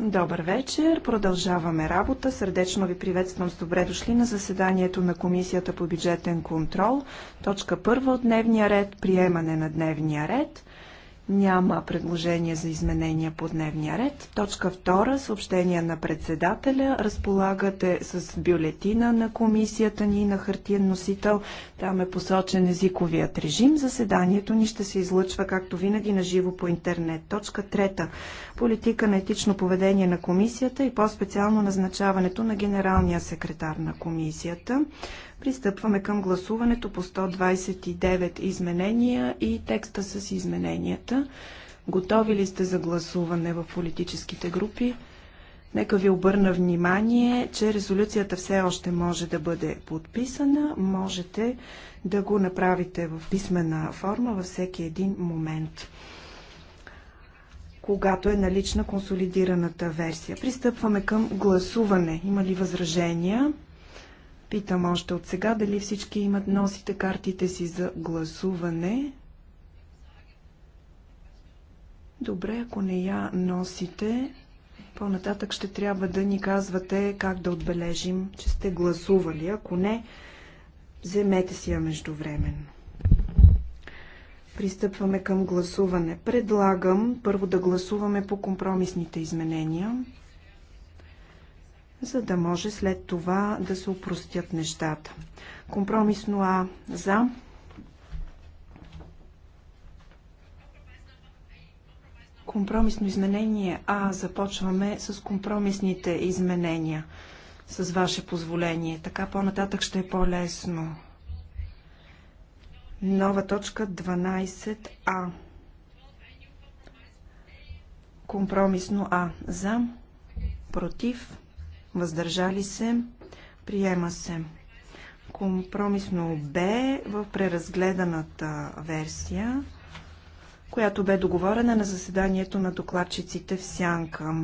Добър вечер, продължаваме работа. Сърдечно ви приветствам с добре дошли на заседанието на Комисията по бюджетен контрол. Точка първа от дневния ред, приемане на дневния ред. Няма предложение за изменения по дневния ред. Точка 2. Съобщение на председателя. Разполагате с бюлетина на комисията ни на хартиен носител. Там е посочен езиковият режим. Заседанието ни ще се излъчва, както винаги, на живо по интернет. Точка 3. Политика на етично поведение на комисията и по-специално назначаването на генералния секретар на комисията. Пристъпваме към гласуването по 129 изменения и текста с измененията. Готови ли сте за гласуване в политическите групи? Нека ви обърна внимание, че резолюцията все още може да бъде подписана. Можете да го направите в писмена форма във всеки един момент когато е налична консолидираната версия. Пристъпваме към гласуване. Има ли възражения? Питам още от сега дали всички имат носите картите си за гласуване. Добре, ако не я носите, по-нататък ще трябва да ни казвате как да отбележим, че сте гласували. Ако не, вземете си я междувременно. Пристъпваме към гласуване. Предлагам първо да гласуваме по компромисните изменения за да може след това да се упростят нещата. Компромисно А за. Компромисно изменение А започваме с компромисните изменения. С ваше позволение. Така по-нататък ще е по-лесно. Нова точка 12А. Компромисно А. За. Против въздържали се, приема се. Компромисно Б в преразгледаната версия, която бе договорена на заседанието на докладчиците в Сянка.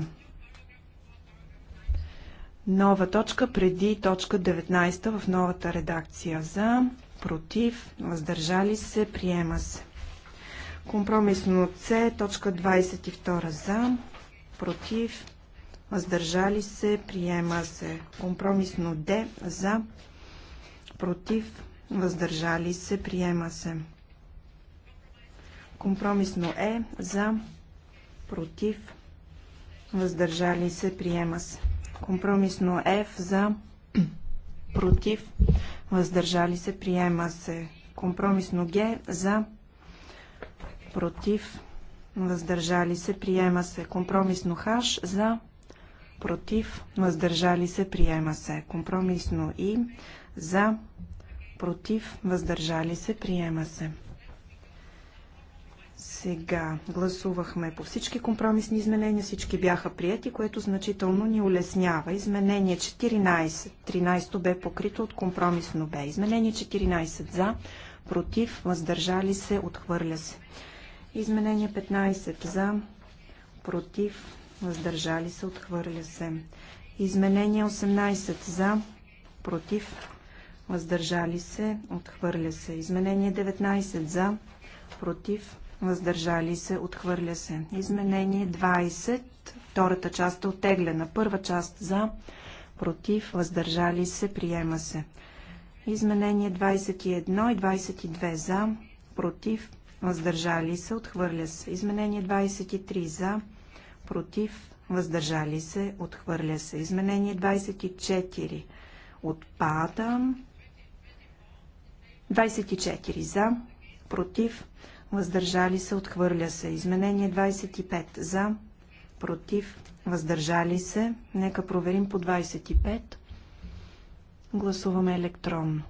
Нова точка преди точка 19 в новата редакция за, против, въздържали се, приема се. Компромисно С, точка 22 за, против, въздържали се, приема се. Компромисно Д за, против, въздържали се, приема се. Компромисно Е за, против, въздържали се, приема се. Компромисно Ф за, против, въздържали се, приема се. Компромисно Г за, против, въздържали се, приема се. Компромисно Х за, против, против, въздържали се, приема се. Компромисно и за, против, въздържали се, приема се. Сега гласувахме по всички компромисни изменения, всички бяха прияти, което значително ни улеснява. Изменение 14, 13 бе покрито от компромисно бе. Изменение 14 за, против, въздържали се, отхвърля се. Изменение 15 за, против, въздържали се, отхвърля се. Изменение 18 за, против, въздържали се, отхвърля се. Изменение 19 за, против, въздържали се, отхвърля се. Изменение 20, втората част е оттеглена, първа част за, против, въздържали се, приема се. Изменение 21 и 22 за, против, въздържали се, отхвърля се. Изменение 23 за, против, въздържали се, отхвърля се. Изменение 24 отпада. 24 за, против, въздържали се, отхвърля се. Изменение 25 за, против, въздържали се. Нека проверим по 25. Гласуваме електронно.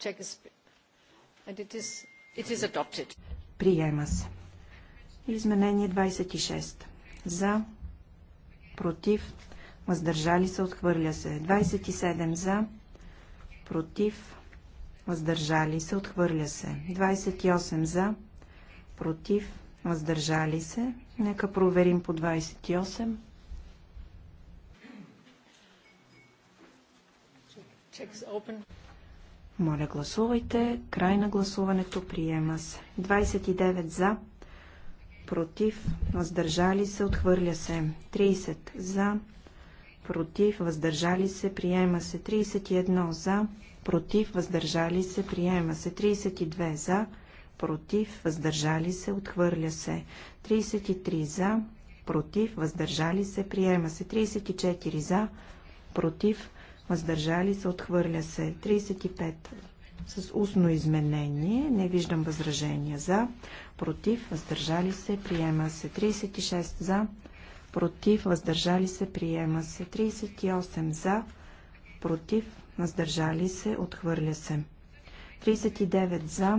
Check And it is, it is adopted. Приема се. Изменение 26. За. Против. Въздържали се. Отхвърля се. 27. За. Против. Въздържали се. Отхвърля се. 28. За. Против. Въздържали се. Нека проверим по 28. Checks open. Моля, гласувайте. Край на гласуването. Приема се. 29 за. Против. Въздържали се. Отхвърля се. 30 за. Против. Въздържали се. Приема се. 31 за. Против. Въздържали се. Приема се. 32 за. Против. Въздържали се. Отхвърля се. 33 за. Против. Въздържали се. Приема се. 34 за. Против въздържали се, отхвърля се. 35 с устно изменение, не виждам възражения за, против, въздържали се, приема се. 36 за, против, въздържали се, приема се. 38 за, против, въздържали се, отхвърля се. 39 за,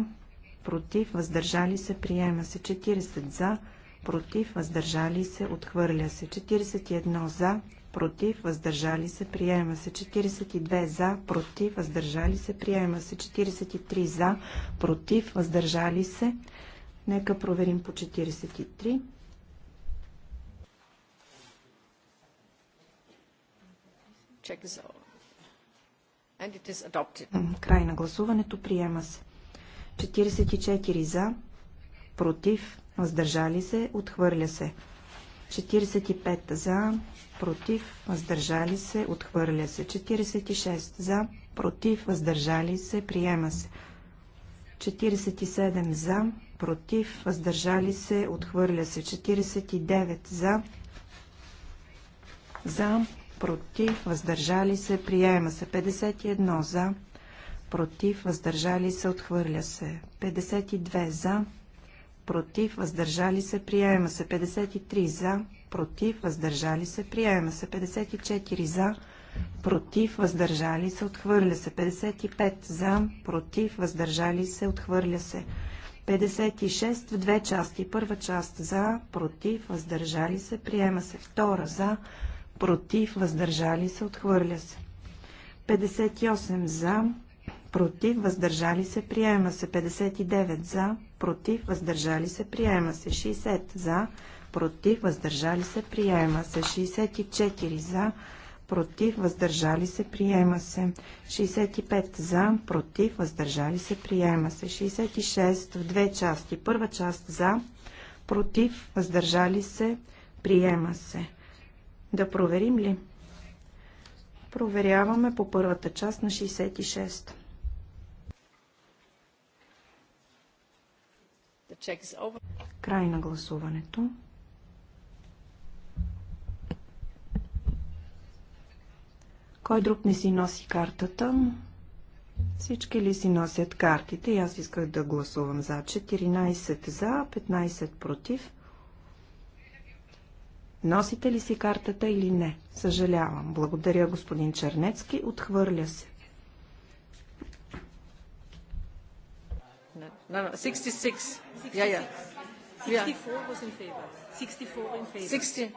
против, въздържали се, приема се. 40 за, против, въздържали се, отхвърля се. 41 за, против, въздържали се, приема се 42 за, против, въздържали се, приема се 43 за, против, въздържали се. Нека проверим по 43. Край на гласуването приема се. 44 за, против, въздържали се, отхвърля се. 45 за, против, въздържали се, отхвърля се. 46 за, против, въздържали се, приема се. 47 за, против, въздържали се, отхвърля се. 49 за, за, против, въздържали се, приема се. 51 за, против, въздържали се, отхвърля се. 52 за, против, въздържали се, приема се 53 за, против, въздържали се, приема се 54 за, против, въздържали се, отхвърля се 55 за, против, въздържали се, отхвърля се 56 в две части. Първа част за, против, въздържали се, приема се. Втора за, против, въздържали се, отхвърля се. 58 за, против, въздържали се, приема се 59 за, против, въздържали се, приема се 60 за, против, въздържали се, приема се 64 за, против, въздържали се, приема се 65 за, против, въздържали се, приема се 66 в две части. Първа част за, против, въздържали се, приема се. Да проверим ли? Проверяваме по първата част на 66. Край на гласуването. Кой друг не си носи картата? Всички ли си носят картите? И аз исках да гласувам за 14 за, 15 против. Носите ли си картата или не? Съжалявам. Благодаря, господин Чернецки. Отхвърля се. No, no, 66. Yeah, yeah. 64 was in favor. 64 in favor. 60.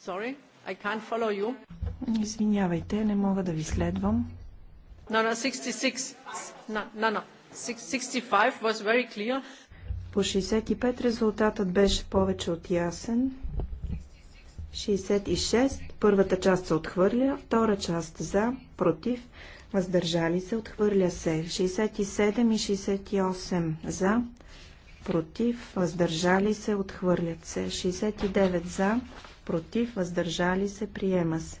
Sorry, I can't follow you. Извинявайте, не мога да ви следвам. No, no, 66. No, no, no. 65 was very clear. По 65 резултатът беше повече от ясен. 66. Първата част се отхвърля, втора част за, против, въздържали се, отхвърля се. 67 и 68 за, против, въздържали се, отхвърлят се. 69 за, против, въздържали се, приема се.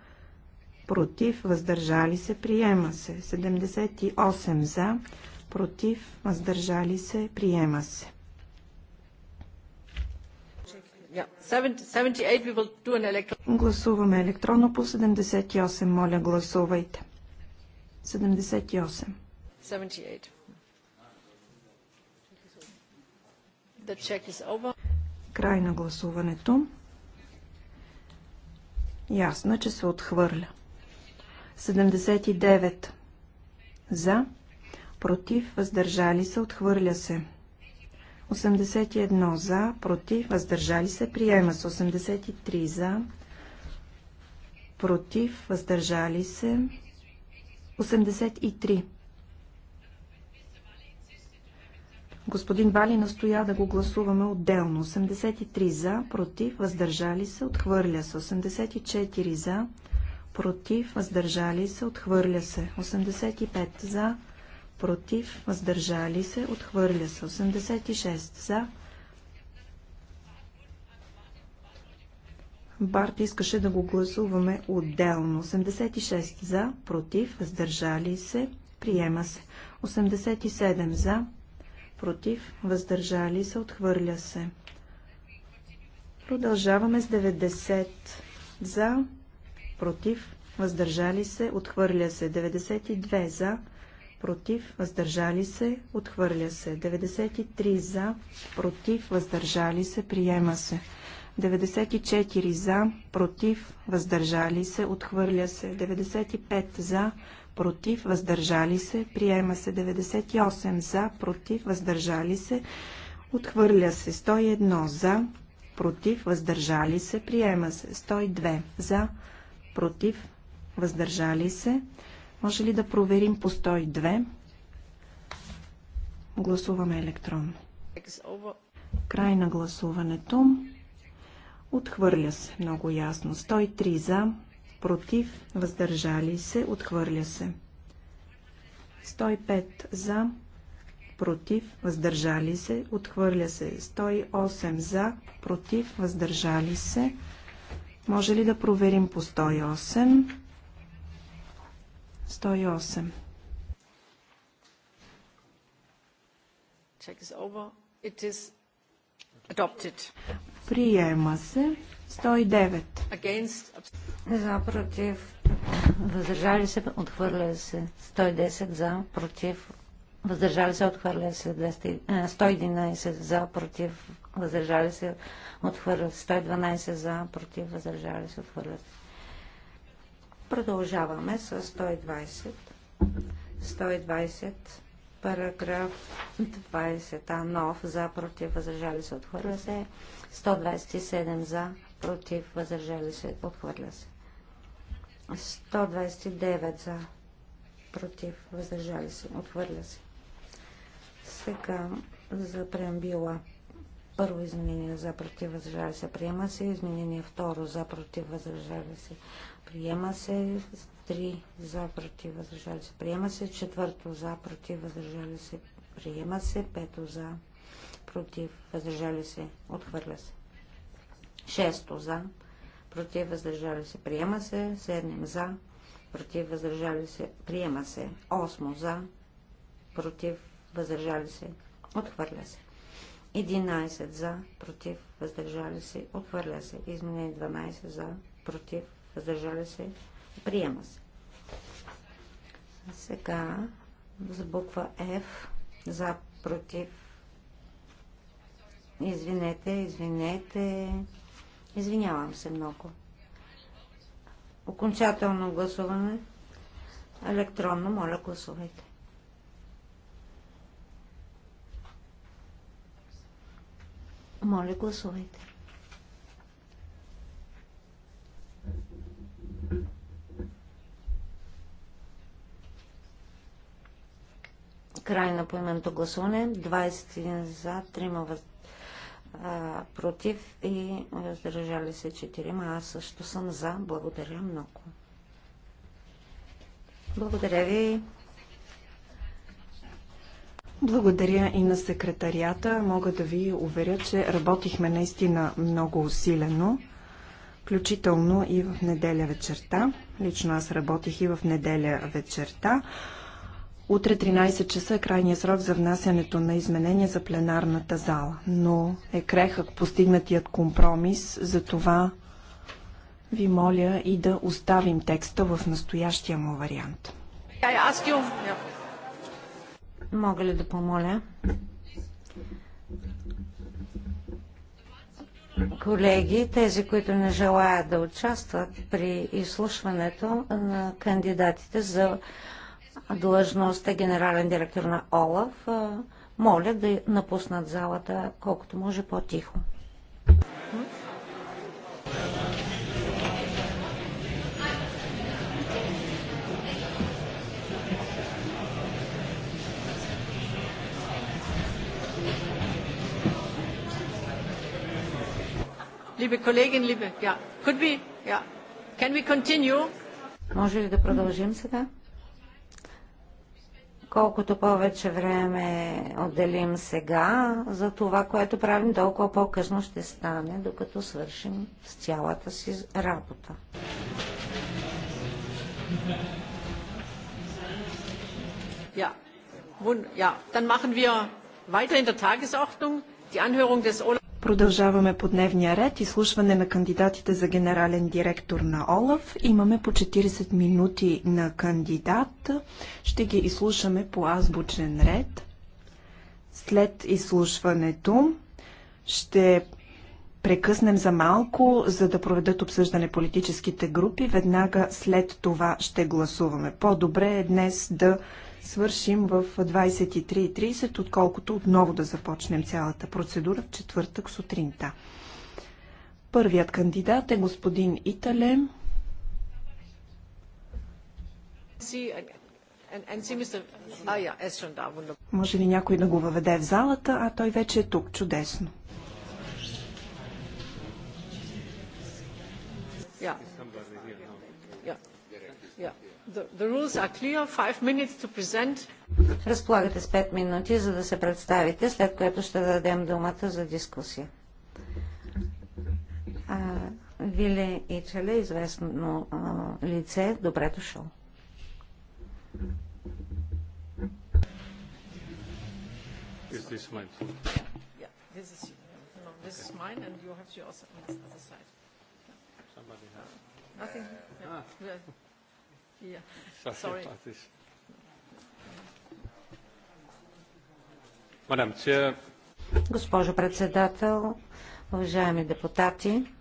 против, въздържали се, приема се. 78 за, против, въздържали се, приема се. Гласуваме електронно по 78. Моля, гласувайте. 78. 78. Край на гласуването. Ясно, че се отхвърля. 79. За. Против. Въздържали се. Отхвърля се. 81 за, против, въздържали се, приема се. 83 за, против, въздържали се, 83. Господин Бали настоя да го гласуваме отделно. 83 за, против, въздържали се, отхвърля се. 84 за, против, въздържали се, отхвърля се. 85 за, против, въздържали се, отхвърля се. 86 за. Барт искаше да го гласуваме отделно. 86 за, против, въздържали се, приема се. 87 за, против, въздържали се, отхвърля се. Продължаваме с 90 за, против, въздържали се, отхвърля се. 92 за, против, въздържали се, отхвърля се. 93 за, против, въздържали се, приема се. 94 за, против, въздържали се, отхвърля се. 95 за, против, въздържали се, приема се. 98 за, против, въздържали се, отхвърля се. 101 за, против, въздържали се, приема се. 102 за, против, против, въздържали се. Може ли да проверим по 102? Гласуваме електронно. Край на гласуването. Отхвърля се много ясно. 103 за, против, въздържали се, отхвърля се. 105 за, против, въздържали се, отхвърля се. 108 за, против, въздържали се, отхвърля се. Може ли да проверим по 108? 108. Приема се. 109. За, против. Въздържали се. Отхвърля се. 110 за, против въздържали се, отхвърля се 111 за, против, въздържали се, отхвърля се 112 за, против, въздържали се, отхвърля се. Продължаваме с 120. 120 параграф 20а нов за, против, въздържали се, отхвърля се. 127 за, против, въздържали се, отхвърля се. 129 за, против, въздържали се, отхвърля се. Сега за преамбила. Първо изменение за против възражали се приема се. Изменение второ за против възражали се приема се. Три за против възражали се приема се. Четвърто за против въздържали се приема се. Пето за против възражали се отхвърля се. Шесто за против въздържали се приема се. Седмим за против въздържали се приема се. Осмо за против въздържали се, отхвърля се. 11 за, против, въздържали се, отхвърля се. Изменение 12 за, против, въздържали се, приема се. Сега за буква F, за, против, извинете, извинете, извинявам се много. Окончателно гласуване, електронно, моля гласувайте. Моля, гласувайте. Край на поименното гласуване. 21 за, 3 въз... а, против и въздържали се 4. Аз също съм за. Благодаря много. Благодаря ви. Благодаря и на секретарията. Мога да ви уверя, че работихме наистина много усилено, включително и в неделя вечерта. Лично аз работих и в неделя вечерта. Утре 13 часа е крайният срок за внасянето на изменения за пленарната зала, но е крехък постигнатият компромис, За това ви моля и да оставим текста в настоящия му вариант. Мога ли да помоля? Колеги, тези, които не желаят да участват при изслушването на кандидатите за длъжността е генерален директор на ОЛАФ, моля да напуснат залата колкото може по-тихо. Liebe Kollegin, liebe, ja, could we, ja, can we continue? Може ли да продължим сега? Колкото повече време отделим сега за това, което правим, толкова по-късно ще стане, докато свършим с цялата си работа. Ja, ja, dann machen wir weiter in der Tagesordnung die Anhörung des Olaf. Продължаваме по дневния ред. Изслушване на кандидатите за генерален директор на ОЛАФ. Имаме по 40 минути на кандидат. Ще ги изслушаме по азбучен ред. След изслушването ще прекъснем за малко, за да проведат обсъждане политическите групи. Веднага след това ще гласуваме. По-добре е днес да свършим в 23.30, отколкото отново да започнем цялата процедура в четвъртък сутринта. Първият кандидат е господин Итале. Може ли някой да го въведе в залата, а той вече е тук чудесно. Yeah. Разполагате с 5 минути, за да се представите, след което ще дадем думата за дискусия. А, Виле Ичеле, известно лице, добре дошъл. Is this mine? Yeah, this is no, this is mine, and you have yours on the other side. Somebody has. Nothing. Ah. Yeah. Ah. Sorry. Мадам Че. Госпожо председател, уважаеми депутати,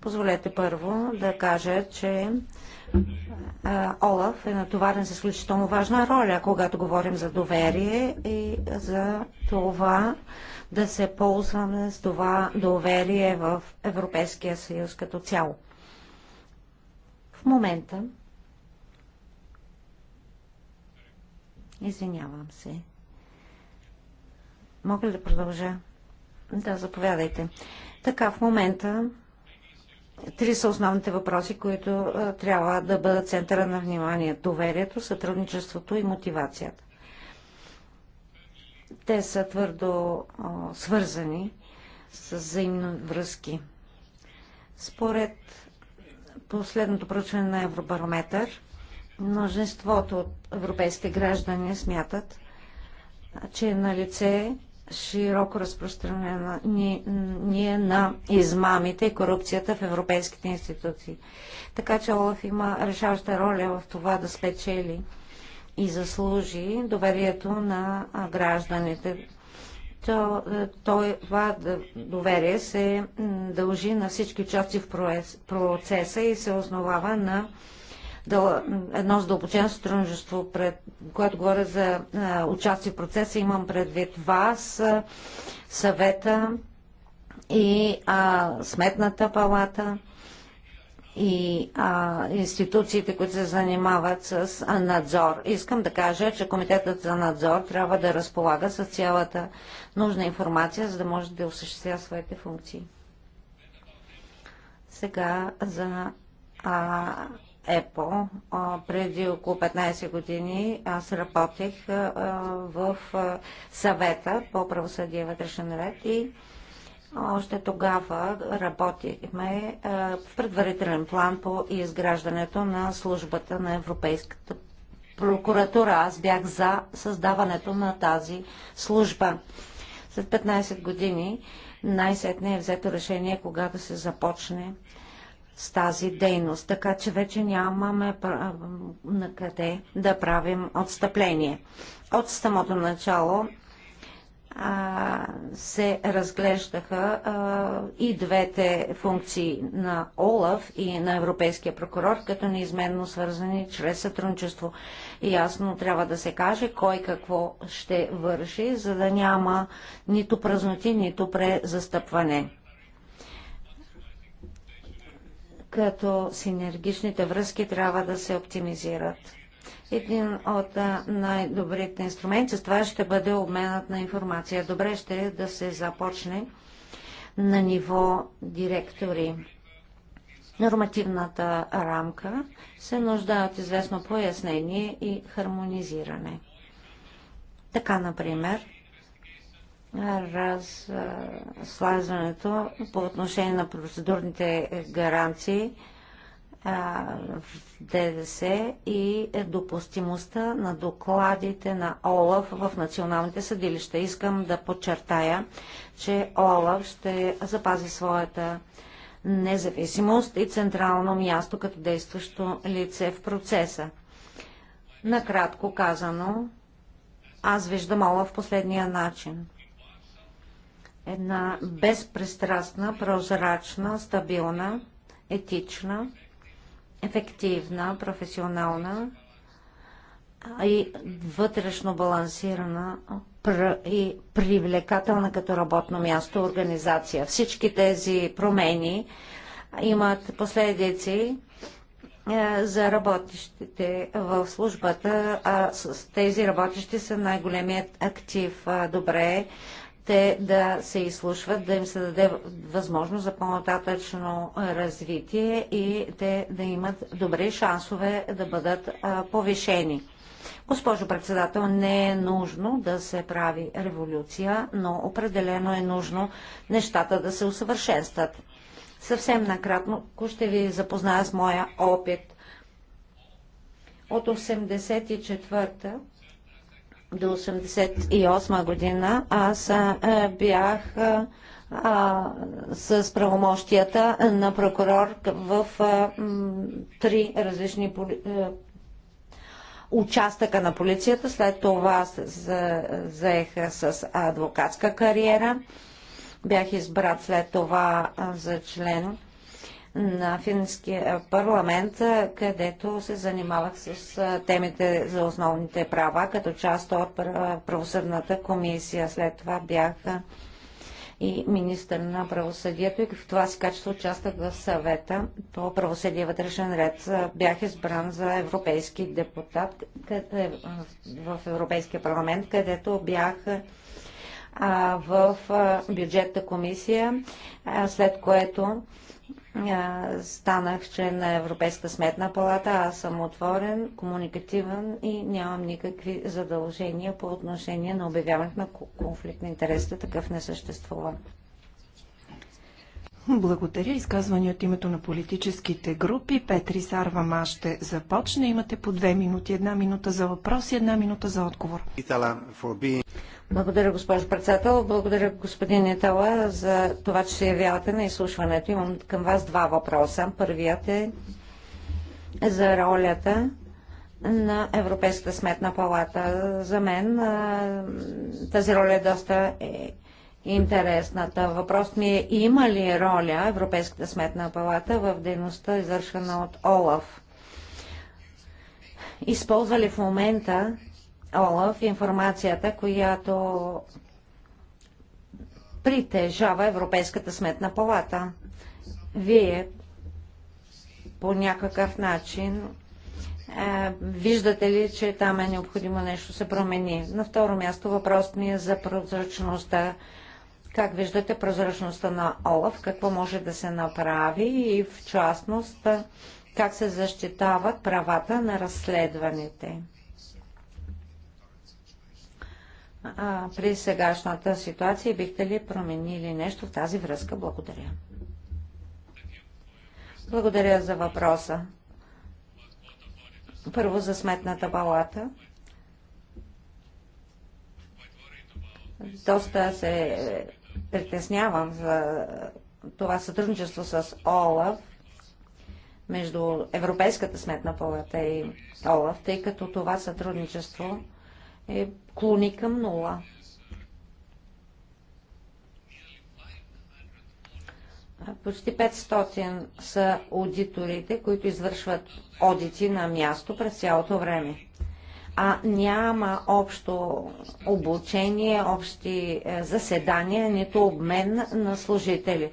позволете първо да кажа, че Олаф е натоварен с изключително важна роля, когато говорим за доверие и за това да се ползваме с това доверие в Европейския съюз като цяло. В момента Извинявам се. Мога ли да продължа? Да, заповядайте. Така, в момента три са основните въпроси, които а, трябва да бъдат центъра на внимание. Доверието, сътрудничеството и мотивацията. Те са твърдо а, свързани с взаимно връзки. Според последното проучване на Евробарометър, Множеството от европейски граждани смятат, че е на лице широко ние на измамите и корупцията в европейските институции. Така че Олаф има решаваща роля в това да спечели и заслужи доверието на гражданите. То, това доверие се дължи на всички части в процеса и се основава на едно задълбочено сътрудничество, пред, което говоря за участие в процеса, имам предвид вас, съвета и а, сметната палата и а, институциите, които се занимават с надзор. Искам да кажа, че Комитетът за надзор трябва да разполага с цялата нужна информация, за да може да осъществя своите функции. Сега за а, ЕПО. Преди около 15 години аз работех в съвета по правосъдие вътрешен ред и още тогава работихме в предварителен план по изграждането на службата на Европейската прокуратура. Аз бях за създаването на тази служба. След 15 години най-сетне е взето решение когато да се започне с тази дейност, така че вече нямаме на къде да правим отстъпление. От самото начало а, се разглеждаха а, и двете функции на ОЛАФ и на Европейския прокурор, като неизменно свързани чрез сътрудничество. И ясно трябва да се каже кой какво ще върши, за да няма нито празноти, нито презастъпване. като синергичните връзки трябва да се оптимизират. Един от най-добрите инструменти с това ще бъде обменът на информация. Добре ще е да се започне на ниво директори. Нормативната рамка се нуждае от известно пояснение и хармонизиране. Така, например, разслазването по отношение на процедурните гаранции в ДДС и допустимостта на докладите на ОЛАФ в националните съдилища. Искам да подчертая, че ОЛАФ ще запази своята независимост и централно място като действащо лице в процеса. Накратко казано, аз виждам ОЛАФ последния начин една безпристрастна, прозрачна, стабилна, етична, ефективна, професионална и вътрешно балансирана и привлекателна като работно място организация. Всички тези промени имат последици е, за работещите в службата, а с тези работещи са най-големият актив. Добре те да се изслушват, да им се даде възможност за по-нататъчно развитие и те да имат добри шансове да бъдат повишени. Госпожо председател, не е нужно да се прави революция, но определено е нужно нещата да се усъвършенстват. Съвсем накратно ще ви запозная с моя опит. От 84-та до 1988 година аз бях с правомощията на прокурор в три различни участъка на полицията. След това заеха с адвокатска кариера. Бях избрат след това за член на финския парламент, където се занимавах с темите за основните права, като част от правосъдната комисия. След това бях и министър на правосъдието и в това си качество участвах в съвета по правосъдие вътрешен ред. Бях избран за европейски депутат в Европейския парламент, където бях в бюджетна комисия, след което станах член на Европейска сметна палата. Аз съм отворен, комуникативен и нямам никакви задължения по отношение на обявяването на конфликт на интересите. Такъв не съществува. Благодаря. Изказване от името на политическите групи. Петри Ма ще започне. Имате по две минути. Една минута за въпрос и една минута за отговор. Благодаря, госпожо председател. Благодаря, господин Етала, за това, че се явявате на изслушването. Имам към вас два въпроса. Първият е за ролята на Европейската сметна палата. За мен тази роля е доста е, интересната. Въпрос ми е, има ли роля Европейската сметна палата в дейността, извършена от ОЛАФ? Използва ли в момента ОЛАФ информацията, която притежава Европейската сметна палата. Вие по някакъв начин е, виждате ли, че там е необходимо нещо се промени? На второ място въпрос ми е за прозрачността. Как виждате прозрачността на ОЛАФ? Какво може да се направи и в частност как се защитават правата на разследваните? а, при сегашната ситуация бихте ли променили нещо в тази връзка? Благодаря. Благодаря за въпроса. Първо за сметната палата. Доста се притеснявам за това сътрудничество с ОЛАФ, между Европейската сметна палата и ОЛАФ, тъй като това сътрудничество е клони към нула. Почти 500 са аудиторите, които извършват одити на място през цялото време. А няма общо обучение, общи е, заседания, нито обмен на служители.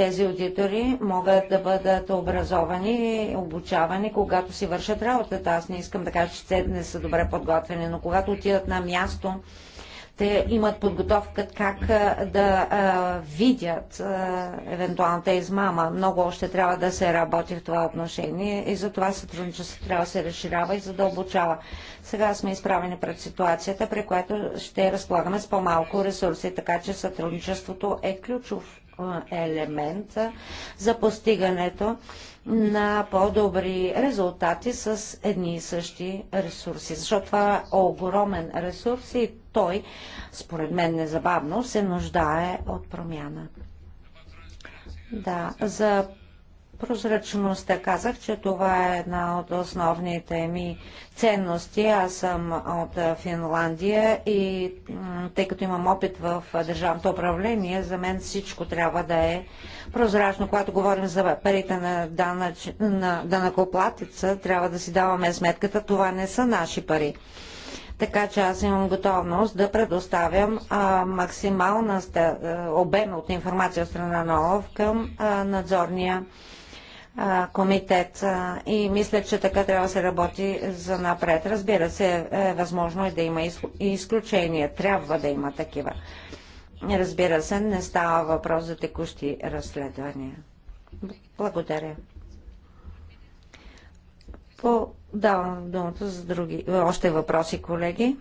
Тези аудитори могат да бъдат образовани и обучавани, когато си вършат работата. Аз не искам да кажа, че те не са добре подготвени, но когато отидат на място, те имат подготовка как да а, видят а, евентуалната измама. Много още трябва да се работи в това отношение и за това сътрудничеството трябва да се разширява и за Да обучава. Сега сме изправени пред ситуацията, при която ще разполагаме с по-малко ресурси, така че сътрудничеството е ключов елемент за постигането на по-добри резултати с едни и същи ресурси. Защото това е огромен ресурс и той, според мен незабавно, се нуждае от промяна. Да, за Прозрачността казах, че това е една от основните ми ценности. Аз съм от Финландия и тъй като имам опит в държавното управление, за мен всичко трябва да е прозрачно. Когато говорим за парите на, данъч, на данъкоплатица, трябва да си даваме сметката, това не са наши пари. Така че аз имам готовност да предоставям а, максимална е, обем от информация от страна на ОЛОВ към а, надзорния комитет. и мисля, че така трябва да се работи за напред. Разбира се, е възможно и да има изключения. Трябва да има такива. Разбира се, не става въпрос за текущи разследвания. Благодаря. По, давам думата за други, още въпроси, колеги.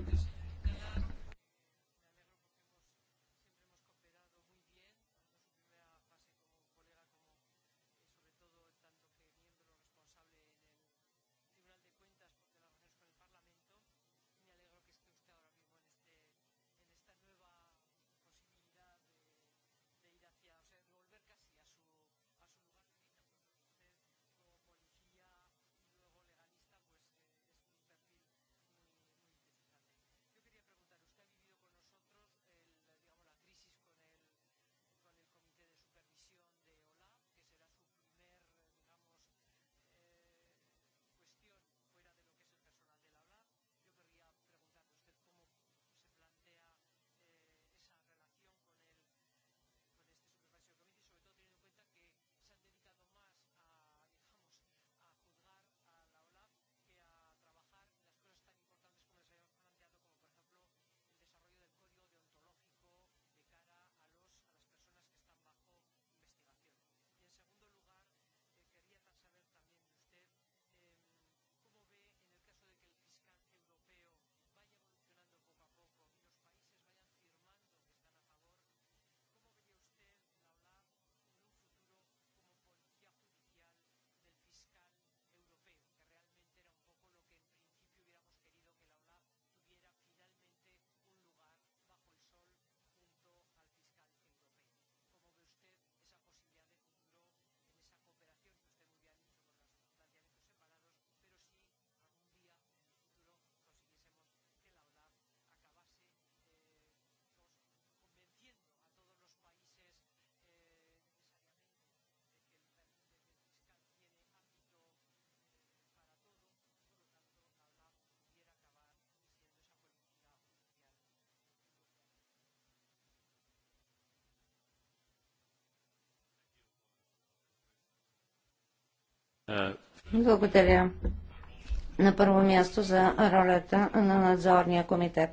Благодаря. На първо място за ролята на надзорния комитет.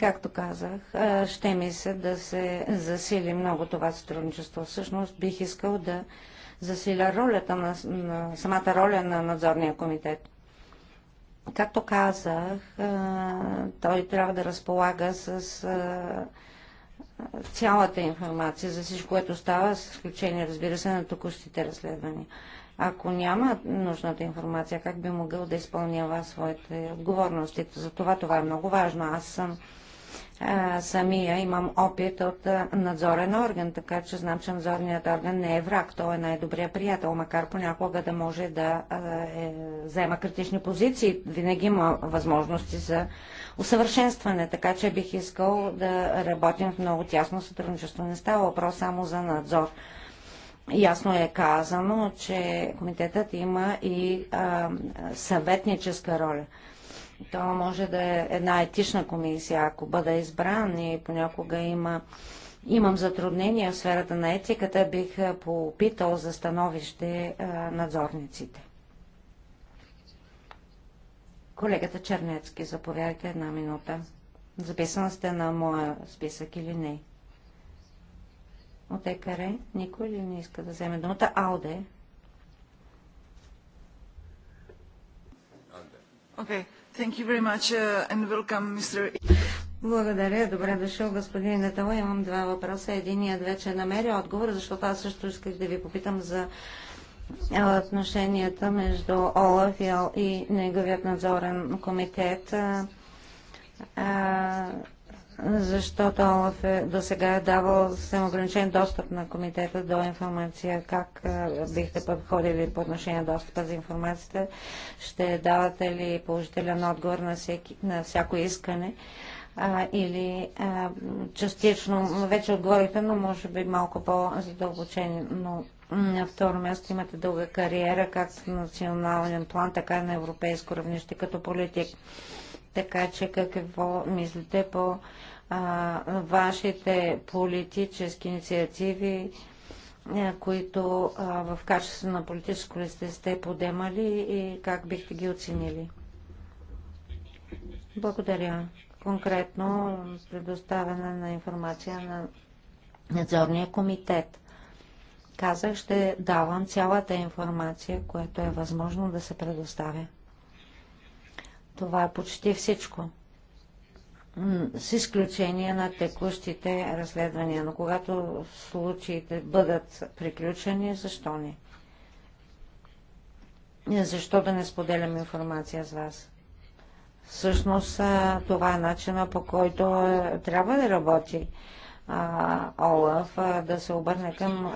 Както казах, ще ми се да се засили много това сътрудничество. Всъщност бих искал да засиля ролята на, на самата роля на надзорния комитет. Както казах, той трябва да разполага с цялата информация за всичко, което става, с изключение, разбира се, на токущите разследвания ако няма нужната информация, как би могъл да изпълнява своите отговорности. За това това е много важно. Аз съм самия имам опит от надзорен орган, така че знам, че надзорният орган не е враг, той е най-добрият приятел, макар понякога да може да е, взема критични позиции, винаги има възможности за усъвършенстване, така че бих искал да работим в много тясно сътрудничество. Не става въпрос само за надзор. Ясно е казано, че комитетът има и а, съветническа роля. То може да е една етична комисия, ако бъда избран и понякога има, имам затруднения в сферата на етиката, бих попитал за становище а, надзорниците. Колегата Чернецки, заповядайте една минута. Записана сте на моя списък или не? От ЕКР никой ли не иска да вземе думата? АЛДЕ. Okay. Thank you very much uh, and welcome, Mr. Благодаря. Добре дошъл, господин Нетало. Имам два въпроса. Единият вече намери отговор, защото аз също исках да ви попитам за отношенията между ОЛАФ и неговият надзорен комитет. А, защото Олаф е, до сега е давал ограничен достъп на комитета до информация. Как бихте подходили по отношение на достъпа за информацията? Ще давате ли положителен отговор на, всеки, на всяко искане? А, или а, частично, вече отговорихте, но може би малко по задълбочени но На второ място имате дълга кариера, както на национален план, така и на европейско равнище като политик. Така че какво мислите по а, вашите политически инициативи, а, които а, в качество на политическо ли сте сте подемали и как бихте ги оценили? Благодаря. Конкретно предоставяне на информация на надзорния комитет. Казах, ще давам цялата информация, която е възможно да се предоставя. Това е почти всичко. С изключение на текущите разследвания. Но когато случаите бъдат приключени, защо не? Защо да не споделям информация с вас? Всъщност това е начина по който е, трябва да работи ОЛАФ да се обърне към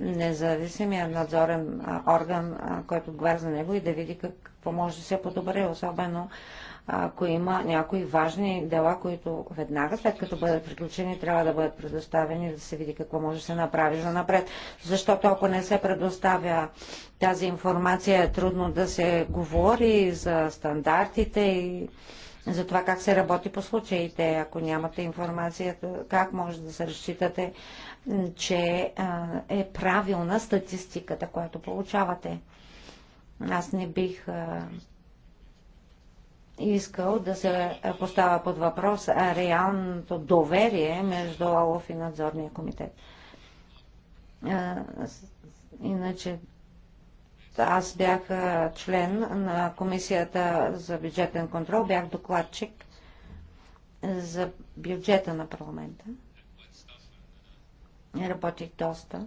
независимия надзорен орган, който отговаря за него и да види какво може да се подобри, особено ако има някои важни дела, които веднага след като бъдат приключени, трябва да бъдат предоставени, да се види какво може да се направи за напред. Защото ако не се предоставя тази информация, е трудно да се говори за стандартите и за това как се работи по случаите. Ако нямате информацията, как може да се разчитате, че е правилна статистиката, която получавате. Аз не бих искал да се поставя под въпрос реалното доверие между ОЛОВ и надзорния комитет. Иначе аз бях член на Комисията за бюджетен контрол, бях докладчик за бюджета на парламента. Работих доста.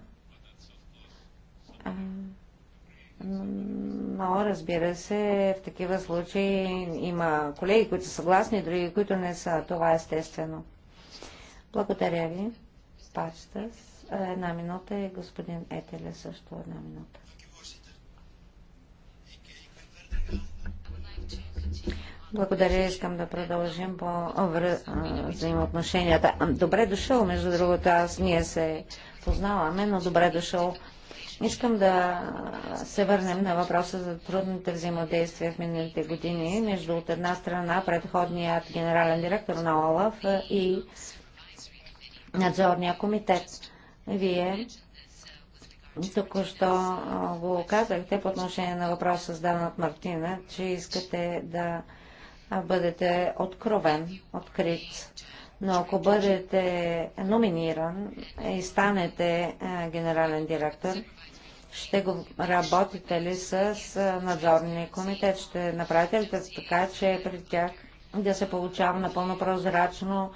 Но, разбира се, в такива случаи има колеги, които са съгласни, други, които не са. Това е естествено. Благодаря ви. Пачта. Една минута и господин Етеле също една минута. Благодаря, искам да продължим по взаимоотношенията. Добре дошъл, между другото, аз ние се познаваме, но добре дошъл. Искам да се върнем на въпроса за трудните взаимодействия в миналите години между от една страна предходният генерален директор на ОЛАФ и надзорния комитет. Вие Току-що го казахте по отношение на въпроса, създаден от Мартина, че искате да бъдете откровен, открит. Но ако бъдете номиниран и станете генерален директор, ще го работите ли с надзорния комитет? Ще направите ли така, че при тях да се получава напълно прозрачно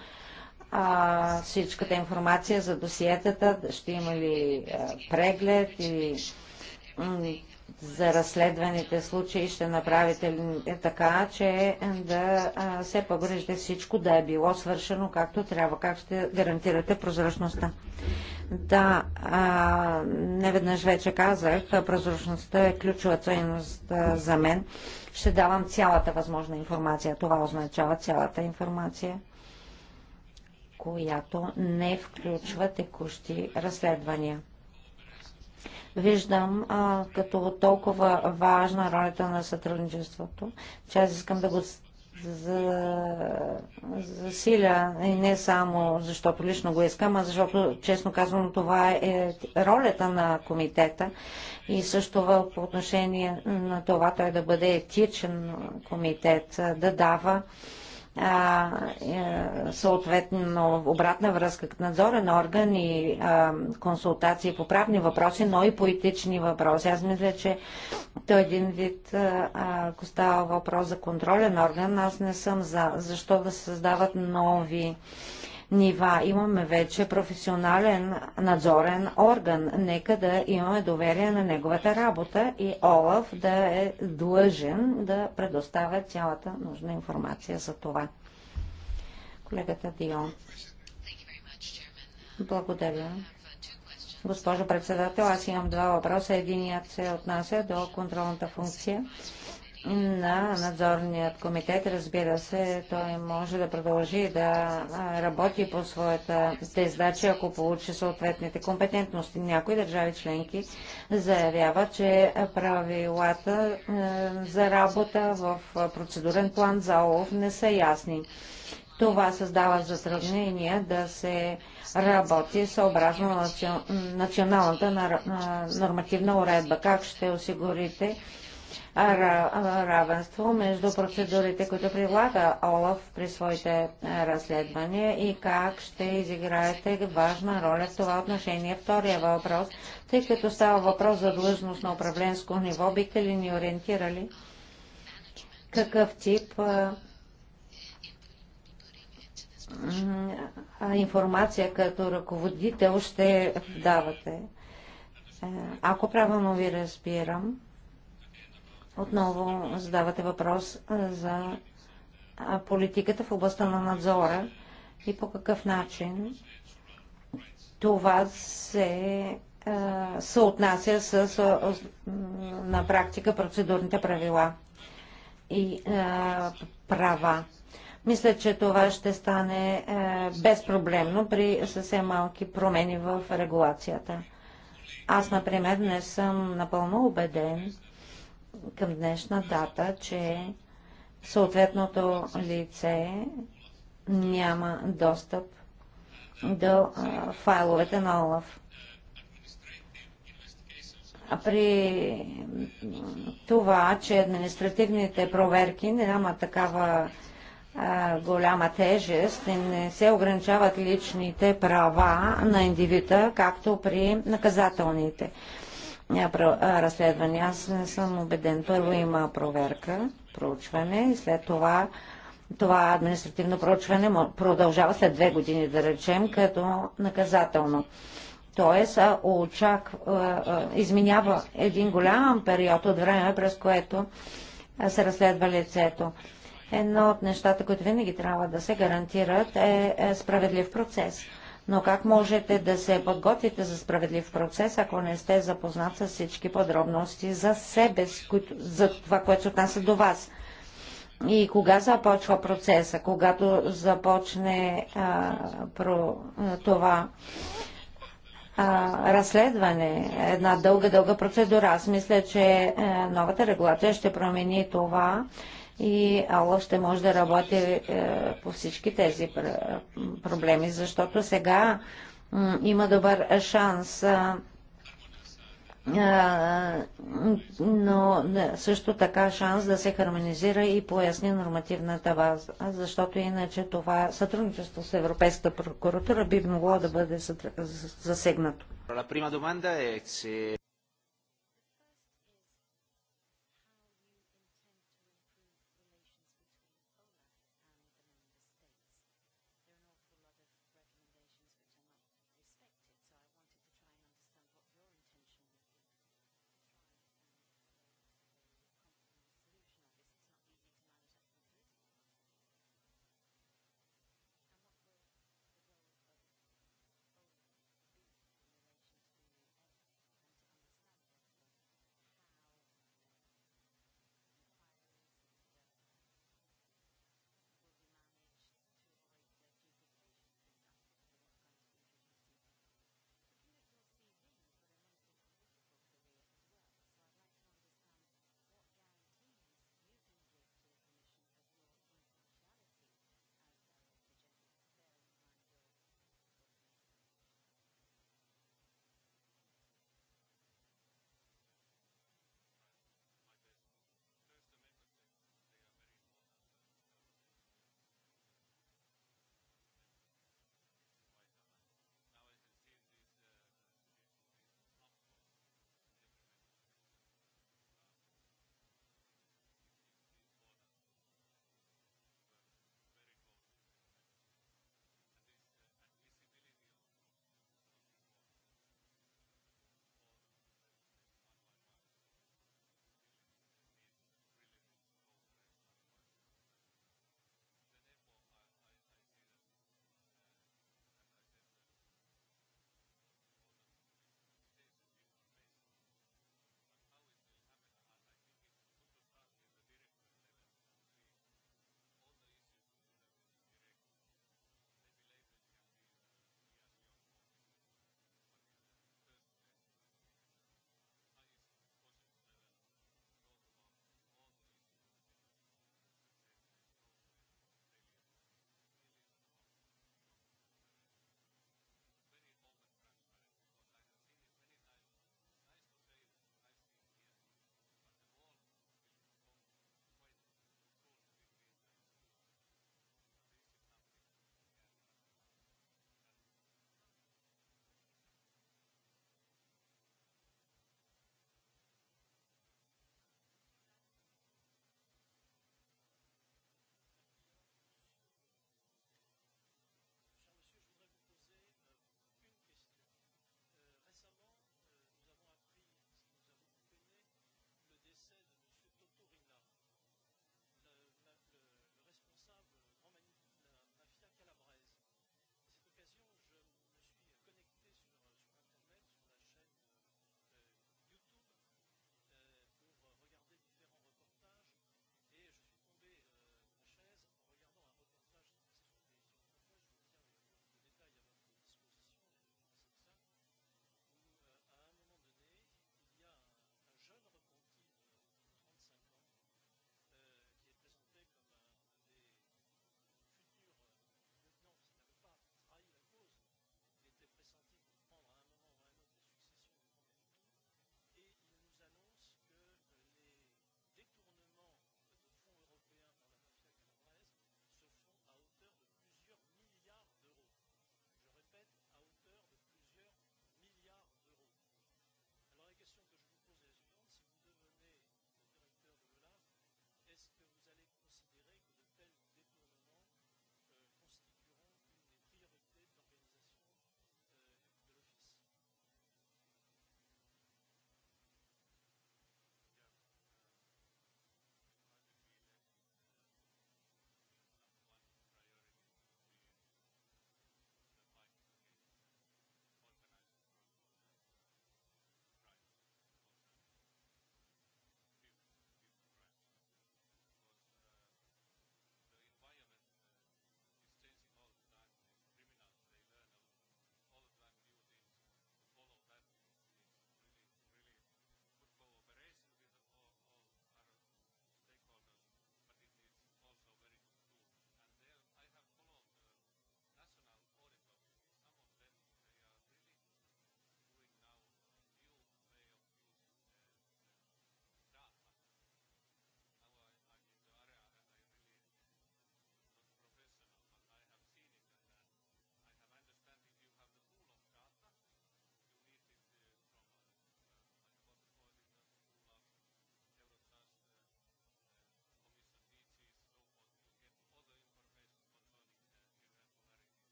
а, всичката информация за досиетата, ще има ли а, преглед или за разследваните случаи ще направите ли е така, че да а, се погрежда всичко да е било свършено както трябва, как ще гарантирате прозрачността. Да, а, не веднъж вече казах, прозрачността е ключова ценност за мен. Ще давам цялата възможна информация. Това означава цялата информация която не включва текущи разследвания. Виждам а, като толкова важна ролята на сътрудничеството, че аз искам да го за, засиля и не само защото лично го искам, а защото, честно казвам, това е ролята на комитета и също по отношение на това той да бъде етичен комитет, да дава а, е, съответно обратна връзка като надзорен орган и а, консултации по правни въпроси, но и по етични въпроси. Аз мисля, че той е един вид, а, ако става въпрос за контролен орган, аз не съм за. Защо да се създават нови а, нива. Имаме вече професионален надзорен орган. Нека да имаме доверие на неговата работа и Олаф да е длъжен да предоставя цялата нужна информация за това. Колегата Дион. Благодаря. Госпожо председател, аз имам два въпроса. Единият се отнася до контролната функция на надзорният комитет. Разбира се, той може да продължи да работи по своята тездача, ако получи съответните компетентности. Някои държави членки заявяват, че правилата за работа в процедурен план за ОЛОВ не са ясни. Това създава затруднения да се работи съобразно националната нормативна уредба. Как ще осигурите равенство между процедурите, които прилага ОЛАФ при своите е, разследвания и как ще изиграете важна роля в това отношение. Втория въпрос, тъй като става въпрос за длъжност на управленско ниво, бихте ли ни ориентирали какъв тип е, информация като ръководител ще давате. Е, ако правилно ви разбирам, отново задавате въпрос за политиката в областта на надзора и по какъв начин това се съотнася с на практика процедурните правила и права. Мисля, че това ще стане безпроблемно при съвсем малки промени в регулацията. Аз, например, не съм напълно убеден, към днешна дата, че съответното лице няма достъп до а, файловете на ОЛАФ. А при това, че административните проверки няма такава а, голяма тежест и не се ограничават личните права на индивида, както при наказателните разследване. Аз не съм убеден. Първо има проверка, проучване и след това това административно проучване продължава след две години, да речем, като наказателно. Тоест, очак, изминява един голям период от време, през което се разследва лицето. Едно от нещата, които винаги трябва да се гарантират е, е справедлив процес. Но как можете да се подготвите за справедлив процес, ако не сте запознат с всички подробности за себе, за това, което се отнася до вас? И кога започва процеса? Когато започне а, про, това а, разследване, една дълга-дълга процедура. Аз мисля, че а, новата регулация ще промени това и Алов ще може да работи е, по всички тези проблеми, защото сега има добър шанс. но също така шанс да се хармонизира и поясни нормативната база, защото иначе това сътрудничество с Европейската прокуратура би могло да бъде засегнато.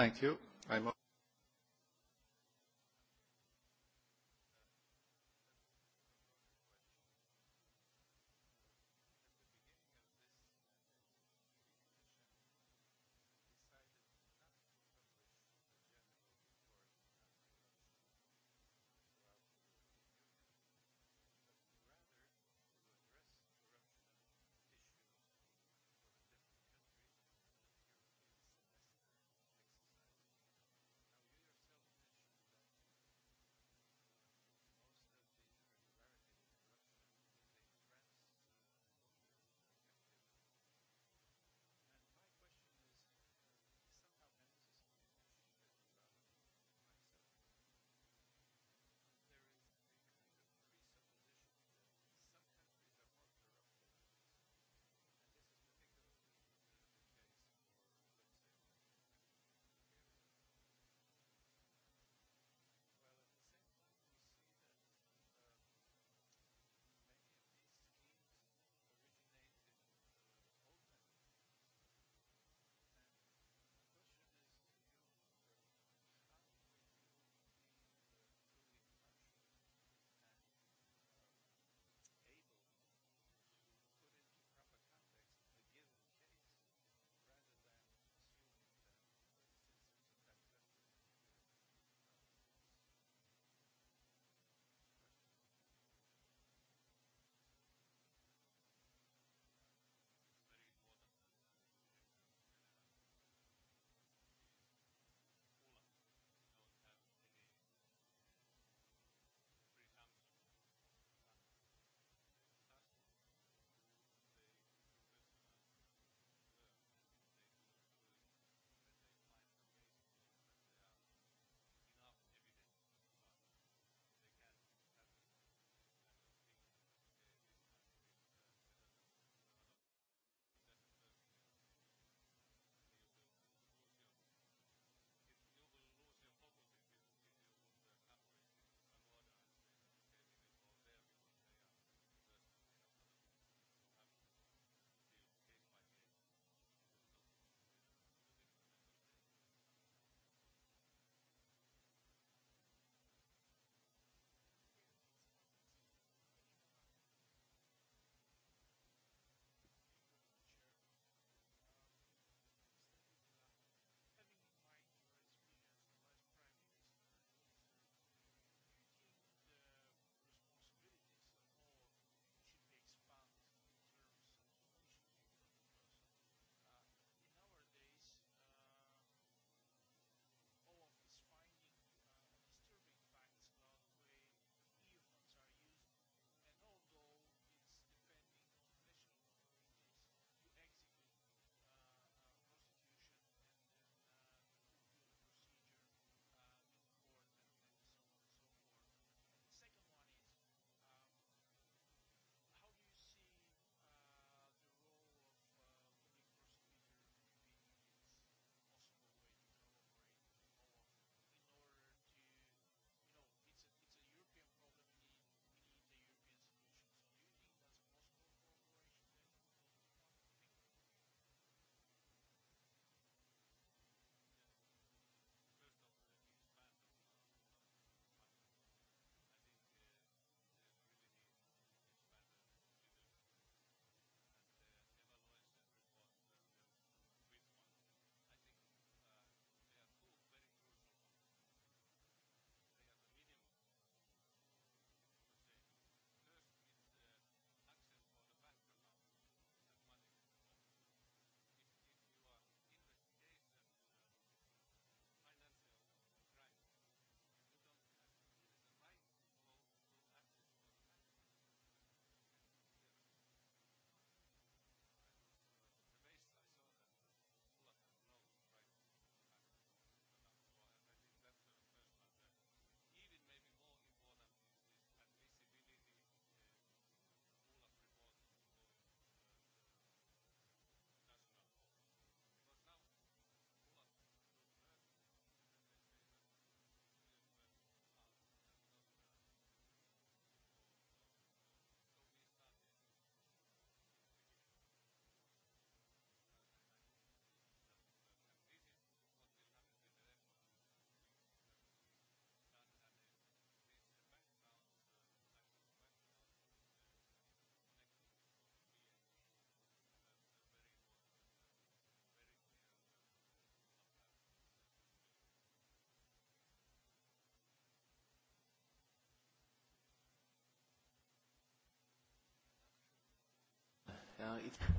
Thank you. I'm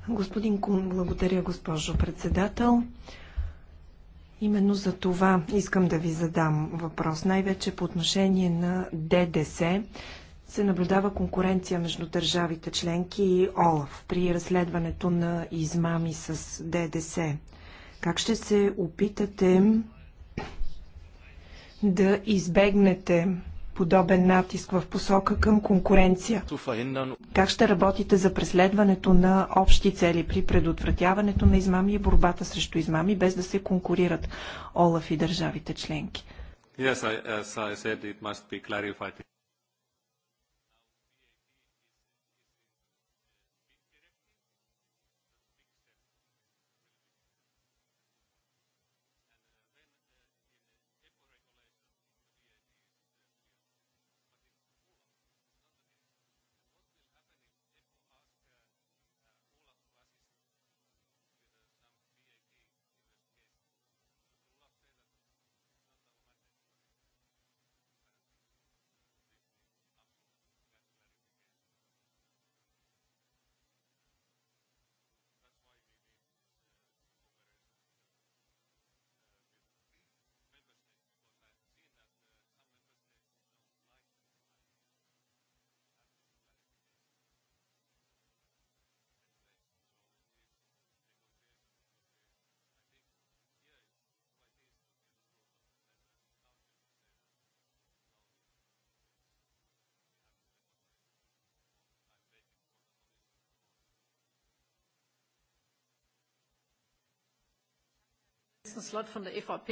Господин Кун, благодаря, госпожо председател. Именно за това искам да ви задам въпрос. Най-вече по отношение на ДДС се наблюдава конкуренция между държавите членки и ОЛАФ при разследването на измами с ДДС. Как ще се опитате да избегнете подобен натиск в посока към конкуренция? Как ще работите за преследването на общи цели при предотвратяването на измами и борбата срещу измами, без да се конкурират Олаф и държавите членки? Yes, I, as I said, it must be clarified.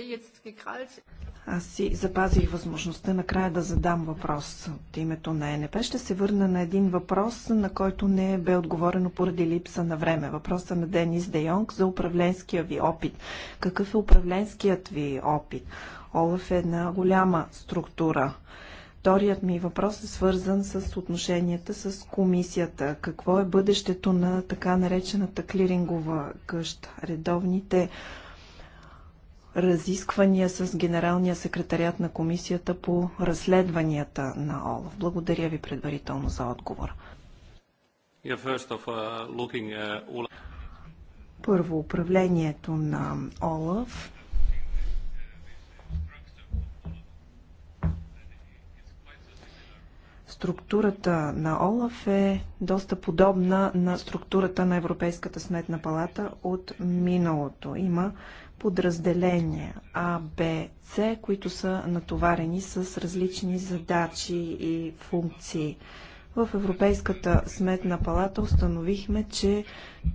E Аз си запазих възможността накрая да задам въпрос от името на ЕНП. Ще се върна на един въпрос, на който не бе отговорено поради липса на време. Въпроса на Денис Де Йонг за управленския ви опит. Какъв е управленският ви опит? Олаф е една голяма структура. Вторият ми въпрос е свързан с отношенията с комисията. Какво е бъдещето на така наречената клирингова къща? Редовните разисквания с Генералния секретарят на комисията по разследванията на ОЛАФ? Благодаря ви предварително за отговор. Uh, uh, Първо, управлението на ОЛАФ. Структурата на ОЛАФ е доста подобна на структурата на Европейската сметна палата от миналото. Има подразделения А, Б, С, които са натоварени с различни задачи и функции. В Европейската сметна палата установихме, че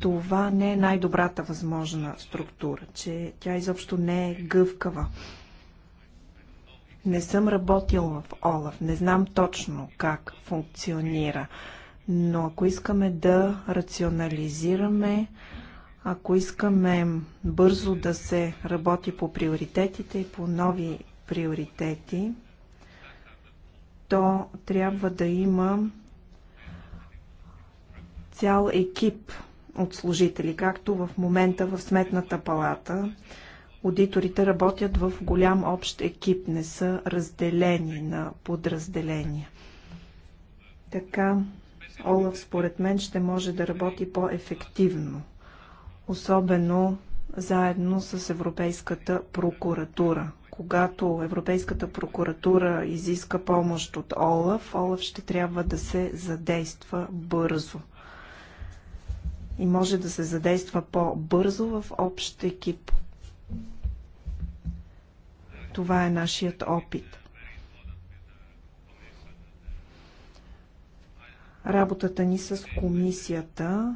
това не е най-добрата възможна структура, че тя изобщо не е гъвкава. Не съм работил в ОЛАФ, не знам точно как функционира, но ако искаме да рационализираме ако искаме бързо да се работи по приоритетите и по нови приоритети, то трябва да има цял екип от служители, както в момента в Сметната палата. Аудиторите работят в голям общ екип, не са разделени на подразделения. Така Олаф според мен ще може да работи по-ефективно особено заедно с Европейската прокуратура. Когато Европейската прокуратура изиска помощ от ОЛАФ, ОЛАФ ще трябва да се задейства бързо. И може да се задейства по-бързо в общ екип. Това е нашият опит. Работата ни с комисията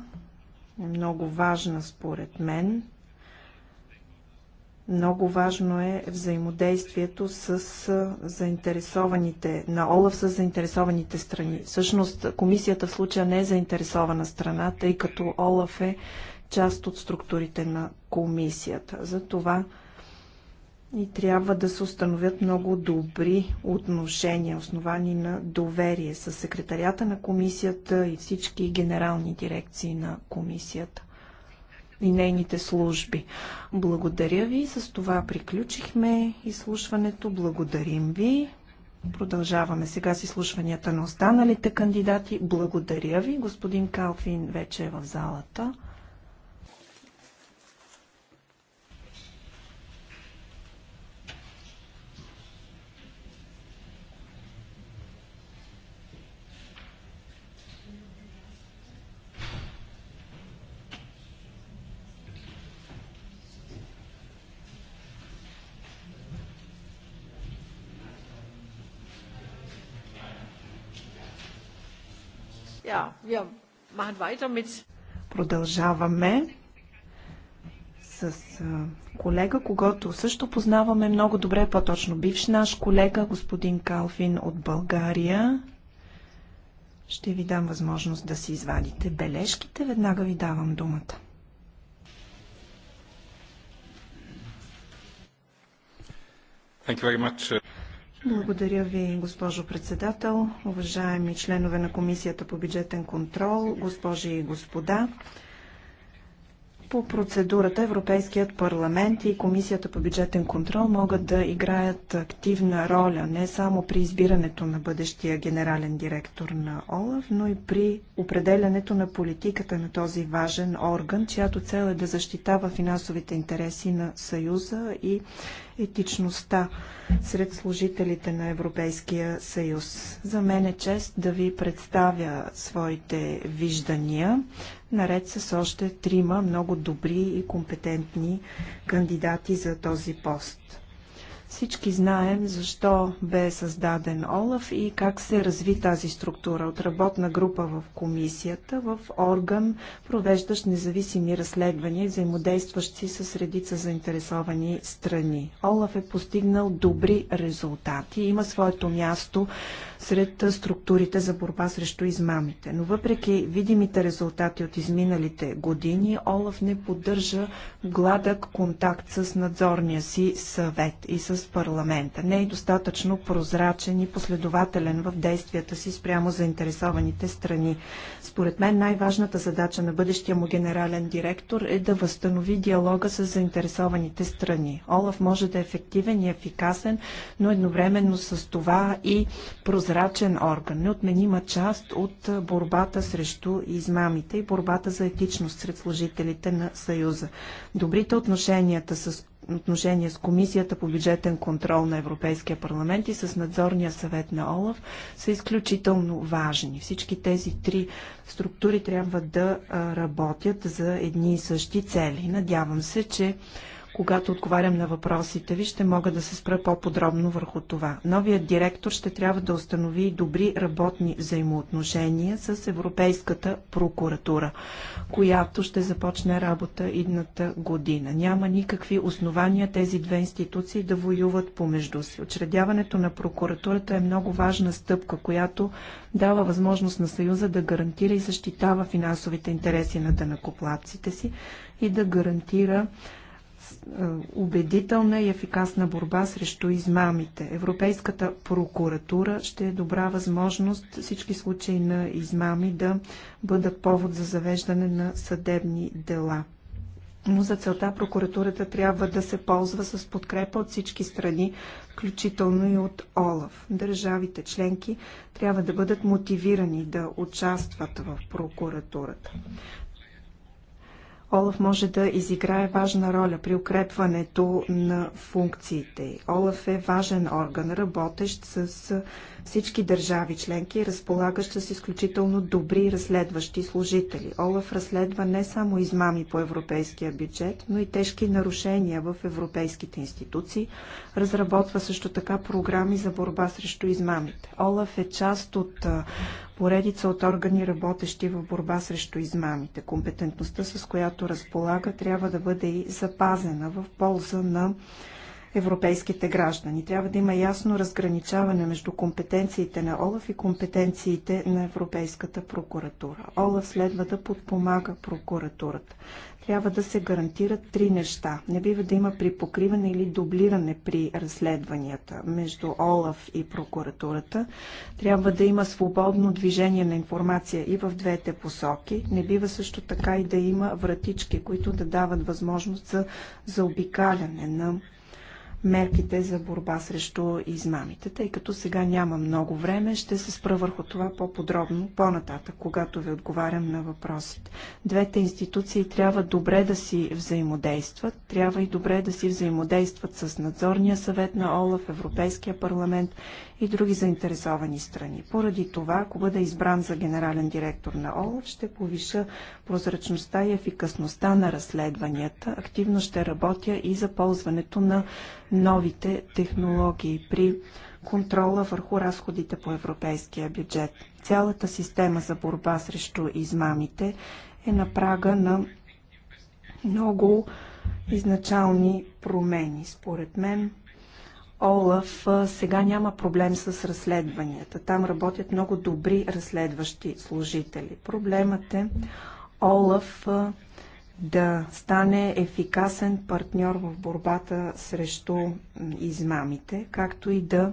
е много важна според мен. Много важно е взаимодействието с заинтересованите, на ОЛАФ с заинтересованите страни. Всъщност комисията в случая не е заинтересована страна, тъй като ОЛАФ е част от структурите на комисията. Затова това и трябва да се установят много добри отношения, основани на доверие с секретарията на комисията и всички генерални дирекции на комисията и нейните служби. Благодаря ви. С това приключихме изслушването. Благодарим ви. Продължаваме сега с изслушванията на останалите кандидати. Благодаря ви. Господин Калфин вече е в залата. Продължаваме с колега, когато също познаваме много добре, по-точно бивш наш колега, господин Калфин от България. Ще ви дам възможност да си извадите бележките. Веднага ви давам думата. Thank you very much. Uh, благодаря ви, госпожо председател, уважаеми членове на Комисията по бюджетен контрол, госпожи и господа. По процедурата Европейският парламент и Комисията по бюджетен контрол могат да играят активна роля не само при избирането на бъдещия генерален директор на ОЛАВ, но и при определянето на политиката на този важен орган, чиято цел е да защитава финансовите интереси на Съюза и етичността сред служителите на Европейския съюз. За мен е чест да ви представя своите виждания, наред с още трима много добри и компетентни кандидати за този пост. Всички знаем защо бе създаден ОЛАФ и как се разви тази структура от работна група в комисията в орган, провеждащ независими разследвания и взаимодействащи с редица заинтересовани страни. ОЛАФ е постигнал добри резултати, има своето място сред структурите за борба срещу измамите. Но въпреки видимите резултати от изминалите години, ОЛАФ не поддържа гладък контакт с надзорния си съвет и с с парламента. Не е достатъчно прозрачен и последователен в действията си спрямо заинтересованите страни. Според мен най-важната задача на бъдещия му генерален директор е да възстанови диалога с заинтересованите страни. Олаф може да е ефективен и ефикасен, но едновременно с това и прозрачен орган. Неотменима част от борбата срещу измамите и борбата за етичност сред служителите на Съюза. Добрите отношенията с отношения с Комисията по бюджетен контрол на Европейския парламент и с надзорния съвет на ОЛАФ са изключително важни. Всички тези три структури трябва да работят за едни и същи цели. Надявам се, че когато отговарям на въпросите ви, ще мога да се спра по-подробно върху това. Новият директор ще трябва да установи добри работни взаимоотношения с Европейската прокуратура, която ще започне работа идната година. Няма никакви основания тези две институции да воюват помежду си. Очредяването на прокуратурата е много важна стъпка, която дава възможност на Съюза да гарантира и защитава финансовите интереси на данъкоплатците си и да гарантира е, убедителна и ефикасна борба срещу измамите. Европейската прокуратура ще е добра възможност всички случаи на измами да бъдат повод за завеждане на съдебни дела. Но за целта прокуратурата трябва да се ползва с подкрепа от всички страни, включително и от ОЛАФ. Държавите членки трябва да бъдат мотивирани да участват в прокуратурата. Олаф може да изиграе важна роля при укрепването на функциите. Олаф е важен орган, работещ с всички държави членки, разполагащ с изключително добри разследващи служители. Олаф разследва не само измами по европейския бюджет, но и тежки нарушения в европейските институции. Разработва също така програми за борба срещу измамите. Олаф е част от поредица от органи, работещи в борба срещу измамите. Компетентността, с която разполага, трябва да бъде и запазена в полза на европейските граждани. Трябва да има ясно разграничаване между компетенциите на ОЛАФ и компетенциите на Европейската прокуратура. ОЛАФ следва да подпомага прокуратурата. Трябва да се гарантират три неща. Не бива да има припокриване или дублиране при разследванията между ОЛАФ и прокуратурата. Трябва да има свободно движение на информация и в двете посоки. Не бива също така и да има вратички, които да дават възможност за заобикаляне на мерките за борба срещу измамите. Тъй като сега няма много време, ще се спра върху това по-подробно по-нататък, когато ви отговарям на въпросите. Двете институции трябва добре да си взаимодействат, трябва и добре да си взаимодействат с надзорния съвет на ОЛАФ, Европейския парламент и други заинтересовани страни. Поради това, ако бъда избран за генерален директор на ОЛАФ, ще повиша прозрачността и ефикасността на разследванията. Активно ще работя и за ползването на новите технологии при контрола върху разходите по европейския бюджет. Цялата система за борба срещу измамите е на прага на много изначални промени. Според мен Олаф сега няма проблем с разследванията. Там работят много добри разследващи служители. Проблемът е Олаф да стане ефикасен партньор в борбата срещу измамите, както и да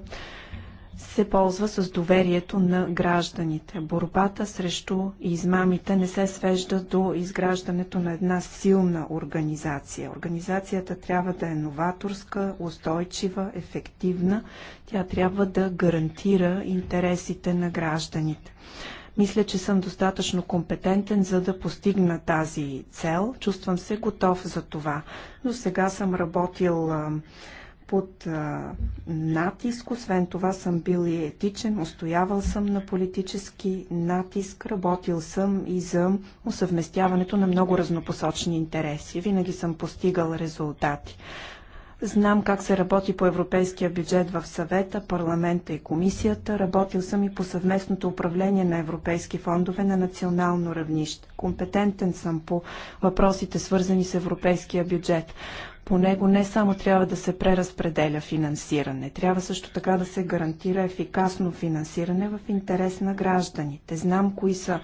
се ползва с доверието на гражданите. Борбата срещу измамите не се свежда до изграждането на една силна организация. Организацията трябва да е новаторска, устойчива, ефективна. Тя трябва да гарантира интересите на гражданите. Мисля, че съм достатъчно компетентен, за да постигна тази цел. Чувствам се готов за това. Но сега съм работил под а, натиск. Освен това съм бил и етичен, устоявал съм на политически натиск, работил съм и за усъвместяването на много разнопосочни интереси. Винаги съм постигал резултати. Знам как се работи по европейския бюджет в съвета, парламента и комисията. Работил съм и по съвместното управление на европейски фондове на национално равнище. Компетентен съм по въпросите свързани с европейския бюджет. По него не само трябва да се преразпределя финансиране, трябва също така да се гарантира ефикасно финансиране в интерес на гражданите. Знам кои са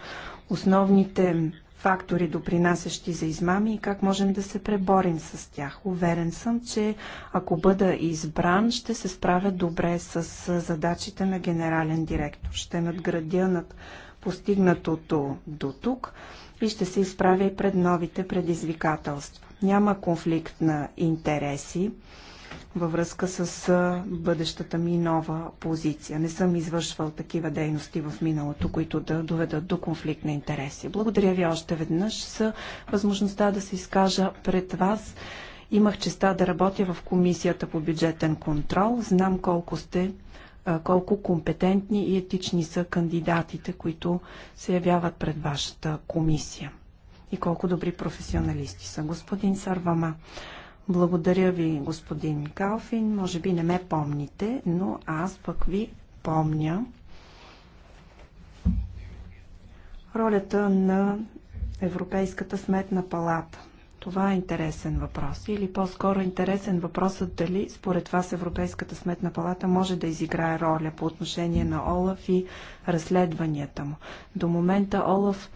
основните фактори, допринасящи за измами и как можем да се преборим с тях. Уверен съм, че ако бъда избран, ще се справя добре с задачите на генерален директор. Ще надградя над постигнатото до тук и ще се изправя и пред новите предизвикателства няма конфликт на интереси във връзка с бъдещата ми нова позиция. Не съм извършвал такива дейности в миналото, които да доведат до конфликт на интереси. Благодаря ви още веднъж за възможността да се изкажа пред вас. Имах честа да работя в Комисията по бюджетен контрол. Знам колко сте колко компетентни и етични са кандидатите, които се явяват пред вашата комисия и колко добри професионалисти са. Господин Сарвама, благодаря ви, господин Калфин. Може би не ме помните, но аз пък ви помня. Ролята на Европейската сметна палата. Това е интересен въпрос. Или по-скоро интересен въпросът е дали според вас Европейската сметна палата може да изиграе роля по отношение на Олаф и разследванията му. До момента Олаф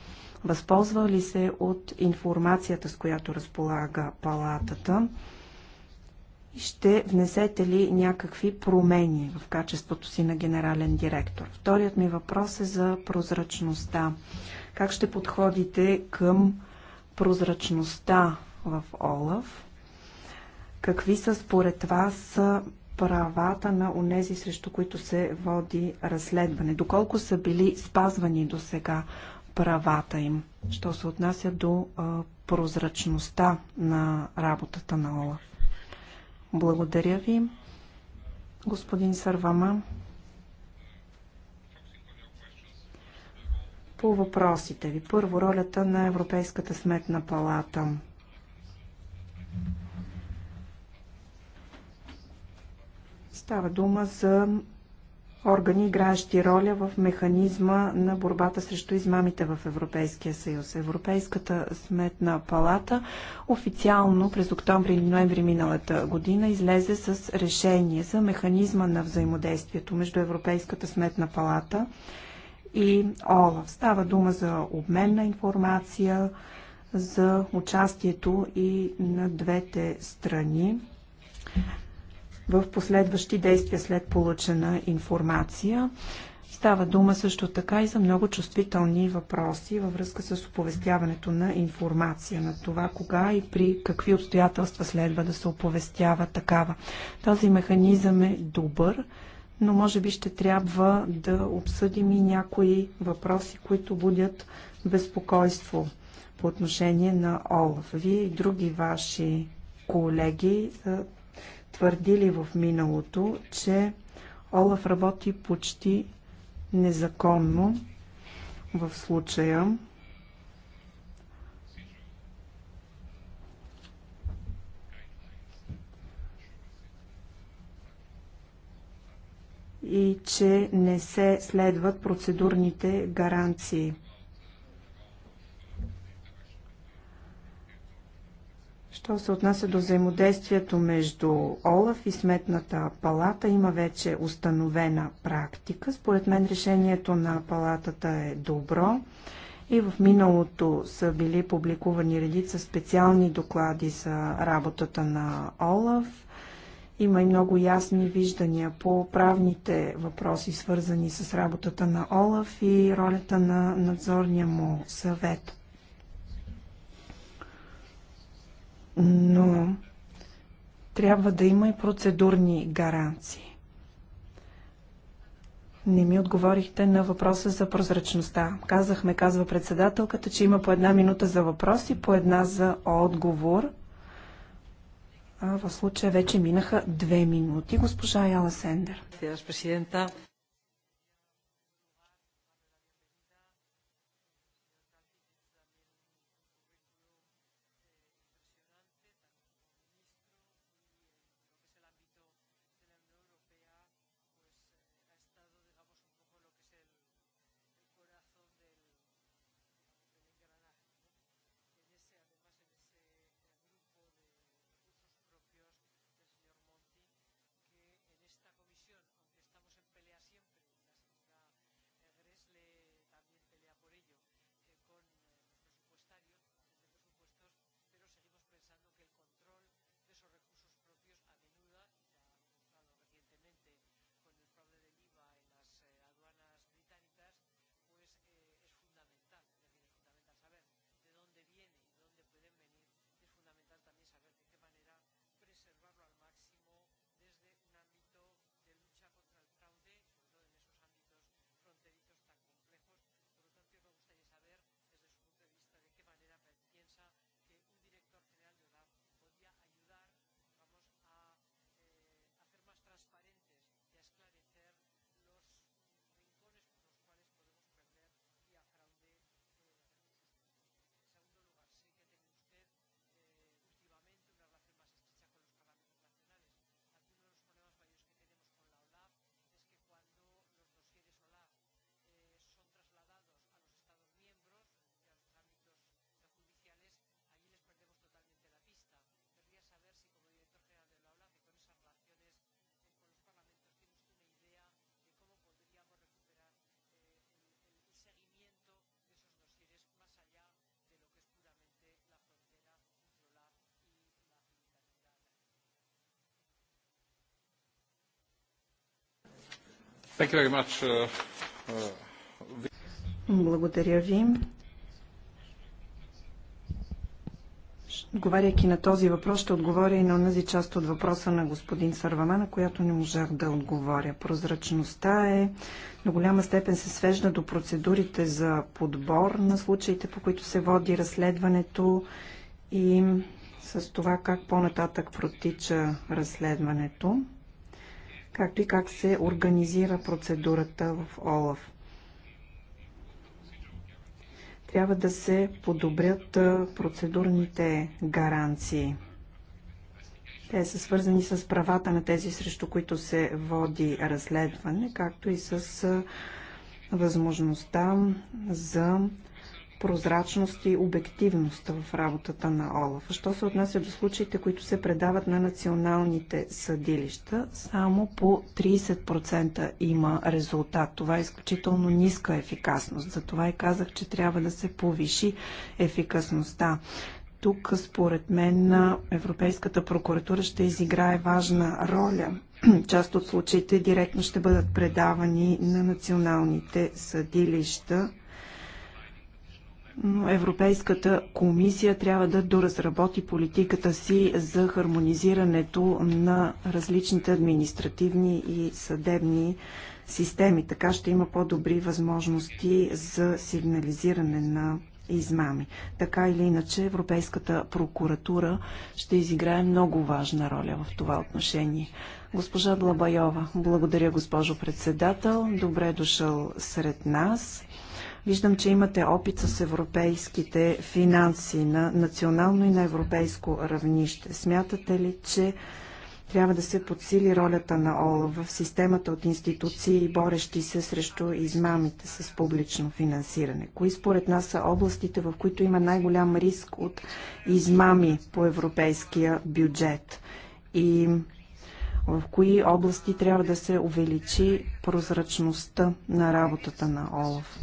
Възползва ли се от информацията, с която разполага палатата? Ще внесете ли някакви промени в качеството си на генерален директор? Вторият ми въпрос е за прозрачността. Как ще подходите към прозрачността в ОЛАВ? Какви са според вас правата на онези, срещу които се води разследване? Доколко са били спазвани до сега правата им, що се отнася до прозрачността на работата на ОЛАФ. Благодаря ви, господин Сарвама. По въпросите ви. Първо, ролята на Европейската сметна палата. Става дума за органи, играещи роля в механизма на борбата срещу измамите в Европейския съюз. Европейската сметна палата официално през октомври и ноември миналата година излезе с решение за механизма на взаимодействието между Европейската сметна палата и ОЛАВ. Става дума за обмен на информация, за участието и на двете страни в последващи действия след получена информация. Става дума също така и за много чувствителни въпроси във връзка с оповестяването на информация на това кога и при какви обстоятелства следва да се оповестява такава. Този механизъм е добър, но може би ще трябва да обсъдим и някои въпроси, които будят безпокойство по отношение на ОЛАФ. Вие и други ваши колеги твърдили в миналото, че Олаф работи почти незаконно в случая. и че не се следват процедурните гаранции. Що се отнася до взаимодействието между ОЛАФ и Сметната палата, има вече установена практика. Според мен решението на палатата е добро. И в миналото са били публикувани редица специални доклади за работата на ОЛАФ. Има и много ясни виждания по правните въпроси, свързани с работата на ОЛАФ и ролята на надзорния му съвет. но трябва да има и процедурни гаранции. Не ми отговорихте на въпроса за прозрачността. Казахме, казва председателката, че има по една минута за въпрос и по една за отговор. А в случая вече минаха две минути. Госпожа Яла Сендер. Uh, uh, Благодаря ви. Говаряйки на този въпрос, ще отговоря и на тази част от въпроса на господин Сарвама, на която не можах да отговоря. Прозрачността е до голяма степен се свежда до процедурите за подбор на случаите, по които се води разследването и с това как по-нататък протича разследването както и как се организира процедурата в ОЛАФ. Трябва да се подобрят процедурните гаранции. Те са свързани с правата на тези, срещу които се води разследване, както и с възможността за прозрачност и обективност в работата на ОЛАФ. Що се отнася до случаите, които се предават на националните съдилища, само по 30% има резултат. Това е изключително ниска ефикасност. Затова и казах, че трябва да се повиши ефикасността тук, според мен, Европейската прокуратура ще изиграе важна роля. Част от случаите директно ще бъдат предавани на националните съдилища. Европейската комисия трябва да доразработи политиката си за хармонизирането на различните административни и съдебни системи. Така ще има по-добри възможности за сигнализиране на измами. Така или иначе Европейската прокуратура ще изиграе много важна роля в това отношение. Госпожа Блабайова, благодаря госпожо председател. Добре дошъл сред нас. Виждам, че имате опит с европейските финанси на национално и на европейско равнище. Смятате ли, че трябва да се подсили ролята на ОЛАФ в системата от институции, борещи се срещу измамите с публично финансиране? Кои според нас са областите, в които има най-голям риск от измами по европейския бюджет? И в кои области трябва да се увеличи прозрачността на работата на ОЛАФ?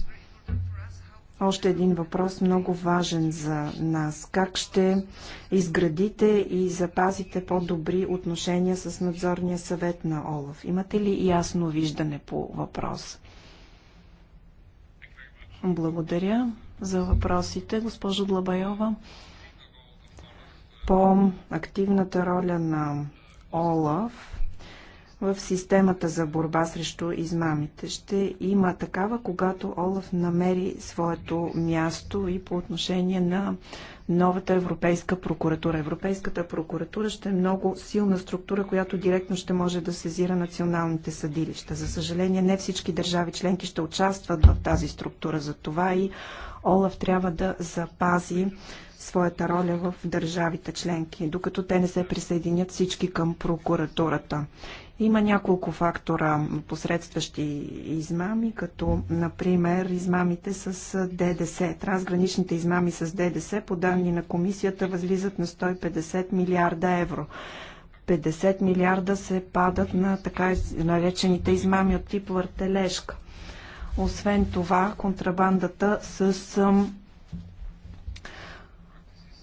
Още един въпрос, много важен за нас. Как ще изградите и запазите по-добри отношения с надзорния съвет на ОЛАФ? Имате ли ясно виждане по въпрос? Благодаря за въпросите, госпожо Длабайова. По активната роля на ОЛАФ в системата за борба срещу измамите. Ще има такава, когато Олаф намери своето място и по отношение на новата Европейска прокуратура. Европейската прокуратура ще е много силна структура, която директно ще може да сезира националните съдилища. За съжаление, не всички държави членки ще участват в тази структура. За това и Олаф трябва да запази своята роля в държавите членки, докато те не се присъединят всички към прокуратурата. Има няколко фактора, посредстващи измами, като например измамите с ДДС. Трансграничните измами с ДДС, по данни на комисията, възлизат на 150 милиарда евро. 50 милиарда се падат на така наречените измами от тип въртележка. Освен това, контрабандата с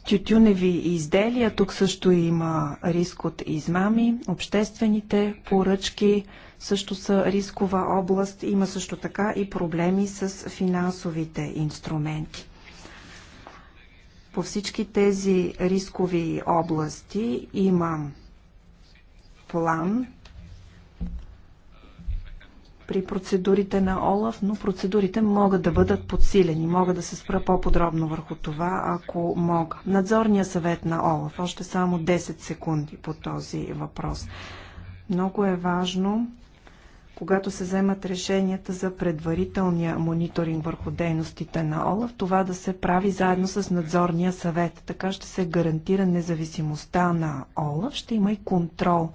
тютюневи изделия. Тук също има риск от измами. Обществените поръчки също са рискова област. Има също така и проблеми с финансовите инструменти. По всички тези рискови области има план при процедурите на ОЛАФ, но процедурите могат да бъдат подсилени. Мога да се спра по-подробно върху това, ако мога. Надзорния съвет на ОЛАФ. Още само 10 секунди по този въпрос. Много е важно когато се вземат решенията за предварителния мониторинг върху дейностите на ОЛАФ, това да се прави заедно с надзорния съвет. Така ще се гарантира независимостта на ОЛАФ, ще има и контрол,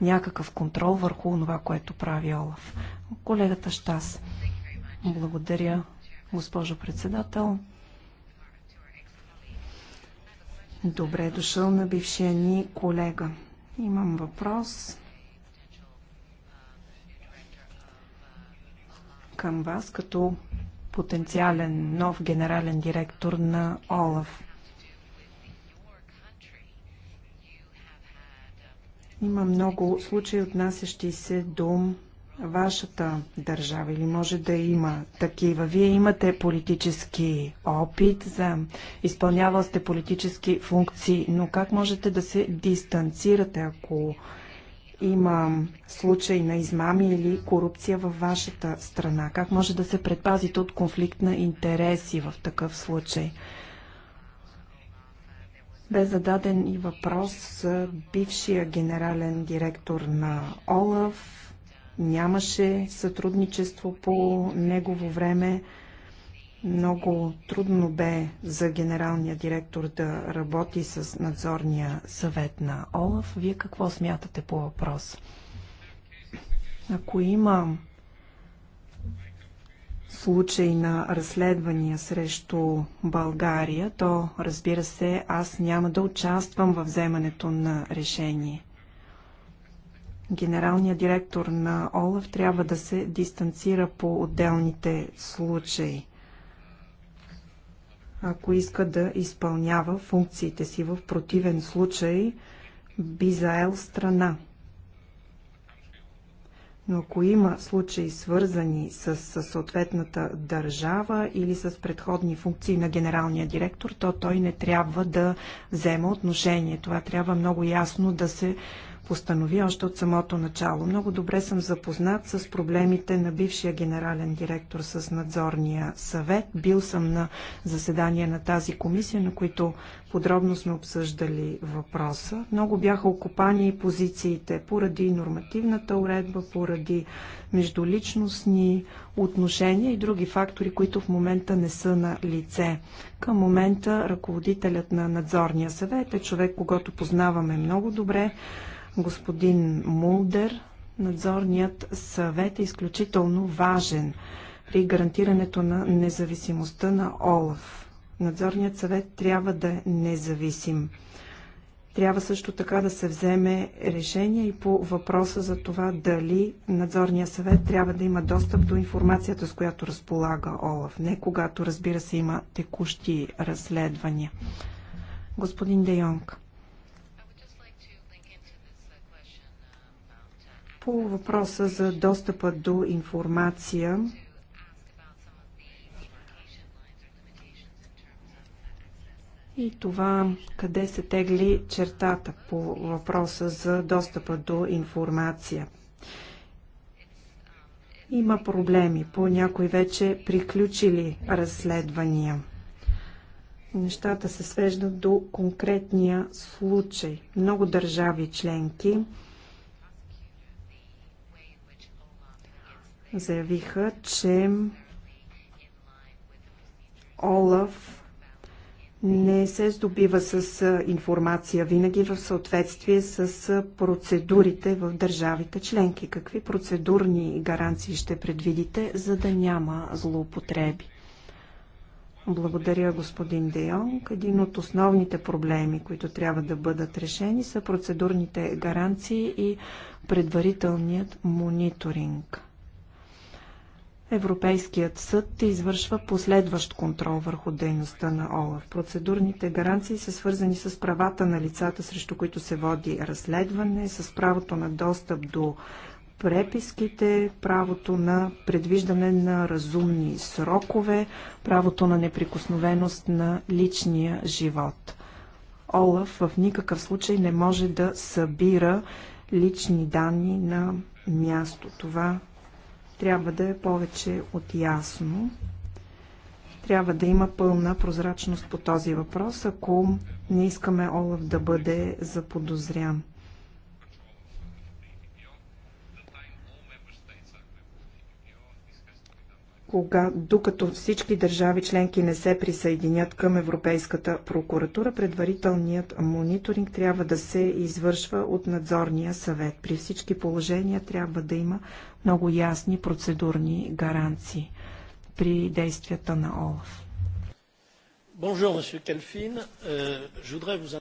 някакъв контрол върху това, което прави ОЛАФ. Колегата Штас. Благодаря, госпожо председател. Добре е дошъл на бившия ни колега. Имам въпрос към вас като потенциален нов генерален директор на ОЛАФ. Има много случаи, отнасящи се до вашата държава или може да има такива. Вие имате политически опит, за... изпълнявал сте политически функции, но как можете да се дистанцирате, ако има случай на измами или корупция във вашата страна? Как може да се предпазите от конфликт на интереси в такъв случай? Бе зададен и въпрос за бившия генерален директор на ОЛАФ. Нямаше сътрудничество по негово време. Много трудно бе за генералния директор да работи с надзорния съвет на ОЛАФ. Вие какво смятате по въпрос? Ако има случай на разследвания срещу България, то разбира се, аз няма да участвам във вземането на решение. Генералният директор на ОЛАФ трябва да се дистанцира по отделните случаи ако иска да изпълнява функциите си. В противен случай би заел страна. Но ако има случаи свързани с, съответната държава или с предходни функции на генералния директор, то той не трябва да взема отношение. Това трябва много ясно да се постанови още от самото начало. Много добре съм запознат с проблемите на бившия генерален директор с надзорния съвет. Бил съм на заседание на тази комисия, на които подробно сме обсъждали въпроса. Много бяха окупани и позициите поради нормативната уредба, поради междуличностни отношения и други фактори, които в момента не са на лице. Към момента ръководителят на надзорния съвет е човек, когато познаваме много добре господин Мулдер. Надзорният съвет е изключително важен при гарантирането на независимостта на ОЛАФ. Надзорният съвет трябва да е независим. Трябва също така да се вземе решение и по въпроса за това дали надзорният съвет трябва да има достъп до информацията, с която разполага ОЛАФ. Не когато, разбира се, има текущи разследвания. Господин Де Йонг. По въпроса за достъпа до информация, и това къде се тегли чертата по въпроса за достъпа до информация. Има проблеми по някои вече приключили разследвания. Нещата се свеждат до конкретния случай. Много държави членки заявиха, че Олаф не се здобива с информация винаги в съответствие с процедурите в държавите членки. Какви процедурни гаранции ще предвидите, за да няма злоупотреби? Благодаря, господин Дейонг. Един от основните проблеми, които трябва да бъдат решени, са процедурните гаранции и предварителният мониторинг. Европейският съд извършва последващ контрол върху дейността на ОЛАФ. Процедурните гаранции са свързани с правата на лицата, срещу които се води разследване, с правото на достъп до преписките, правото на предвиждане на разумни срокове, правото на неприкосновеност на личния живот. ОЛАФ в никакъв случай не може да събира лични данни на място. Това трябва да е повече от ясно. Трябва да има пълна прозрачност по този въпрос, ако не искаме Олаф да бъде заподозрян. кога, докато всички държави членки не се присъединят към Европейската прокуратура, предварителният мониторинг трябва да се извършва от надзорния съвет. При всички положения трябва да има много ясни процедурни гаранции при действията на ОЛАФ. Bonjour, monsieur Calfin. Euh, je voudrais vous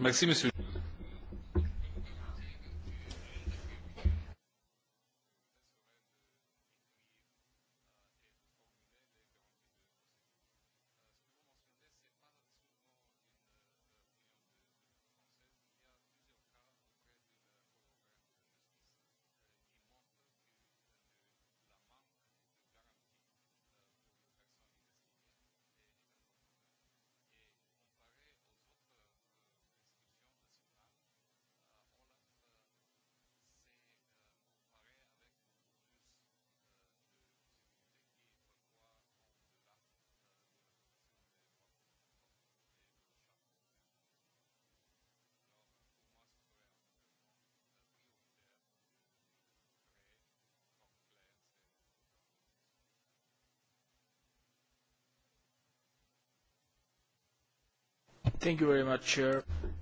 Merci, monsieur.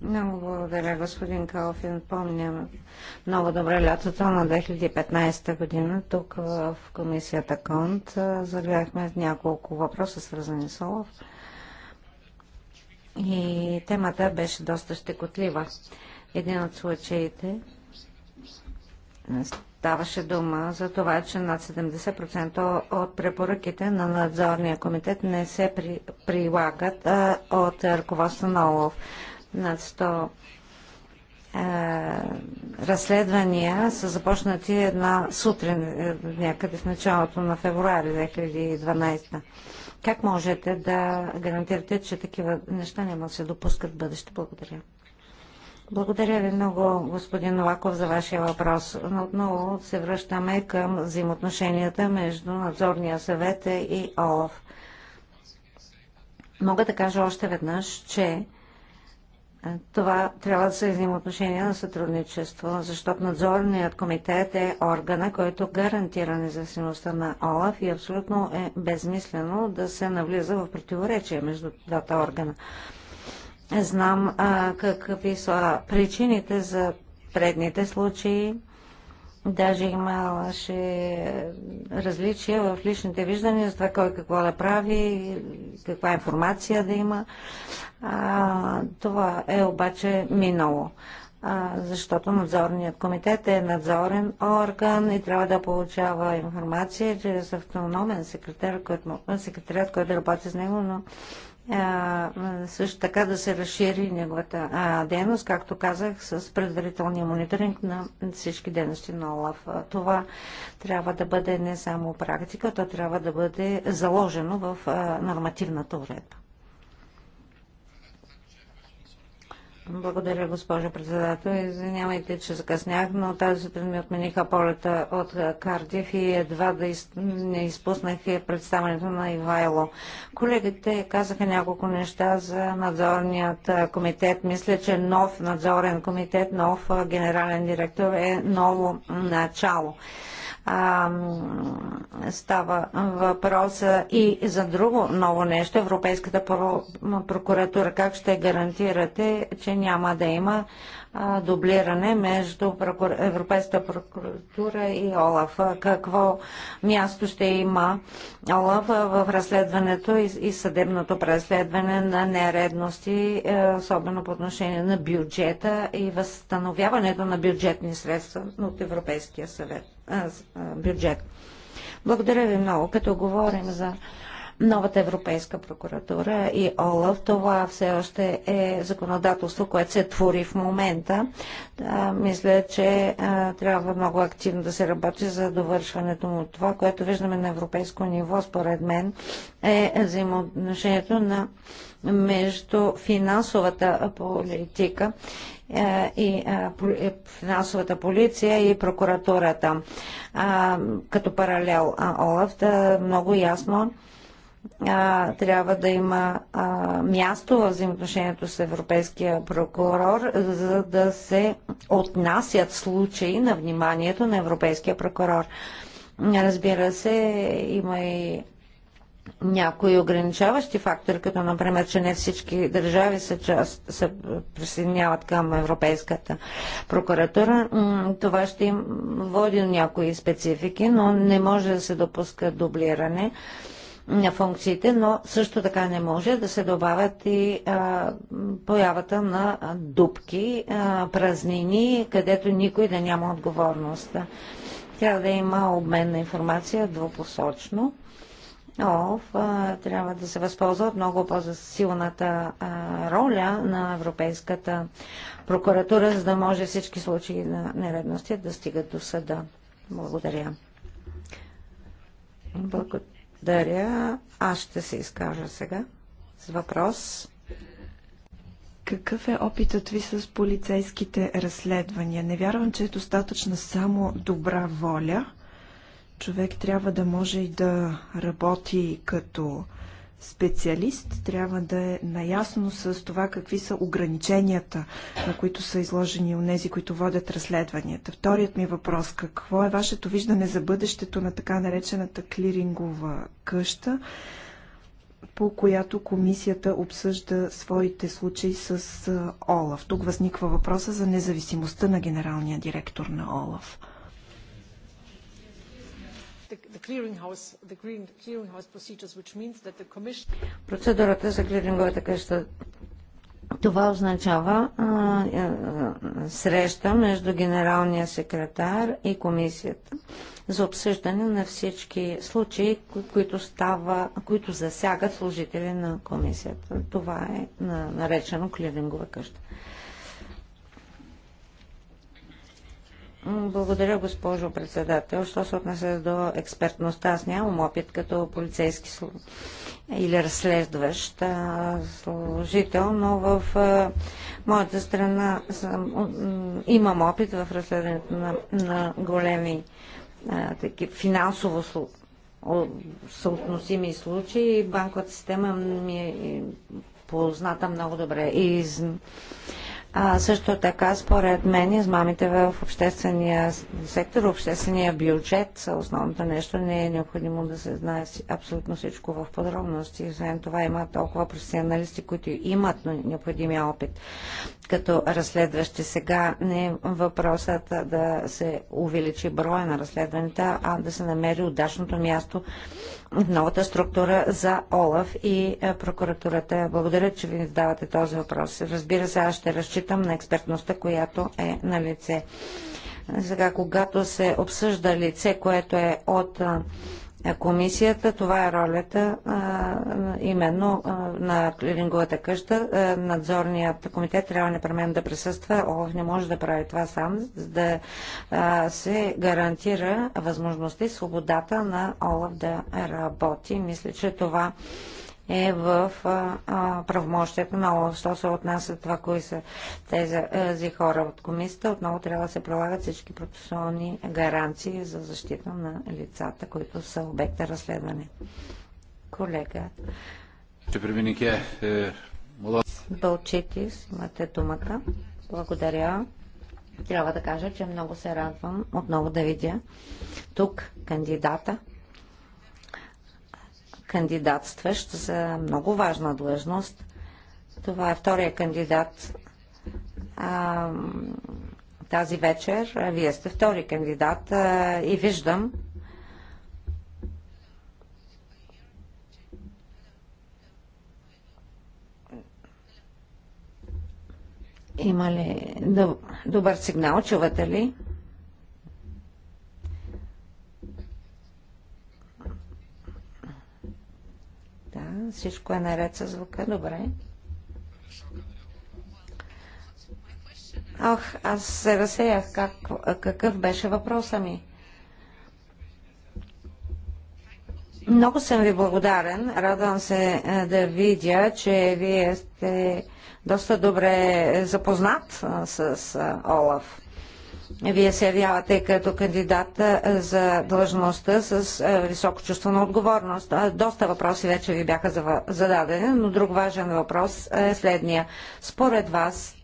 много благодаря, господин Калфин. Помня много добре лятото на 2015 година. Тук в комисията КОНТ загледахме няколко въпроса, свързани с ОЛАФ. И темата беше доста щекотлива. Един от случаите Ставаше дума за това, че над 70% от препоръките на надзорния комитет не се при, прилагат а, от ръководство на ОЛОВ. Над 100 е, разследвания са започнати една сутрин, е, някъде в началото на февруари 2012. Как можете да гарантирате, че такива неща няма да се допускат в бъдеще? Благодаря. Благодаря ви много, господин Лаков, за вашия въпрос. Но отново се връщаме към взаимоотношенията между надзорния съвет и ОЛАФ. Мога да кажа още веднъж, че това трябва да са взаимоотношения на сътрудничество, защото надзорният комитет е органа, който е гарантира независимостта на ОЛАФ и абсолютно е безмислено да се навлиза в противоречие между двата органа. Знам а, какви са причините за предните случаи. Даже имаше различия в личните виждания за това кой какво да прави, каква информация да има. А, това е обаче минало, а, защото надзорният комитет е надзорен орган и трябва да получава информация чрез автономен секретар, който, секретарят, който работи с него, но а, също така да се разшири неговата дейност, както казах, с предварителния мониторинг на всички дейности на ОЛАФ. Това трябва да бъде не само практика, то трябва да бъде заложено в нормативната уредба. Благодаря, госпожа председател. Извинявайте, че закъснях, но тази сутрин ми отмениха полета от Кардиф и едва да из... не изпуснах представането на Ивайло. Колегите казаха няколко неща за надзорният комитет. Мисля, че нов надзорен комитет, нов генерален директор е ново начало а, става въпроса и за друго ново нещо, Европейската прокуратура. Как ще гарантирате, че няма да има а, дублиране между прокур... Европейската прокуратура и ОЛАФ? Какво място ще има ОЛАФ в разследването и, и съдебното преследване на нередности, е, особено по отношение на бюджета и възстановяването на бюджетни средства от Европейския съвет? бюджет. Благодаря ви много. Като говорим за новата Европейска прокуратура и ОЛАВ. Това все още е законодателство, което се твори в момента. мисля, че а, трябва много активно да се работи за довършването му. Това, което виждаме на европейско ниво, според мен, е взаимоотношението на между финансовата политика и е, финансовата полиция и прокуратурата. Като паралел ОЛАФ много ясно а, трябва да има а, място в взаимоотношението с Европейския прокурор, за да се отнасят случаи на вниманието на Европейския прокурор. Разбира се, има и някои ограничаващи фактори, като например, че не всички държави са част, се присъединяват към Европейската прокуратура. Това ще им води някои специфики, но не може да се допуска дублиране на функциите, но също така не може да се добавят и а, появата на дупки, а, празнини, където никой да няма отговорност. Трябва да има обмен на информация двупосочно. ОЛФ трябва да се възползва от много по-засилната роля на Европейската прокуратура, за да може всички случаи на нередности да стигат до съда. Благодаря. Благодаря. Благодаря. Аз ще се изкажа сега с въпрос. Какъв е опитът ви с полицейските разследвания? Не вярвам, че е достатъчна само добра воля. Човек трябва да може и да работи като специалист трябва да е наясно с това какви са ограниченията, на които са изложени у нези, които водят разследванията. Вторият ми въпрос, какво е вашето виждане за бъдещето на така наречената клирингова къща, по която комисията обсъжда своите случаи с ОЛАФ? Тук възниква въпроса за независимостта на генералния директор на ОЛАФ. Процедурата за клиринговата е къща това означава среща между генералния секретар и комисията за обсъждане на всички случаи, които, става, които засягат служители на комисията. Това е наречено клирингова къща. Благодаря, госпожо председател. Що се отнася до експертността, аз нямам опит като полицейски или разследващ служител, но в моята страна съм, имам опит в разследването на, на големи таки, финансово съотносими случаи. Банковата система ми е позната много добре. И а, също така, според мен, измамите в обществения сектор, обществения бюджет са основното нещо. Не е необходимо да се знае абсолютно всичко в подробности. Освен това има толкова професионалисти, които имат необходимия опит като разследващи. Сега не е въпросът да се увеличи броя на разследванията, а да се намери удачното място в новата структура за ОЛАФ и прокуратурата. Благодаря, че ви задавате този въпрос. Разбира се, аз ще разчитам разчитам на експертността, която е на лице. Сега, когато се обсъжда лице, което е от комисията, това е ролята именно на клиринговата къща. надзорният комитет трябва непременно да присъства. ОЛАФ не може да прави това сам, за да се гарантира възможността и свободата на ОЛАФ да работи. Мисля, че това е в правомощието на Що се отнася това, кои са тези хора от комисията, отново трябва да се прилагат всички процесуални гаранции за защита на лицата, които са обект на разследване. Колега. Е, Бълчетис, имате думата. Благодаря. Трябва да кажа, че много се радвам отново да видя тук кандидата, кандидатстващ за много важна длъжност. Това е втория кандидат а, тази вечер. Вие сте втори кандидат а, и виждам, Има ли добър сигнал? Чувате ли? Всичко е наред с звука. Добре. Ох, аз се разсеях. Как, какъв беше въпроса ми? Много съм ви благодарен. Радвам се е, да видя, че вие сте доста добре запознат е, с е, Олаф. Вие се явявате като кандидат за длъжността с високо чувство на отговорност. Доста въпроси вече ви бяха зададени, но друг важен въпрос е следния. Според вас,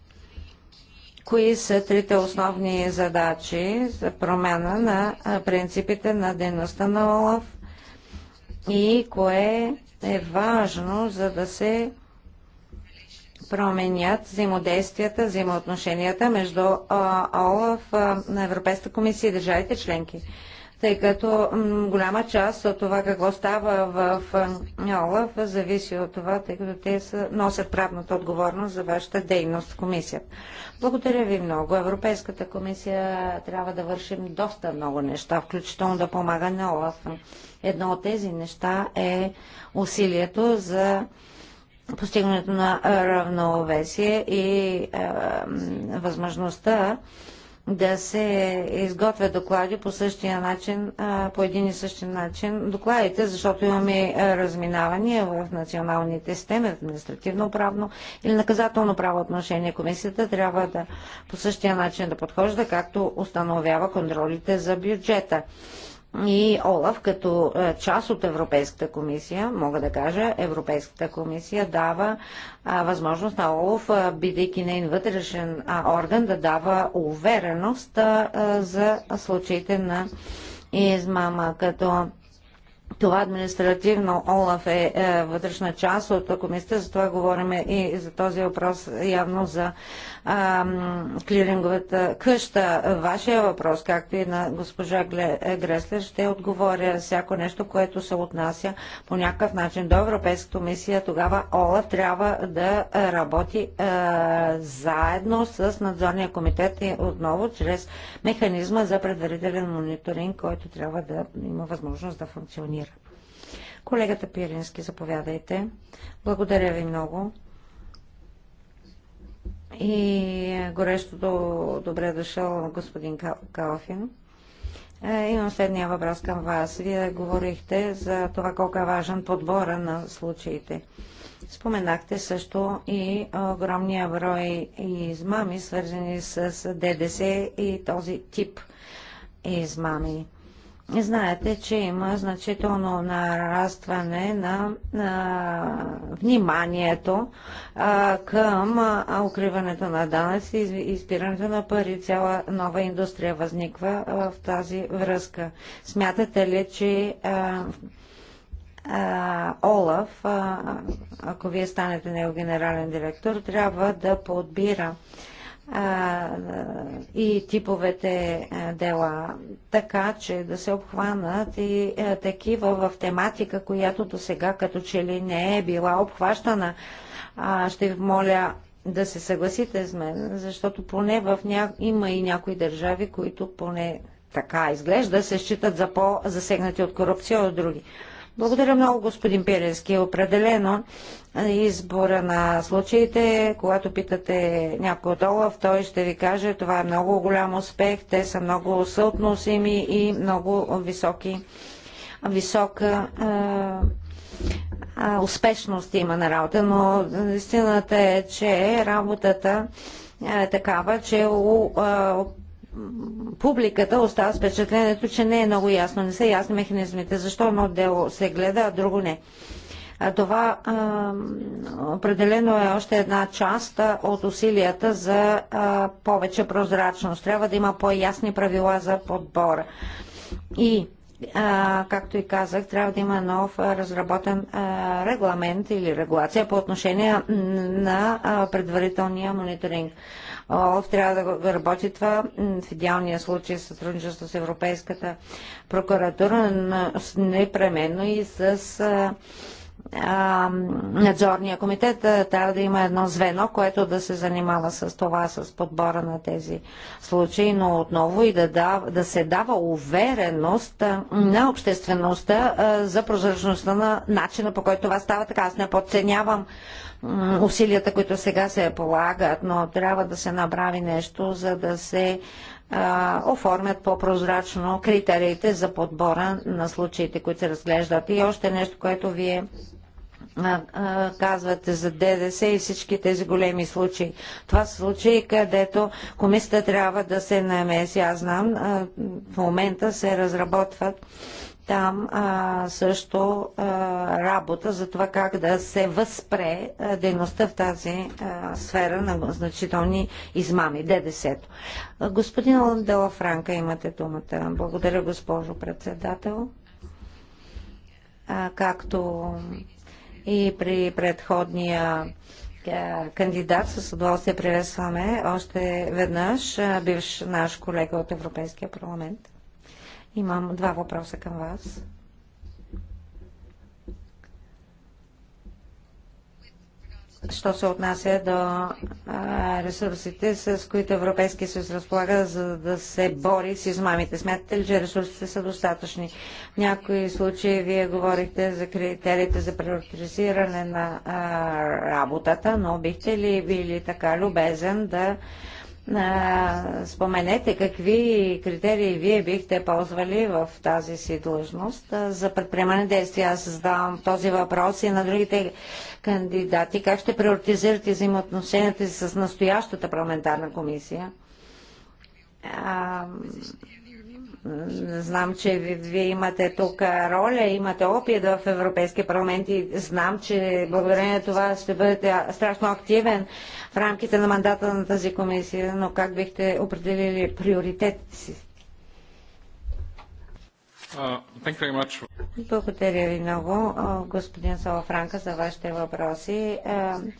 кои са трите основни задачи за промяна на принципите на дейността на ОЛАФ и кое е важно, за да се променят взаимодействията, взаимоотношенията между ОЛАФ на Европейската комисия и държавите членки. Тъй като голяма част от това какво става в ОЛАФ зависи от това, тъй като те носят правната отговорност за вашата дейност в комисията. Благодаря ви много. Европейската комисия трябва да вършим доста много неща, включително да помага на ОЛАФ. Едно от тези неща е усилието за постигането на равновесие и а, възможността да се изготвят доклади по същия начин, а, по един и същи начин докладите, защото имаме разминавания в националните системи, административно-правно или наказателно право отношение. Комисията трябва да по същия начин да подхожда, както установява контролите за бюджета и Олаф, като е, част от Европейската комисия, мога да кажа, Европейската комисия дава възможност на Олаф, бидейки нейн вътрешен орган, да дава увереност за случаите на измама, като това административно ОЛАФ е, е вътрешна част от комисията, затова говорим и за този въпрос явно за а, клиринговата къща. Вашия въпрос, както и на госпожа е, Греслер, ще отговоря всяко нещо, което се отнася по някакъв начин до Европейската комисия. Тогава ОЛА трябва да работи а, е, заедно с надзорния комитет и отново чрез механизма за предварителен мониторинг, който трябва да има възможност да функционира. Колегата Пирински, заповядайте. Благодаря ви много и горещо добре дошъл господин Калфин. Е, имам следния въпрос към вас. Вие говорихте за това колко е важен подбора на случаите. Споменахте също и огромния брой измами, свързани с ДДС и този тип измами. Знаете, че има значително нарастване на, на вниманието а, към а, укриването на данъци и изпирането на пари. Цяла нова индустрия възниква а, в тази връзка. Смятате ли, че а, а, Олаф, а, ако вие станете него генерален директор, трябва да подбира а, и типовете дела, така че да се обхванат и такива в тематика, която до сега като че ли не е била обхващана. Ще ви моля да се съгласите с мен, защото поне в ня... има и някои държави, които поне така изглежда, се считат за по-засегнати от корупция от други. Благодаря много, господин Пирински. Определено избора на случаите, когато питате някой от Олаф, той ще ви каже, това е много голям успех, те са много съотносими и много високи, висока а, успешност има на работа, но истината е, че работата е такава, че у, а, публиката остава с впечатлението, че не е много ясно, не са ясни механизмите, защо едно дело се гледа, а друго не. А това а, определено е още една част а, от усилията за а, повече прозрачност. Трябва да има по-ясни правила за подбора. И, а, както и казах, трябва да има нов а, разработен а, регламент или регулация по отношение на а, предварителния мониторинг. ОЛАФ трябва да работи това в идеалния случай сътрудничество с Европейската прокуратура, но непременно и с надзорния комитет трябва да има едно звено, което да се занимава с това, с подбора на тези случаи, но отново и да, да се дава увереност на обществеността за прозрачността на начина по който това става така. Аз не подценявам усилията, които сега се полагат, но трябва да се направи нещо, за да се оформят по-прозрачно критериите за подбора на случаите, които се разглеждат. И още нещо, което вие казвате за ДДС и всички тези големи случаи. Това са случаи, където комисията трябва да се намеси. Аз знам, в момента се разработват там а, също а, работа за това как да се възпре а, дейността в тази а, сфера на значителни измами, ДДС-то. Господин Ландела Франка, имате думата. Благодаря, госпожо председател. А, както и при предходния кандидат. С удоволствие приветстваме още веднъж бивш наш колега от Европейския парламент. Имам два въпроса към вас. що се отнася до ресурсите, с които Европейския съюз разполага, за да се бори с измамите. Смятате ли, че ресурсите са достатъчни? В някои случаи вие говорихте за критериите за приоритизиране на работата, но бихте ли били така любезен да споменете какви критерии вие бихте ползвали в тази си длъжност за предприемане действия. Аз задавам този въпрос и на другите кандидати. Как ще приоритизирате взаимоотношенията си с настоящата парламентарна комисия? Знам, че вие имате тук роля, имате опит в Европейския парламент и знам, че благодарение на това ще бъдете страшно активен в рамките на мандата на тази комисия, но как бихте определили приоритетите си? Uh, Благодаря ви много, господин Салафранка, за вашите въпроси. Uh,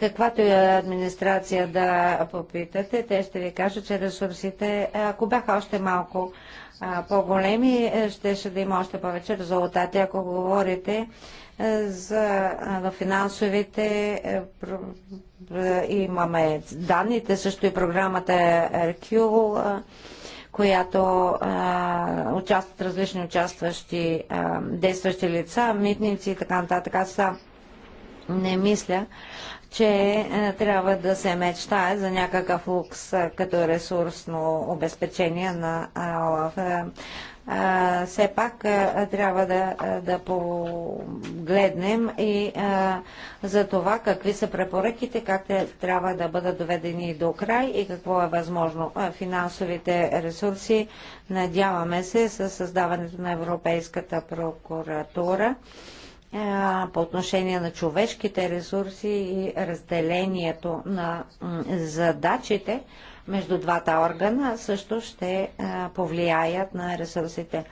каквато и администрация да попитате, те ще ви кажат, че ресурсите, ако бяха още малко по-големи, е, ще да има още повече резултати. Ако говорите е, за финансовите, е, имаме данните, също и програмата RQ, която а, участват различни участващи а, действащи лица, митници и така нататък. Аз не мисля, че е, трябва да се мечтае за някакъв лукс е, като ресурсно обезпечение на е, ОЛАФ. Все пак трябва да, да погледнем и за това какви са препоръките, как те трябва да бъдат доведени до край и какво е възможно. Финансовите ресурси, надяваме се, с създаването на Европейската прокуратура по отношение на човешките ресурси и разделението на задачите между двата органа също ще повлияят на ресурсите.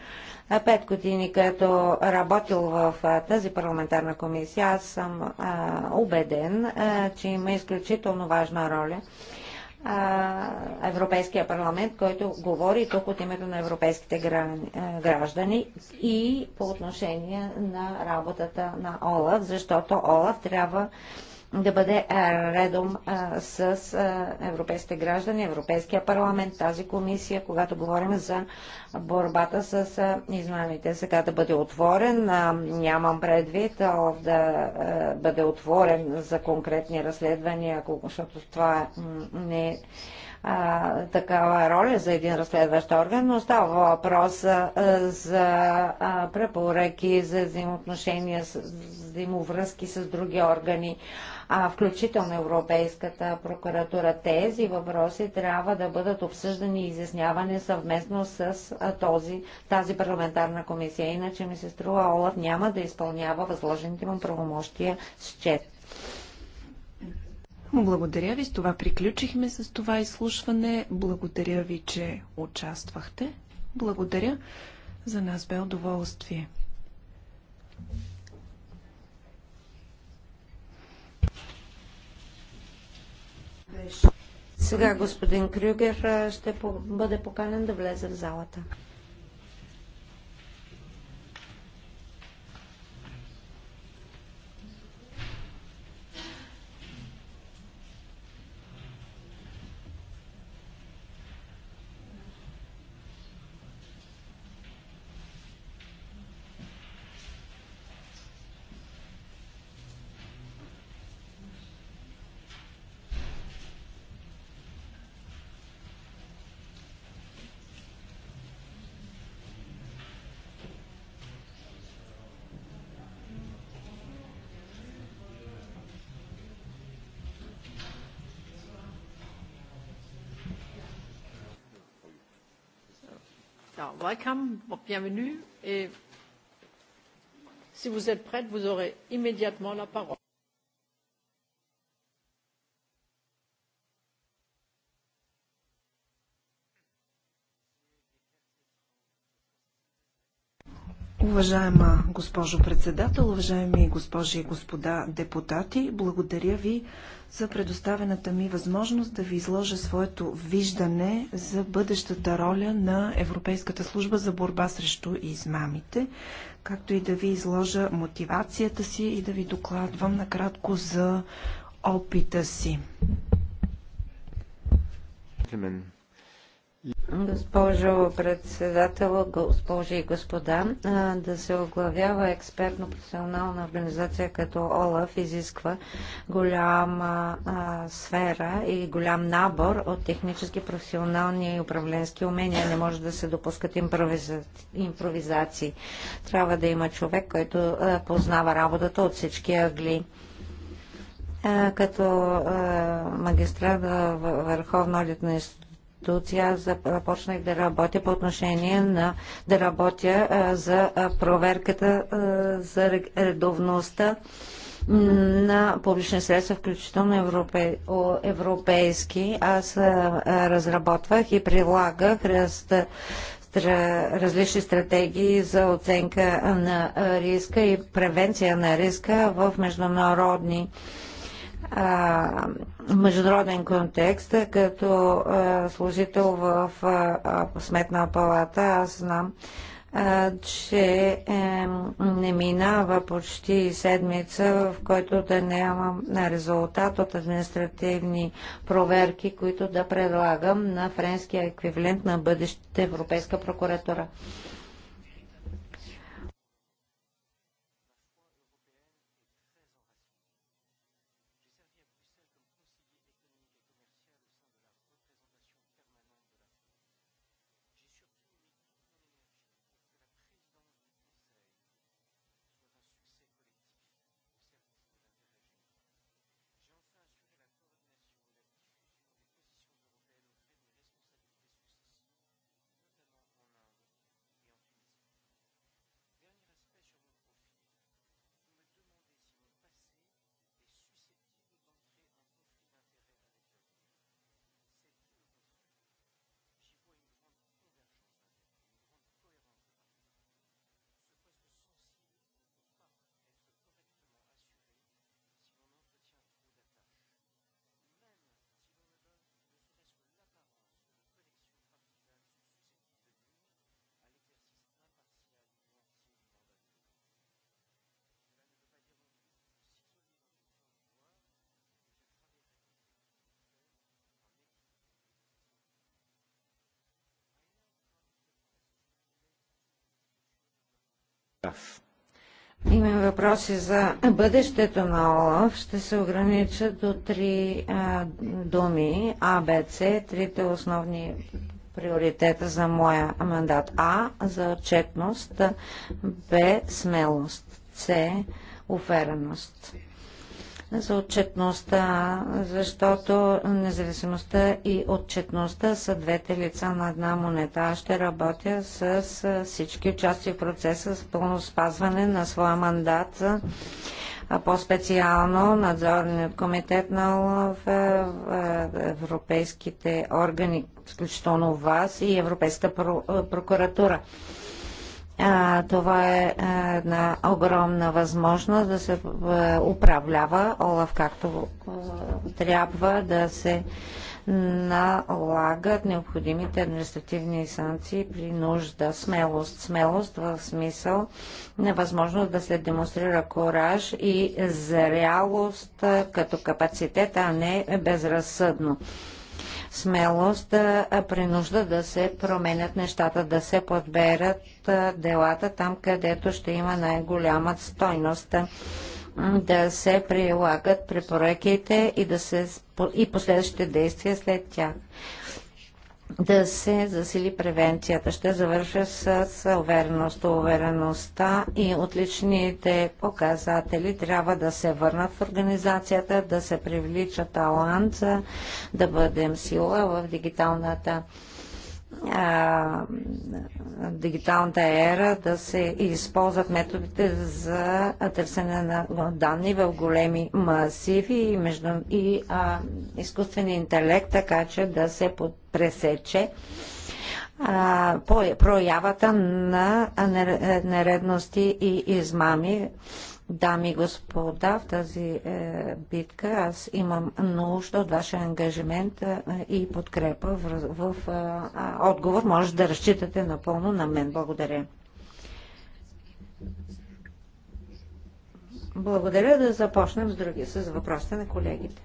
Пет години като работил в тази парламентарна комисия, аз съм убеден, че има изключително важна роля Европейския парламент, който говори тук от името на европейските граждани и по отношение на работата на ОЛАФ, защото ОЛАФ трябва да бъде редом с европейските граждани, Европейския парламент, тази комисия, когато говорим за борбата с измамите. Сега да бъде отворен, нямам предвид да бъде отворен за конкретни разследвания, защото това не е а, такава роля за един разследващ орган, но става въпрос а, за а, препоръки, за взаимоотношения, с, взаимовръзки с други органи, а включително Европейската прокуратура. Тези въпроси трябва да бъдат обсъждани и изяснявани съвместно с този, тази парламентарна комисия. Иначе ми се струва, Олаф няма да изпълнява възложените му правомощия с чест. Благодаря ви. С това приключихме с това изслушване. Благодаря ви, че участвахте. Благодаря. За нас бе удоволствие. Сега господин Крюгер ще бъде поканен да влезе в залата. Welcome, bienvenue. Et si vous êtes prête, vous aurez immédiatement la parole. Уважаема госпожо председател, уважаеми госпожи и господа депутати, благодаря ви за предоставената ми възможност да ви изложа своето виждане за бъдещата роля на Европейската служба за борба срещу измамите, както и да ви изложа мотивацията си и да ви докладвам накратко за опита си. Госпожо председател, госпожи и господа, да се оглавява експертно-професионална организация като ОЛАФ изисква голяма сфера и голям набор от технически, професионални и управленски умения. Не може да се допускат импровизации. Трябва да има човек, който познава работата от всички агли като магистрат в Върховна одитна институция започнах да работя по отношение на да работя за проверката за редовността на публични средства, включително европейски. Аз разработвах и прилагах раз, различни стратегии за оценка на риска и превенция на риска в международни международен контекст, като служител в Сметна палата, аз знам, че не минава почти седмица, в който да нямам резултат от административни проверки, които да предлагам на френския еквивалент на бъдещата Европейска прокуратура. Имам въпроси за бъдещето на ОЛАФ. Ще се огранича до три а, думи. А, Б, С, трите основни приоритета за моя мандат. А, за отчетност. Б, смелост. С, увереност за отчетността, защото независимостта и отчетността са двете лица на една монета. Аз ще работя с всички участия в процеса с пълно спазване на своя мандат, а по-специално надзорният комитет на ОЛАФ, е, е, европейските органи, включително вас и Европейската прокуратура. А, това е, е една огромна възможност да се е, управлява Олаф както е, трябва да се налагат необходимите административни санкции при нужда. Смелост. Смелост в смисъл на възможност да се демонстрира кораж и зрялост като капацитет, а не безразсъдно. Смелост при нужда да се променят нещата, да се подберат делата там, където ще има най-голяма стойност да се прилагат препоръките и, да се, и последващите действия след тях. Да се засили превенцията. Ще завърша с, увереност. Увереността и отличните показатели трябва да се върнат в организацията, да се привлича талант, да бъдем сила в дигиталната дигиталната ера да се използват методите за търсене на данни в големи масиви и, между, и а, изкуствен интелект, така че да се пресече а, проявата на нередности и измами Дами и господа, в тази е, битка аз имам нужда от вашия ангажимент е, и подкрепа в, в е, отговор. Може да разчитате напълно на мен. Благодаря. Благодаря да започнем с други, с въпросите на колегите.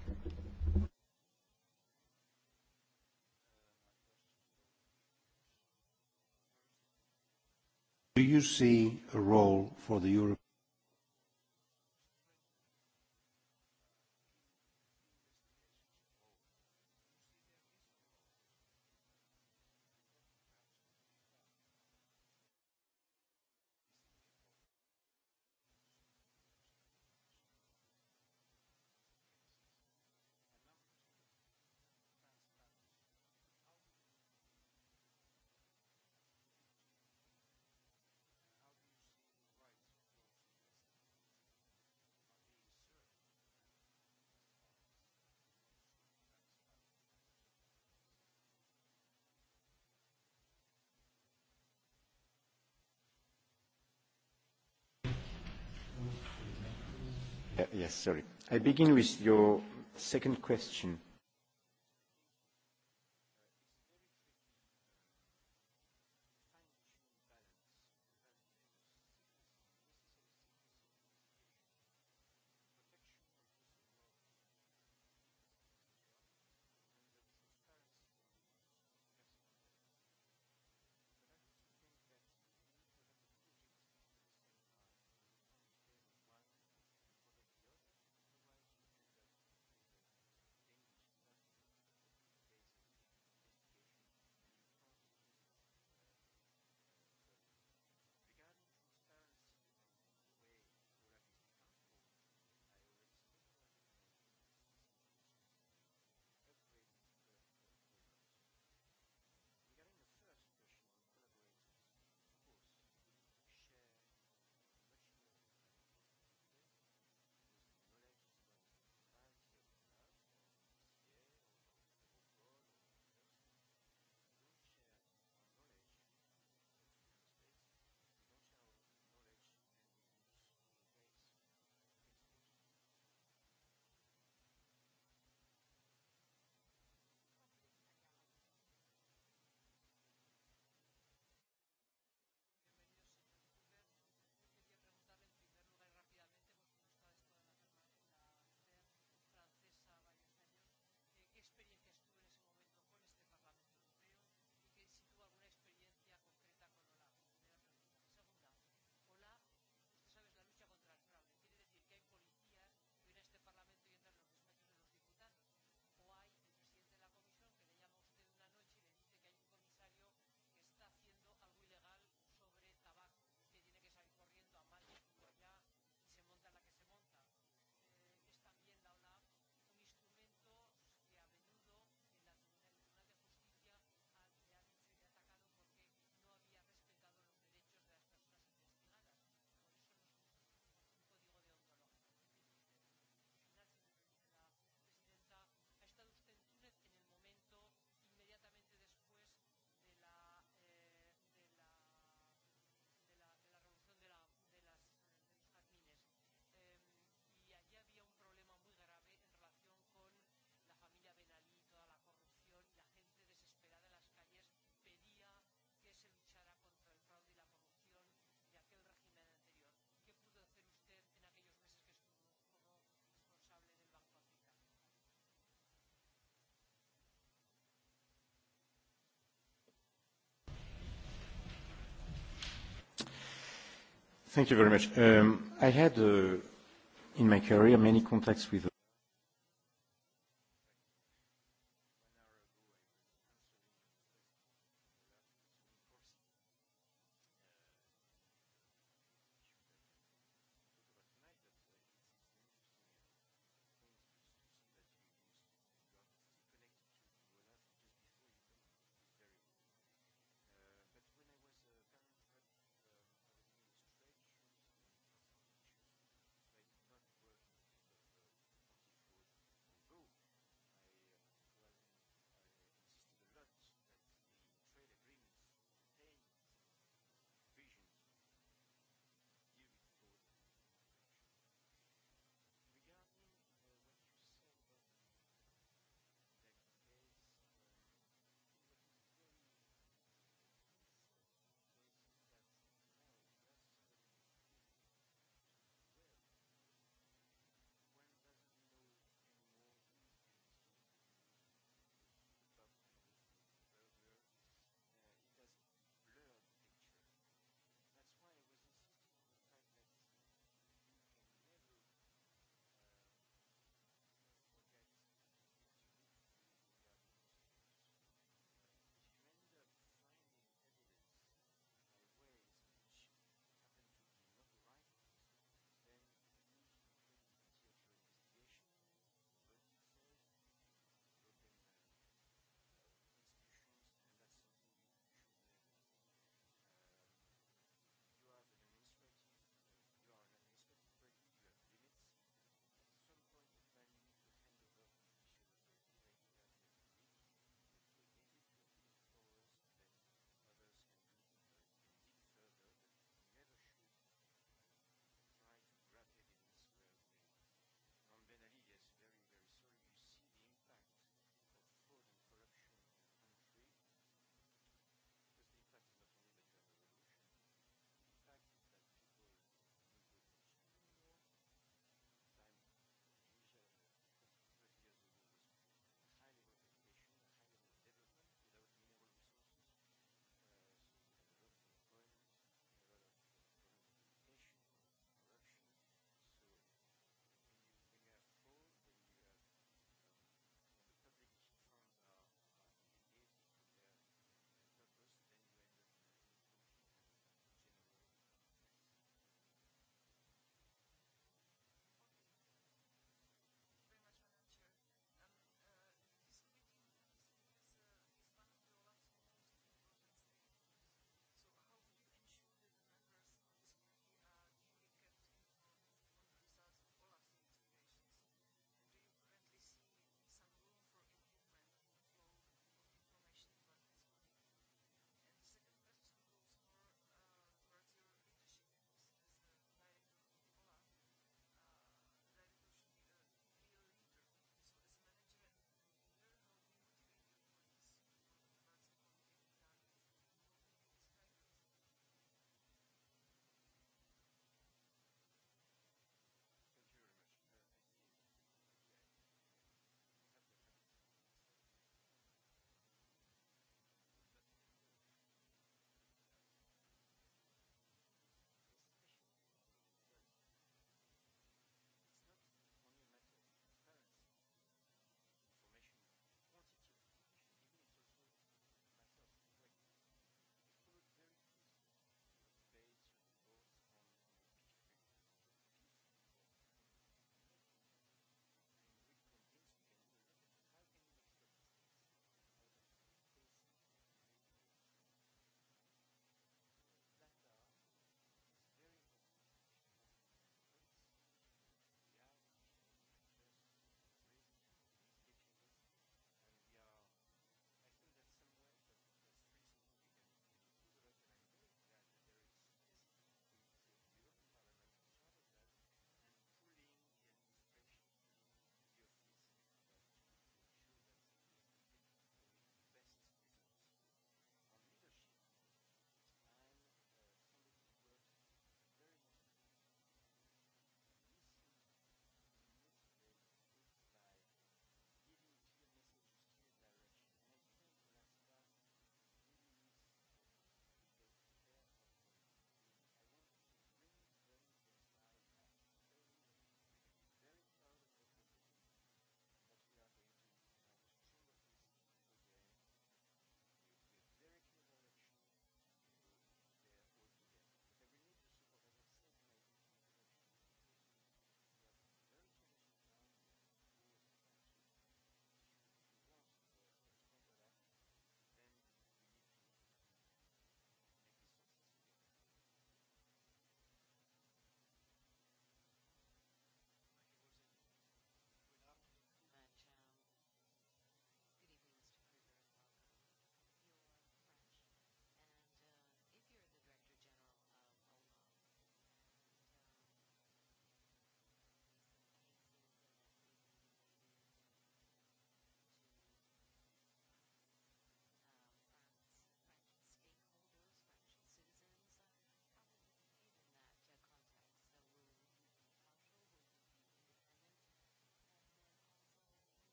Do you see a role for the European Sorry. I begin with your second question Thank you very much. Um, I had uh, in my career many contacts with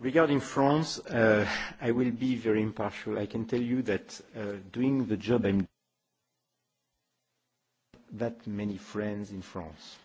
Regarding France, uh, I will be very impartial. I can tell you that uh, doing the job I'm that many friends in France.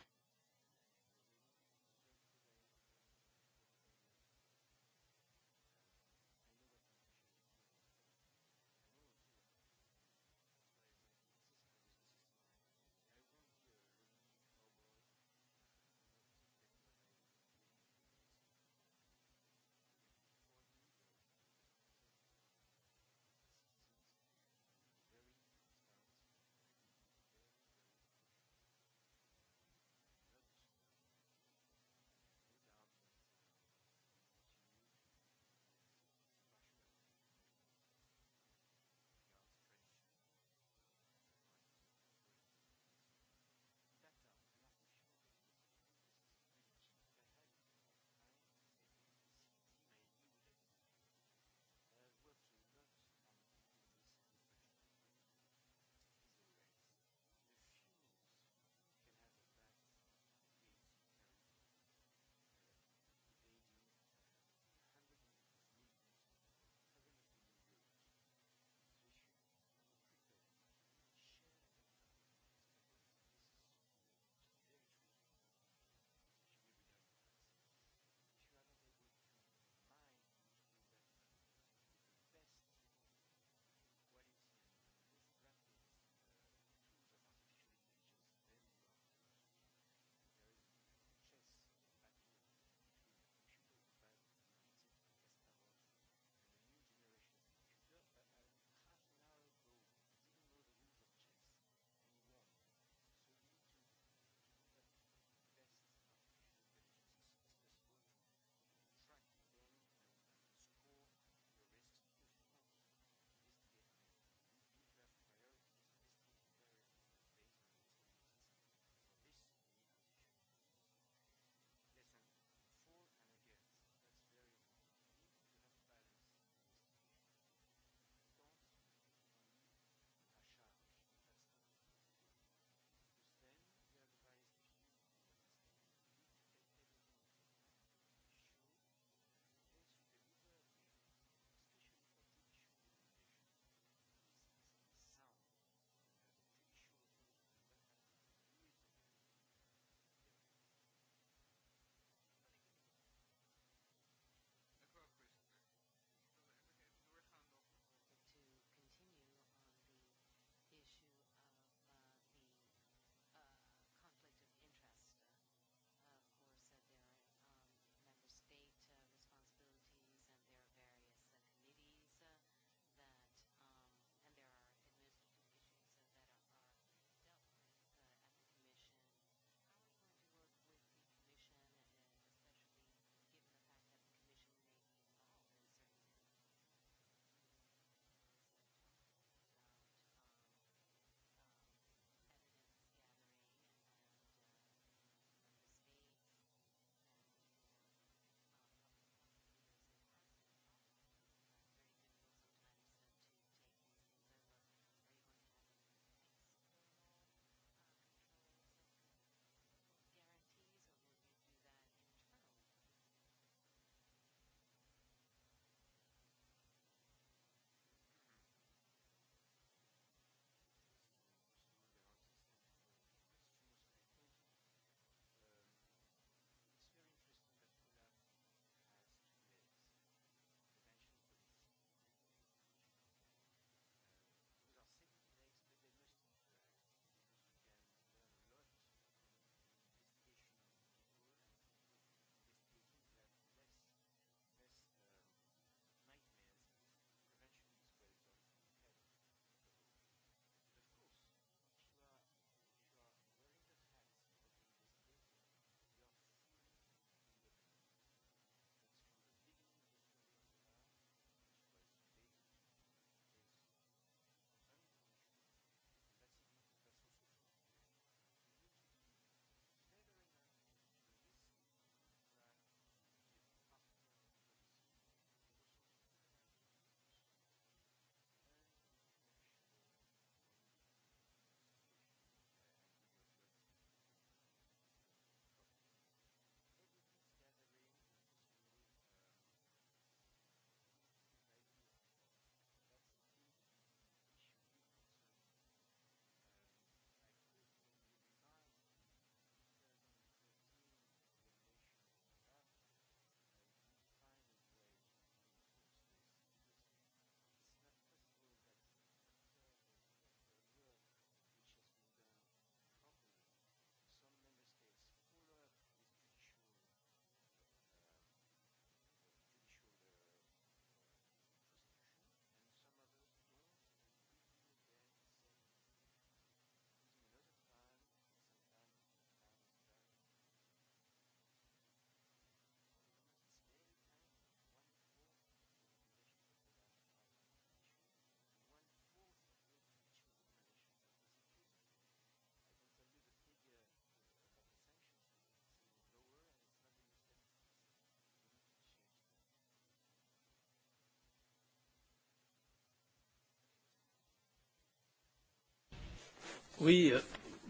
Oui,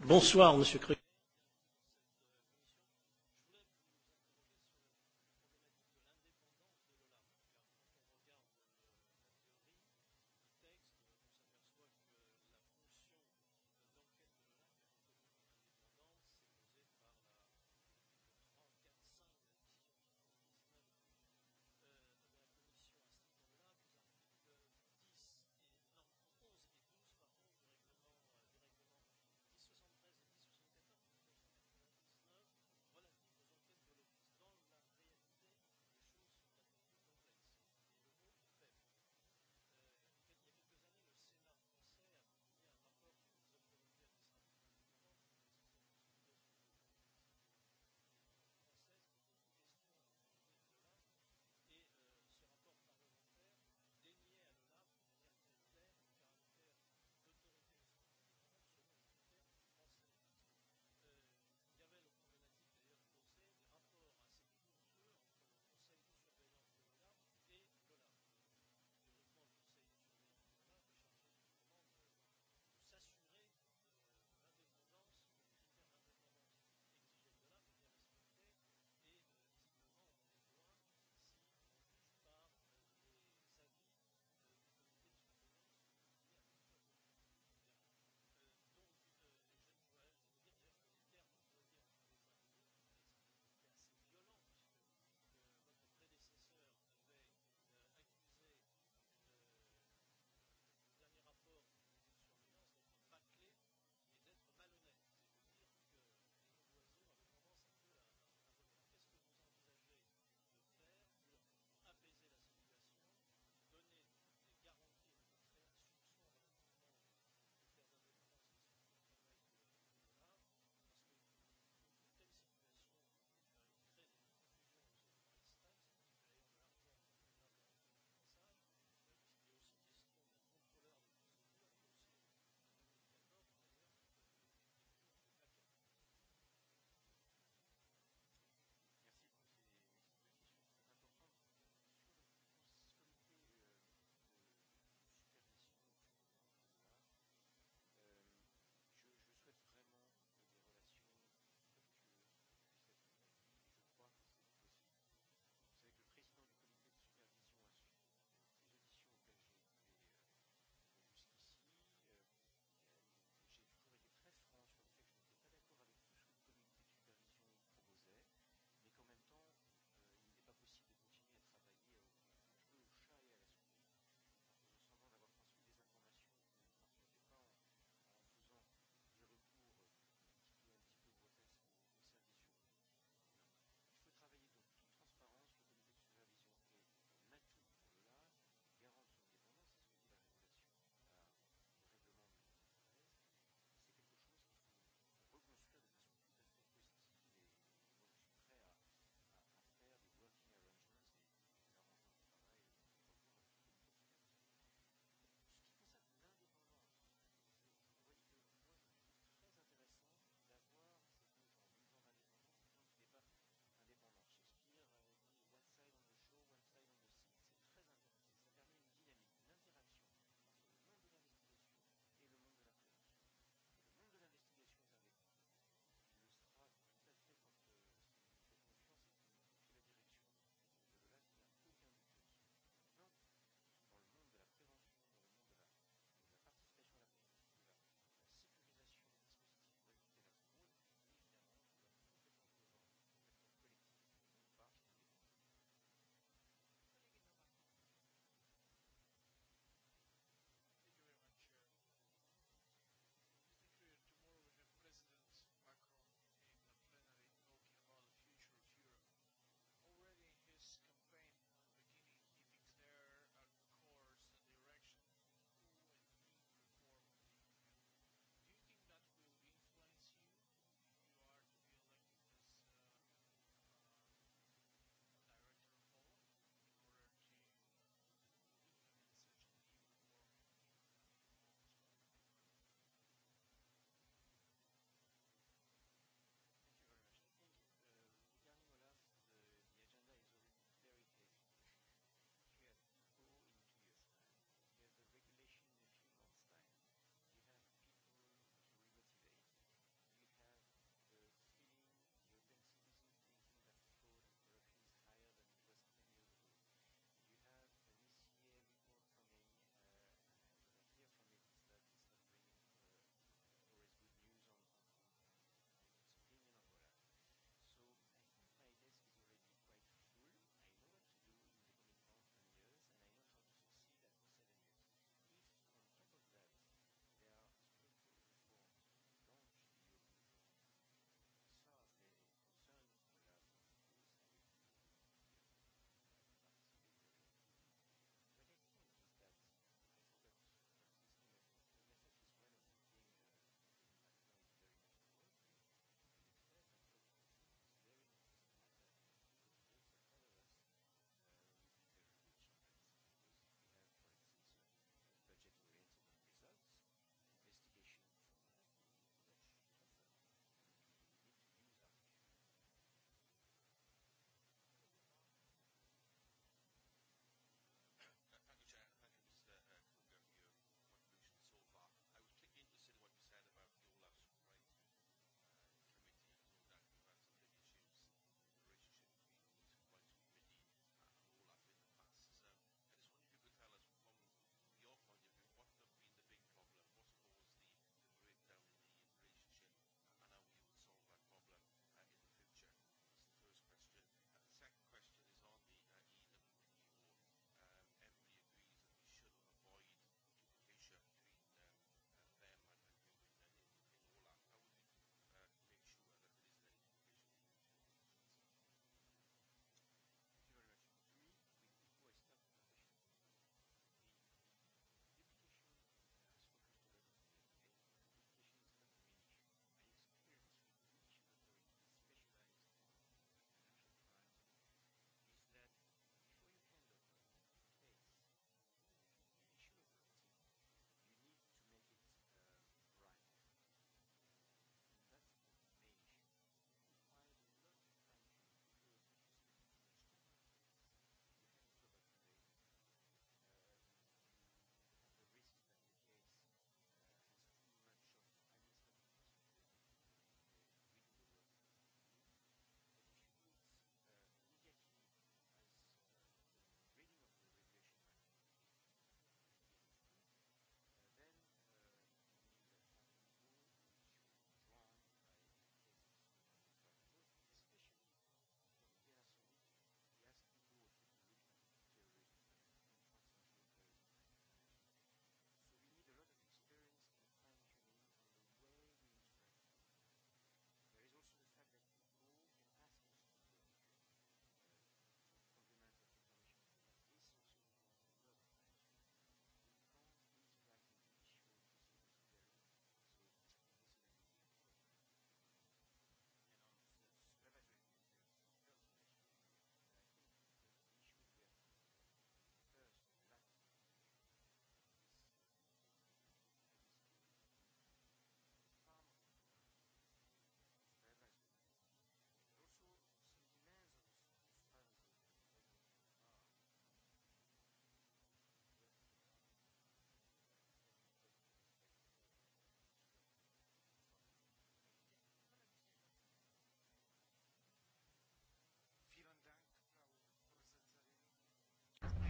bonsoir, monsieur Cruz.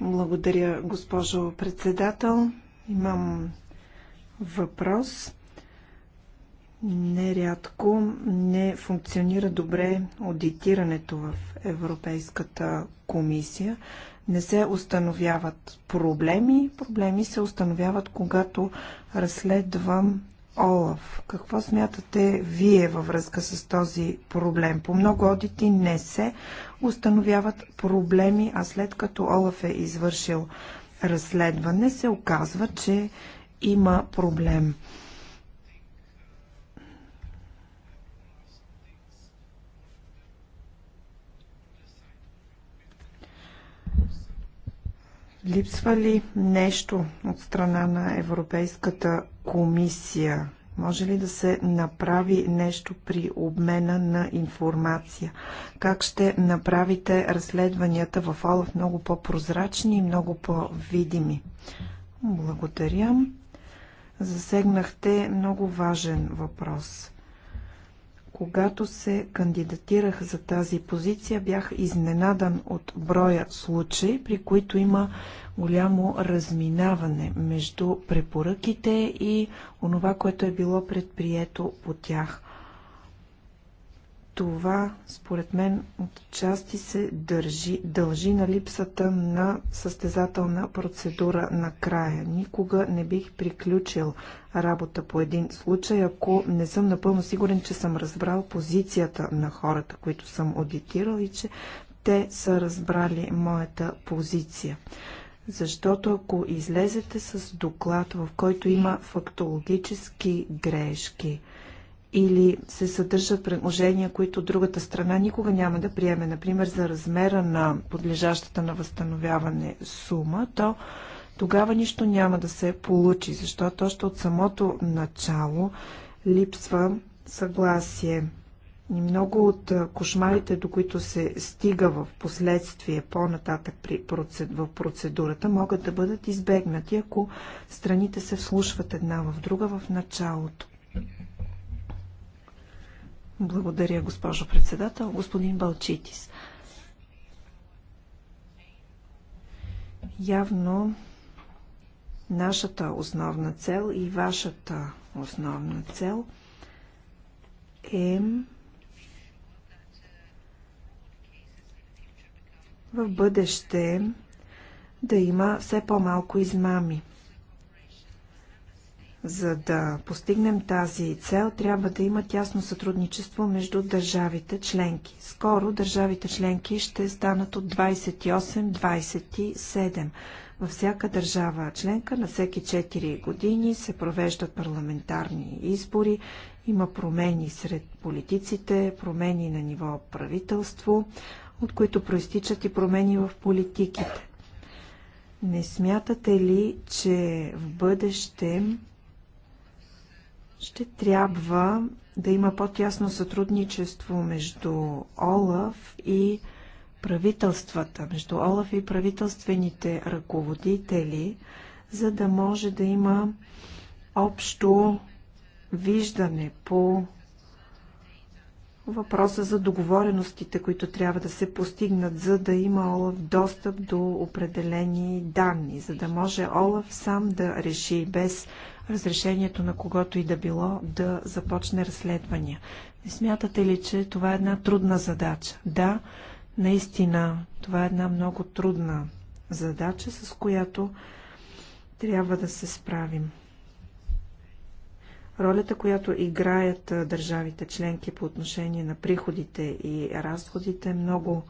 Благодаря, госпожо председател. Имам въпрос. Нерядко не функционира добре аудитирането в Европейската комисия. Не се установяват проблеми. Проблеми се установяват, когато разследвам Олаф. Какво смятате вие във връзка с този проблем? По много одити не се установяват проблеми, а след като Олаф е извършил разследване, се оказва, че има проблем. Липсва ли нещо от страна на Европейската комисия? Може ли да се направи нещо при обмена на информация? Как ще направите разследванията в ОЛАФ много по-прозрачни и много по-видими? Благодаря. Засегнахте много важен въпрос – когато се кандидатирах за тази позиция, бях изненадан от броя случаи, при които има голямо разминаване между препоръките и онова, което е било предприето по тях. Това, според мен, от части се държи, дължи на липсата на състезателна процедура на края. Никога не бих приключил работа по един случай, ако не съм напълно сигурен, че съм разбрал позицията на хората, които съм аудитирал и че те са разбрали моята позиция. Защото ако излезете с доклад, в който има фактологически грешки, или се съдържат предложения, които другата страна никога няма да приеме, например за размера на подлежащата на възстановяване сума, то тогава нищо няма да се получи, защото още от самото начало липсва съгласие. И много от кошмарите, до които се стига в последствие по-нататък при процед... в процедурата, могат да бъдат избегнати, ако страните се вслушват една в друга в началото. Благодаря, госпожо председател. Господин Балчитис. Явно нашата основна цел и вашата основна цел е в бъдеще да има все по-малко измами. За да постигнем тази цел, трябва да има тясно сътрудничество между държавите членки. Скоро държавите членки ще станат от 28-27. Във всяка държава членка на всеки 4 години се провеждат парламентарни избори, има промени сред политиците, промени на ниво правителство, от които проистичат и промени в политиките. Не смятате ли, че в бъдеще ще трябва да има по-тясно сътрудничество между ОЛАФ и правителствата, между ОЛАФ и правителствените ръководители, за да може да има общо виждане по въпроса за договореностите, които трябва да се постигнат, за да има Олаф достъп до определени данни, за да може Олаф сам да реши без разрешението на когото и да било да започне разследвания. Не смятате ли, че това е една трудна задача? Да, наистина, това е една много трудна задача, с която трябва да се справим. Ролята, която играят държавите членки по отношение на приходите и разходите е много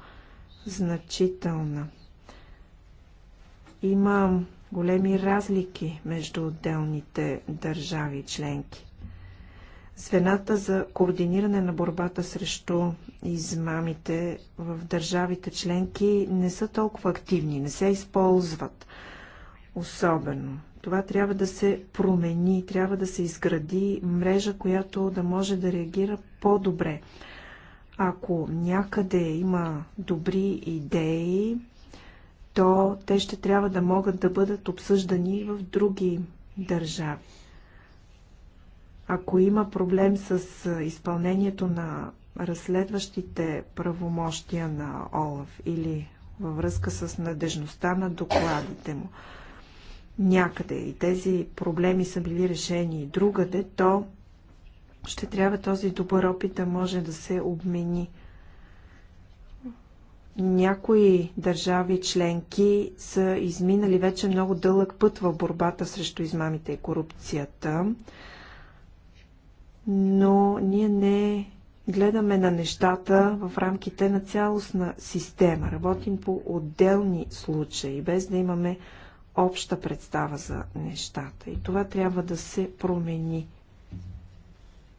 значителна. Има големи разлики между отделните държави членки. Звената за координиране на борбата срещу измамите в държавите членки не са толкова активни, не се използват особено. Това трябва да се промени, трябва да се изгради мрежа, която да може да реагира по-добре. Ако някъде има добри идеи, то те ще трябва да могат да бъдат обсъждани и в други държави. Ако има проблем с изпълнението на разследващите правомощия на Олаф или във връзка с надежността на докладите му някъде и тези проблеми са били решени и другаде, то ще трябва този добър опит да може да се обмени – някои държави членки са изминали вече много дълъг път в борбата срещу измамите и корупцията, но ние не гледаме на нещата в рамките на цялостна система. Работим по отделни случаи, без да имаме обща представа за нещата. И това трябва да се промени.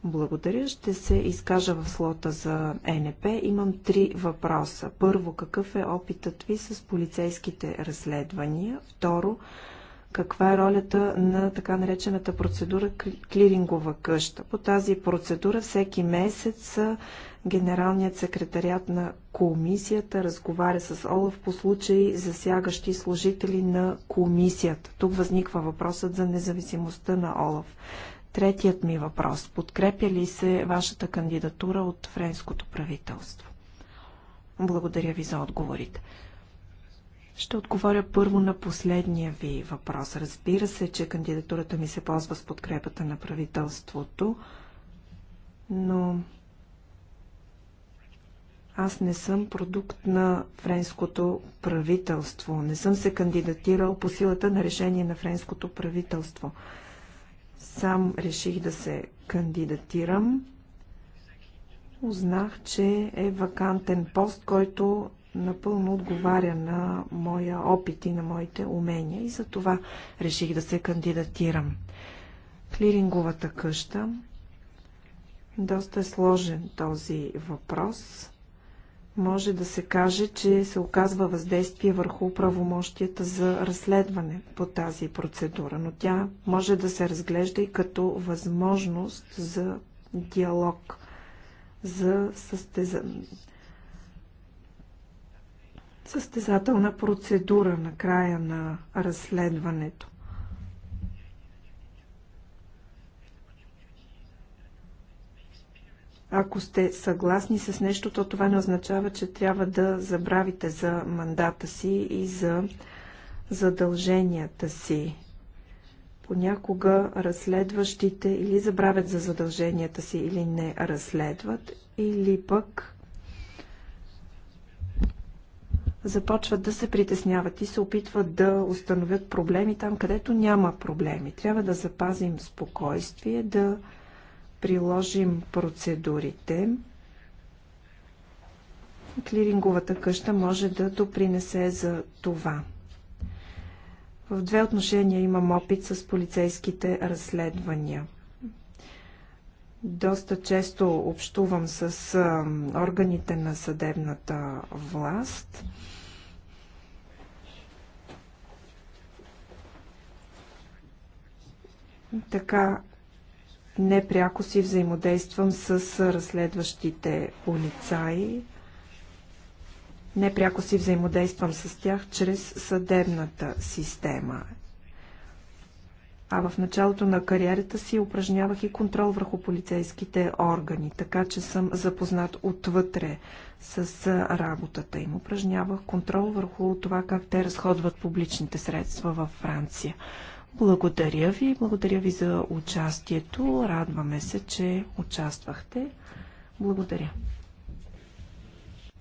Благодаря. Ще се изкажа в слота за ЕНП. Имам три въпроса. Първо, какъв е опитът ви с полицейските разследвания? Второ, каква е ролята на така наречената процедура клирингова къща? По тази процедура всеки месец генералният секретарят на комисията разговаря с Олаф по случаи засягащи служители на комисията. Тук възниква въпросът за независимостта на Олаф. Третият ми въпрос. Подкрепя ли се вашата кандидатура от френското правителство? Благодаря ви за отговорите. Ще отговоря първо на последния ви въпрос. Разбира се, че кандидатурата ми се ползва с подкрепата на правителството, но аз не съм продукт на френското правителство. Не съм се кандидатирал по силата на решение на френското правителство сам реших да се кандидатирам, узнах, че е вакантен пост, който напълно отговаря на моя опит и на моите умения и за това реших да се кандидатирам. Клиринговата къща. Доста е сложен този въпрос може да се каже, че се оказва въздействие върху правомощията за разследване по тази процедура, но тя може да се разглежда и като възможност за диалог, за състеза... състезателна процедура на края на разследването. Ако сте съгласни с нещо, то това не означава, че трябва да забравите за мандата си и за задълженията си. Понякога разследващите или забравят за задълженията си, или не разследват, или пък започват да се притесняват и се опитват да установят проблеми там, където няма проблеми. Трябва да запазим спокойствие, да приложим процедурите, клиринговата къща може да допринесе за това. В две отношения имам опит с полицейските разследвания. Доста често общувам с органите на съдебната власт. Така непряко си взаимодействам с разследващите полицаи, непряко си взаимодействам с тях чрез съдебната система. А в началото на кариерата си упражнявах и контрол върху полицейските органи, така че съм запознат отвътре с работата им. Упражнявах контрол върху това как те разходват публичните средства във Франция. Благодаря ви, благодаря ви за участието. Радваме се, че участвахте. Благодаря.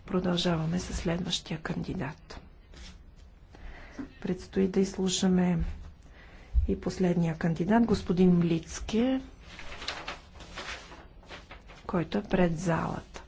Продължаваме с следващия кандидат. Предстои да изслушаме и последния кандидат, господин Млицки, който е пред залата.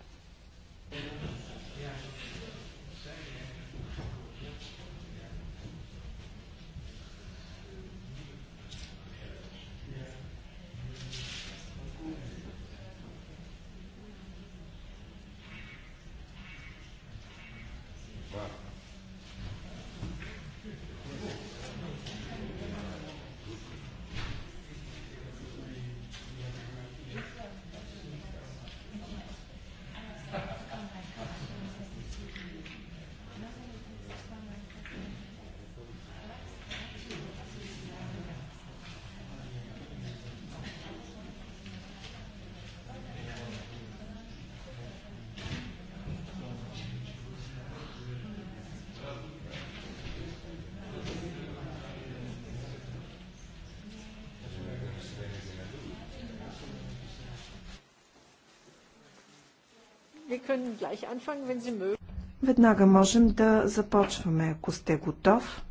Веднага можем да започваме, ако сте готов.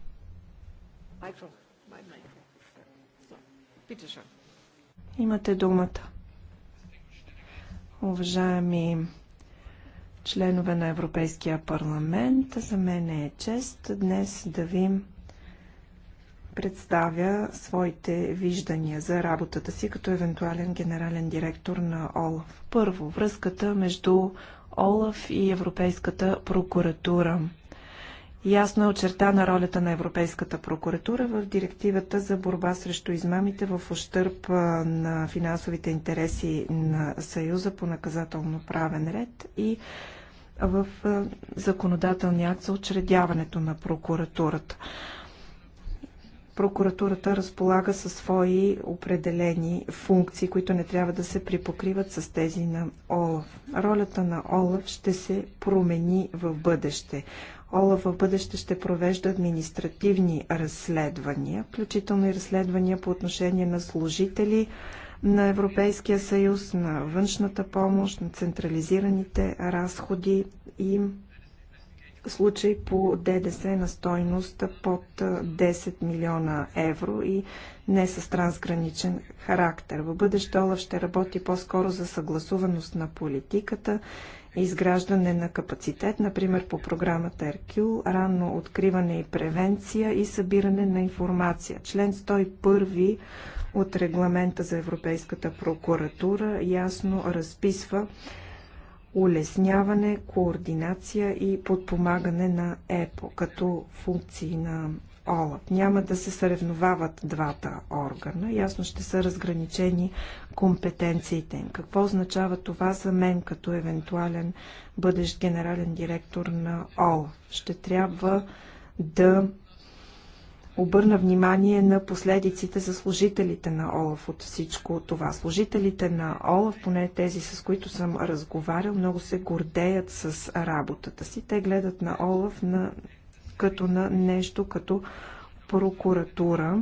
Имате думата. Уважаеми членове на Европейския парламент, за мен е чест днес да ви представя своите виждания за работата си като евентуален генерален директор на ОЛАФ. Първо, връзката между ОЛАФ и Европейската прокуратура. Ясно е очертана ролята на Европейската прокуратура в директивата за борба срещу измамите в ощърп на финансовите интереси на Съюза по наказателно правен ред и в законодателния акт за очредяването на прокуратурата прокуратурата разполага със свои определени функции, които не трябва да се припокриват с тези на ОЛАФ. Ролята на ОЛАФ ще се промени в бъдеще. ОЛАФ в бъдеще ще провежда административни разследвания, включително и разследвания по отношение на служители на Европейския съюз, на външната помощ, на централизираните разходи и Случай по ДДС на стойност под 10 милиона евро и не с трансграничен характер. В бъдеще Олаф ще работи по-скоро за съгласуваност на политиката, изграждане на капацитет, например по програмата РКЮ, ранно откриване и превенция и събиране на информация. Член 101 от регламента за Европейската прокуратура ясно разписва улесняване, координация и подпомагане на ЕПО като функции на ОЛАП. Няма да се съревновават двата органа. Ясно ще са разграничени компетенциите им. Какво означава това за мен като евентуален бъдещ генерален директор на ОЛАП? Ще трябва да обърна внимание на последиците за служителите на Олаф от всичко това. Служителите на Олаф, поне тези с които съм разговарял, много се гордеят с работата си. Те гледат на Олаф на, като на нещо, като прокуратура,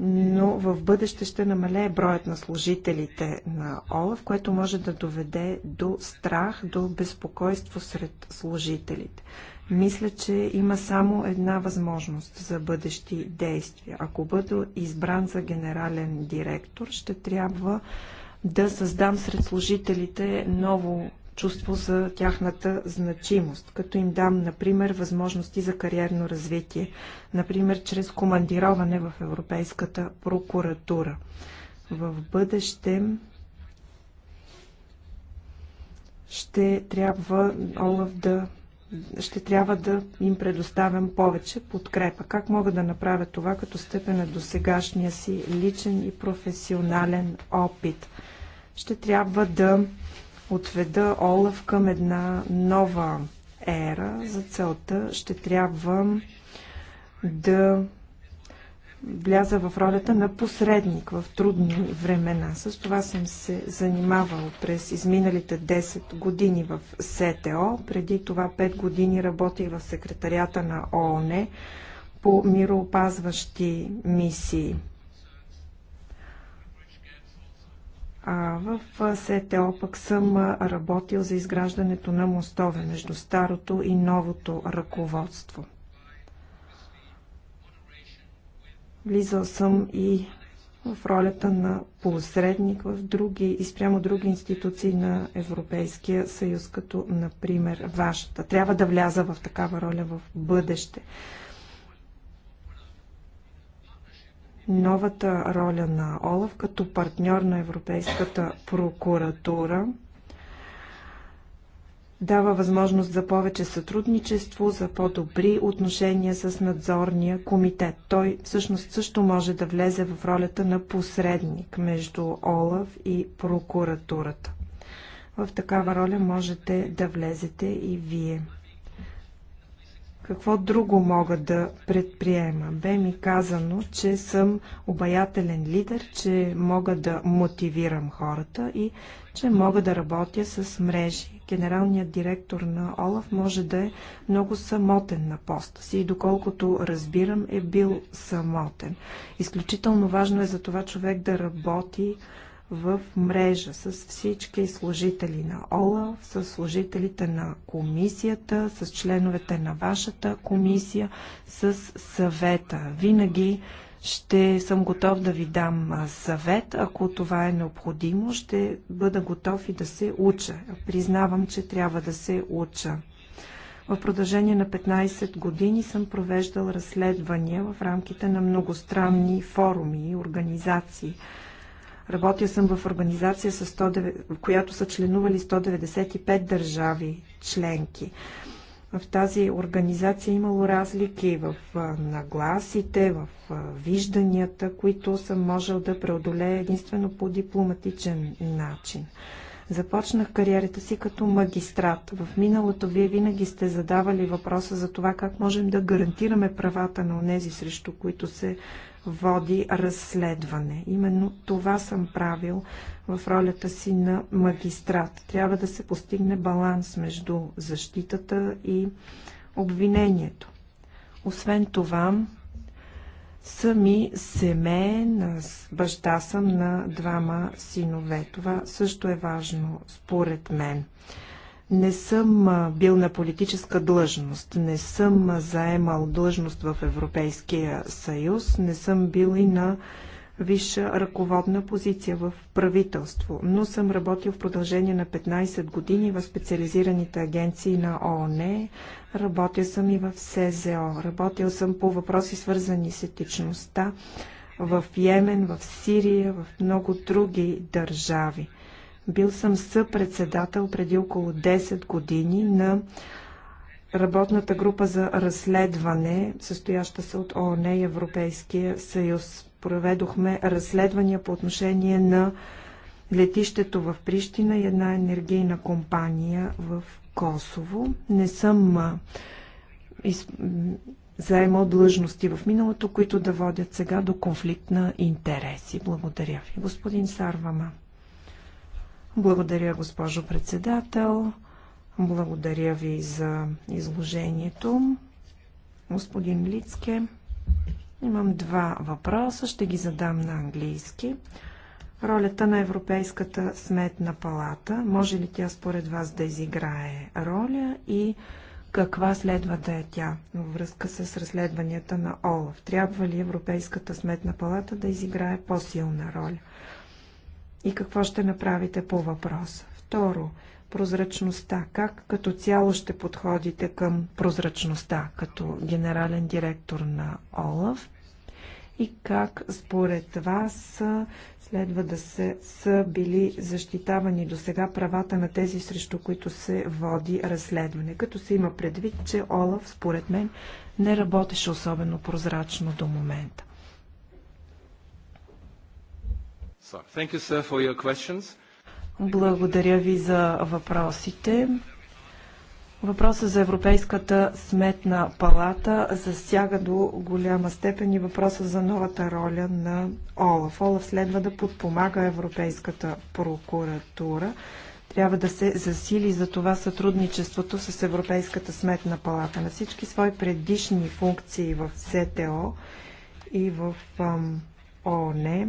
но в бъдеще ще намалее броят на служителите на ОЛАФ, което може да доведе до страх, до безпокойство сред служителите. Мисля, че има само една възможност за бъдещи действия. Ако бъда избран за генерален директор, ще трябва да създам сред служителите ново чувство за тяхната значимост, като им дам, например, възможности за кариерно развитие, например, чрез командироване в Европейската прокуратура. В бъдеще ще трябва Олаф да ще трябва да им предоставям повече подкрепа. Как мога да направя това, като степен до сегашния си личен и професионален опит? Ще трябва да отведа Олаф към една нова ера. За целта ще трябва да вляза в ролята на посредник в трудни времена. С това съм се занимавал през изминалите 10 години в СТО. Преди това 5 години работих в секретарията на ООН по мироопазващи мисии. А в СТО пък съм работил за изграждането на мостове между старото и новото ръководство. Влизал съм и в ролята на посредник в други и спрямо други институции на Европейския съюз, като например вашата. Трябва да вляза в такава роля в бъдеще. Новата роля на Олаф като партньор на Европейската прокуратура – дава възможност за повече сътрудничество, за по-добри отношения с надзорния комитет. Той всъщност също може да влезе в ролята на посредник между ОЛАВ и прокуратурата. В такава роля можете да влезете и вие. Какво друго мога да предприема? Бе ми казано, че съм обаятелен лидер, че мога да мотивирам хората и че мога да работя с мрежи генералният директор на Олаф може да е много самотен на поста си и доколкото разбирам е бил самотен. Изключително важно е за това човек да работи в мрежа с всички служители на ОЛА, с служителите на комисията, с членовете на вашата комисия, с съвета. Винаги ще съм готов да ви дам съвет, ако това е необходимо. Ще бъда готов и да се уча. Признавам, че трябва да се уча. В продължение на 15 години съм провеждал разследвания в рамките на многостранни форуми и организации. Работя съм в организация, с в която са членували 195 държави членки. В тази организация е имало разлики в нагласите, в вижданията, които съм можел да преодолея единствено по дипломатичен начин. Започнах кариерата си като магистрат. В миналото вие винаги сте задавали въпроса за това как можем да гарантираме правата на онези, срещу които се води разследване. Именно това съм правил в ролята си на магистрат. Трябва да се постигне баланс между защитата и обвинението. Освен това, сами семе на баща съм на двама синове. Това също е важно според мен. Не съм бил на политическа длъжност, не съм заемал длъжност в Европейския съюз, не съм бил и на висша ръководна позиция в правителство, но съм работил в продължение на 15 години в специализираните агенции на ООН, работил съм и в СЗО, работил съм по въпроси свързани с етичността в Йемен, в Сирия, в много други държави. Бил съм съпредседател преди около 10 години на работната група за разследване, състояща се от ООН и Европейския съюз. Проведохме разследвания по отношение на летището в Прищина и една енергийна компания в Косово. Не съм из... заемал длъжности в миналото, които да водят сега до конфликт на интереси. Благодаря ви. Господин Сарвама. Благодаря, госпожо председател. Благодаря ви за изложението. Господин Лицке, имам два въпроса. Ще ги задам на английски. Ролята на Европейската сметна палата. Може ли тя според вас да изиграе роля и каква следва да е тя във връзка с разследванията на ОЛАФ? Трябва ли Европейската сметна палата да изиграе по-силна роля? и какво ще направите по въпроса? Второ, прозрачността. Как като цяло ще подходите към прозрачността като генерален директор на ОЛАВ? И как според вас следва да се, са били защитавани до сега правата на тези, срещу които се води разследване? Като се има предвид, че ОЛАВ, според мен, не работеше особено прозрачно до момента. Благодаря ви за въпросите. Въпросът за Европейската сметна палата засяга до голяма степен и въпроса за новата роля на ОЛАФ. ОЛАФ следва да подпомага Европейската прокуратура. Трябва да се засили за това сътрудничеството с Европейската сметна палата. На всички свои предишни функции в СТО и в ОНЕ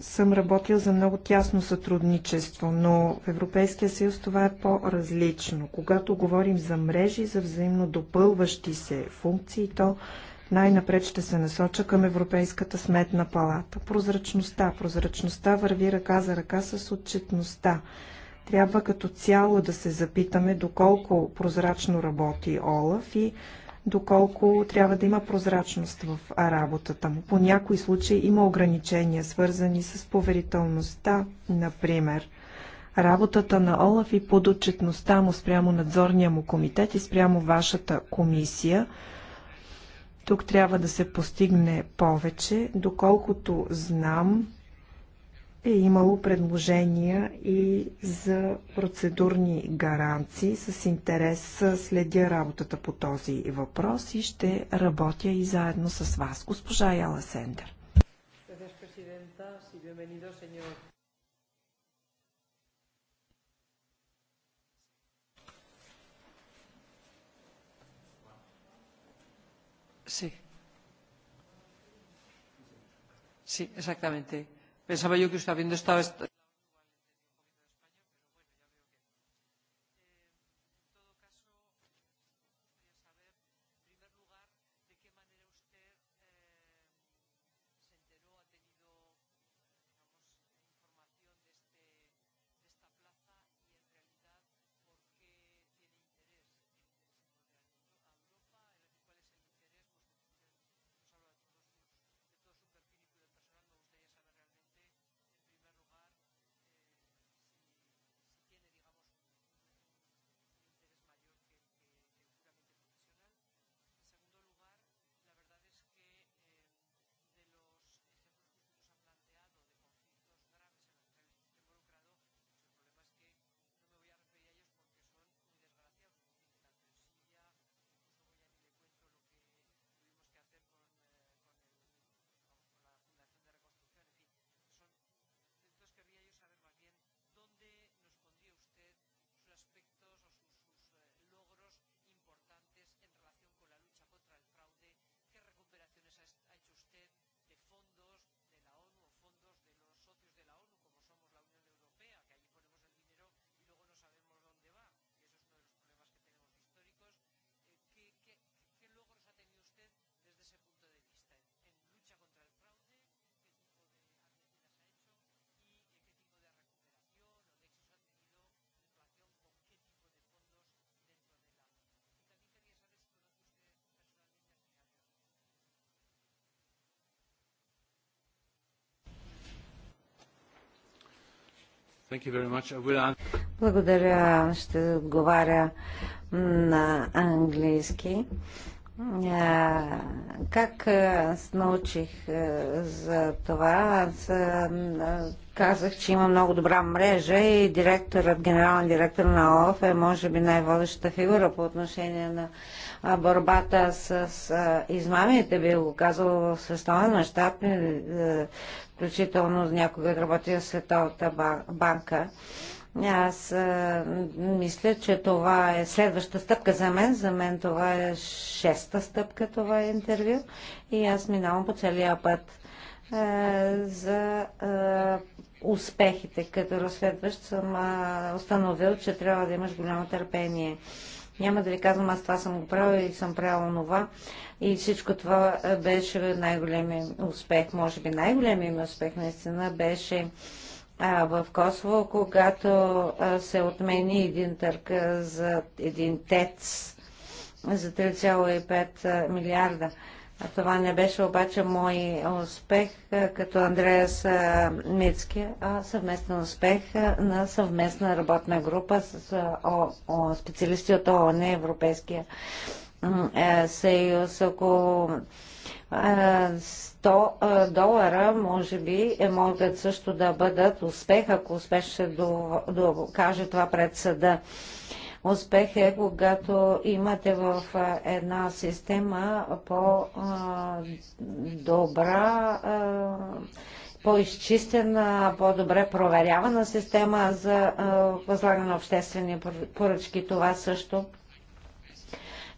съм работил за много тясно сътрудничество, но в Европейския съюз това е по-различно. Когато говорим за мрежи, за взаимно допълващи се функции, то най-напред ще се насоча към Европейската сметна палата. Прозрачността. Прозрачността върви ръка за ръка с отчетността. Трябва като цяло да се запитаме доколко прозрачно работи ОЛАФ и доколко трябва да има прозрачност в работата му. По някои случаи има ограничения, свързани с поверителността, например. Работата на Олаф и подотчетността му спрямо надзорния му комитет и спрямо вашата комисия тук трябва да се постигне повече. Доколкото знам, е имало предложения и за процедурни гаранции. С интерес следя работата по този въпрос и ще работя и заедно с вас, госпожа Яла Сендер. Sí. exactamente. Pensaba yo que usted habiendo estado Благодаря. Ще отговаря на английски как аз научих за това? Аз казах, че има много добра мрежа и директорът, генерален директор на ОЛАФ е може би най-водещата фигура по отношение на борбата с, с измамите, би го казал в световен мащаб, включително някога работя в Световната банка. Аз а, мисля, че това е следваща стъпка за мен. За мен това е шеста стъпка, това е интервю. И аз минавам по целия път а, за а, успехите. Като разследващ съм а, установил, че трябва да имаш голямо търпение. Няма да ви казвам, аз това съм го правил и съм правил това. И всичко това беше най-големият успех. Може би най-големият ми успех наистина беше в Косово, когато се отмени един търк за един ТЕЦ за 3,5 милиарда. А това не беше обаче мой успех като Андреас Мицки, а съвместен успех на съвместна работна група с специалисти от ООН, Европейския е, съюз. Около 100 долара, може би, е, могат също да бъдат успех, ако успех ще докаже това пред съда. Успех е, когато имате в една система по-добра, по-изчистена, по-добре проверявана система за възлагане на обществени поръчки. Това също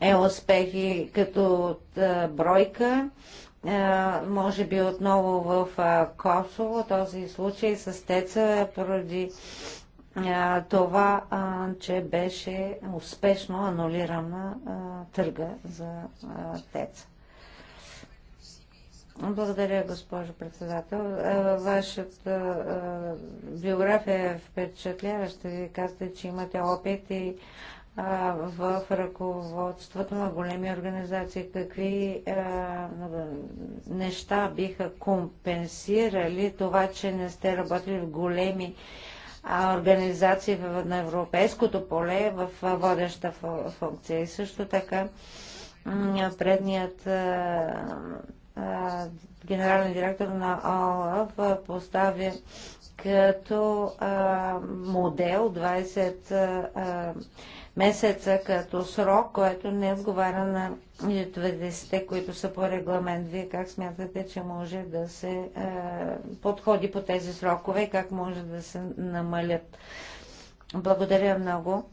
е успех и като бройка е, може би отново в Косово, този случай с Теца е поради е, това, че беше успешно анулирана търга за Теца. Благодаря, госпожо председател. Вашата биография е впечатляваща. Вие казвате, че имате опит и а, в ръководството на големи организации? Какви а, неща биха компенсирали това, че не сте работили в големи а организации на европейското поле в водеща функция. И също така предният генерален директор на ОЛАФ поставя като модел 20 месеца като срок, което не отговаря на 90-те, които са по регламент. Вие как смятате, че може да се е, подходи по тези срокове и как може да се намалят? Благодаря много.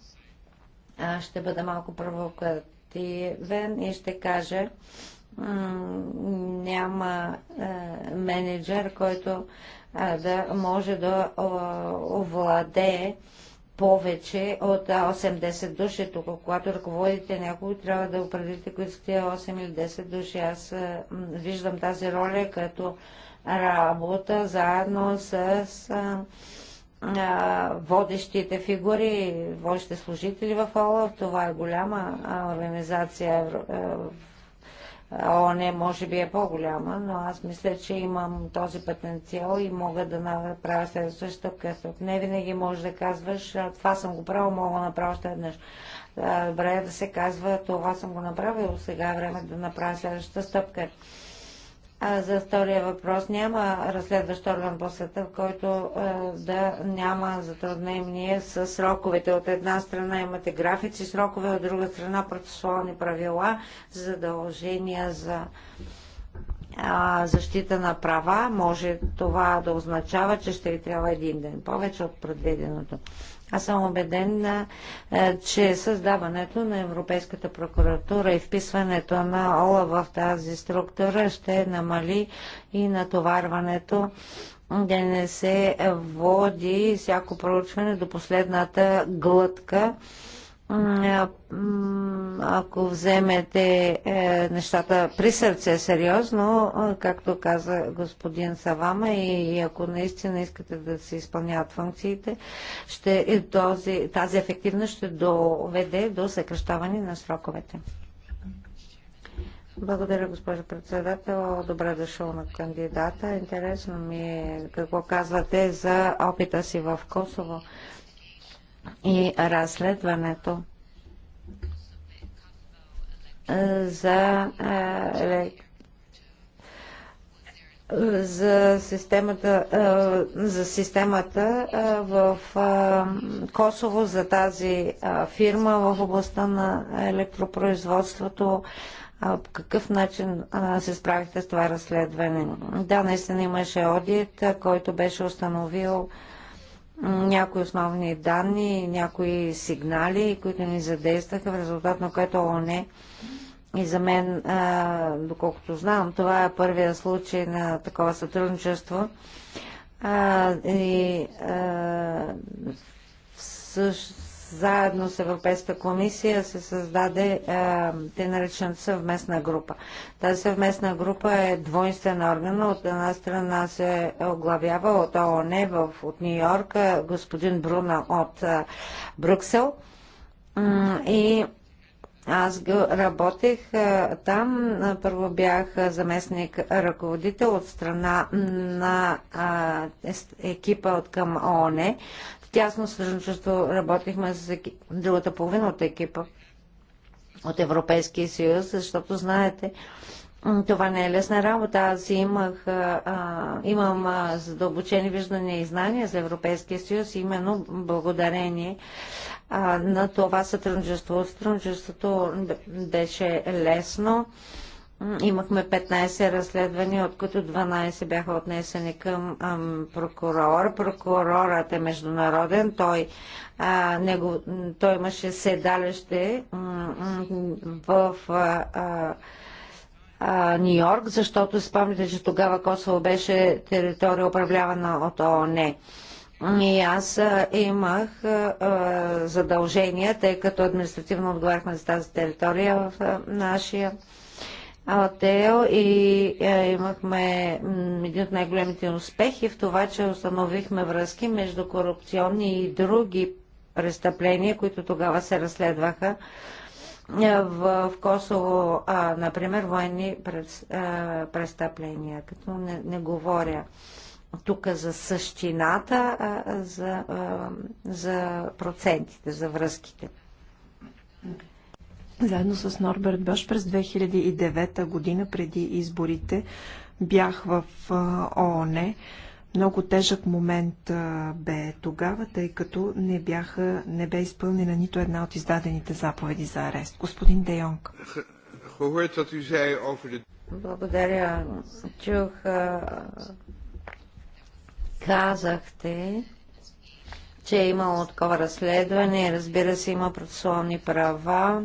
Аз ще бъда малко провокативен и ще кажа, няма е, менеджер, който е, да може да е, овладее е, повече от 8-10 души. Тук, когато ръководите някого, трябва да определите кои са тия 8 или 10 души. Аз виждам тази роля като работа заедно с водещите фигури, водещите служители в ОЛАФ. Това е голяма организация в не, може би е по-голяма, но аз мисля, че имам този потенциал и мога да направя следващата стъпка. Не винаги можеш да казваш, това съм го правил, мога да направя още еднъж. Добре е да се казва, това съм го направил, сега е време да направя следващата стъпка. А за втория въпрос няма разследващ орган по света, в който да няма затруднение с сроковете. От една страна имате графици, срокове, от друга страна процесуални правила, задължения за защита на права, може това да означава, че ще ви трябва един ден повече от предвиденото. Аз съм убеден, че създаването на Европейската прокуратура и вписването на ОЛА в тази структура ще намали и натоварването да не се води всяко проучване до последната глътка ако вземете е, нещата при сърце сериозно, е, както каза господин Савама, и ако наистина искате да се изпълняват функциите, ще, е, този, тази ефективност ще доведе до съкръщаване на сроковете. Благодаря, госпожо председател. Добре дошъл на кандидата. Интересно ми е какво казвате за опита си в Косово и разследването за, за системата, за системата в Косово, за тази фирма в областта на електропроизводството. По какъв начин се справихте с това разследване? Да, наистина имаше одит, който беше установил някои основни данни, някои сигнали, които ни задействаха, в резултат на което ООН е, и за мен, доколкото знам, това е първия случай на такова сътрудничество. и заедно с Европейска комисия се създаде е, те наречената съвместна група. Тази съвместна група е двойствен орган. От една страна се оглавява от ООН в, от Нью Йорк, е, господин Бруна от е, Брюксел и аз работех там. Първо бях заместник ръководител от страна на екипа от към ООН. В тясно сътрудничество работихме с другата половина от екипа от Европейския съюз, защото знаете, това не е лесна работа. Аз имах, а, имам а, задълбочени виждания и знания за Европейския съюз, именно благодарение а, на това сътрудничество. Сътрудничеството беше лесно. Имахме 15 разследвания, от които 12 бяха отнесени към ам, прокурор. Прокурорът е международен. Той, а, него, той имаше седалище в. А, Нью Йорк, защото спомните, че тогава Косово беше територия управлявана от ООН. И аз имах задължения, тъй като административно отговаряхме за тази територия в нашия Атео и а, имахме един от най-големите успехи в това, че установихме връзки между корупционни и други престъпления, които тогава се разследваха е, в Косово, а, например, военни е, престъпления. Като не, не говоря тук за същината, а за, а, е, за процентите, за връзките. Заедно с Норберт Бош през 2009 година, преди изборите, бях в ООН. Много тежък момент а, бе тогава, тъй като не, бяха, не бе изпълнена нито една от издадените заповеди за арест. Господин Де Йонг. Благодаря. Чух. А, казахте, че е имало такова разследване, разбира се, има процесуални права,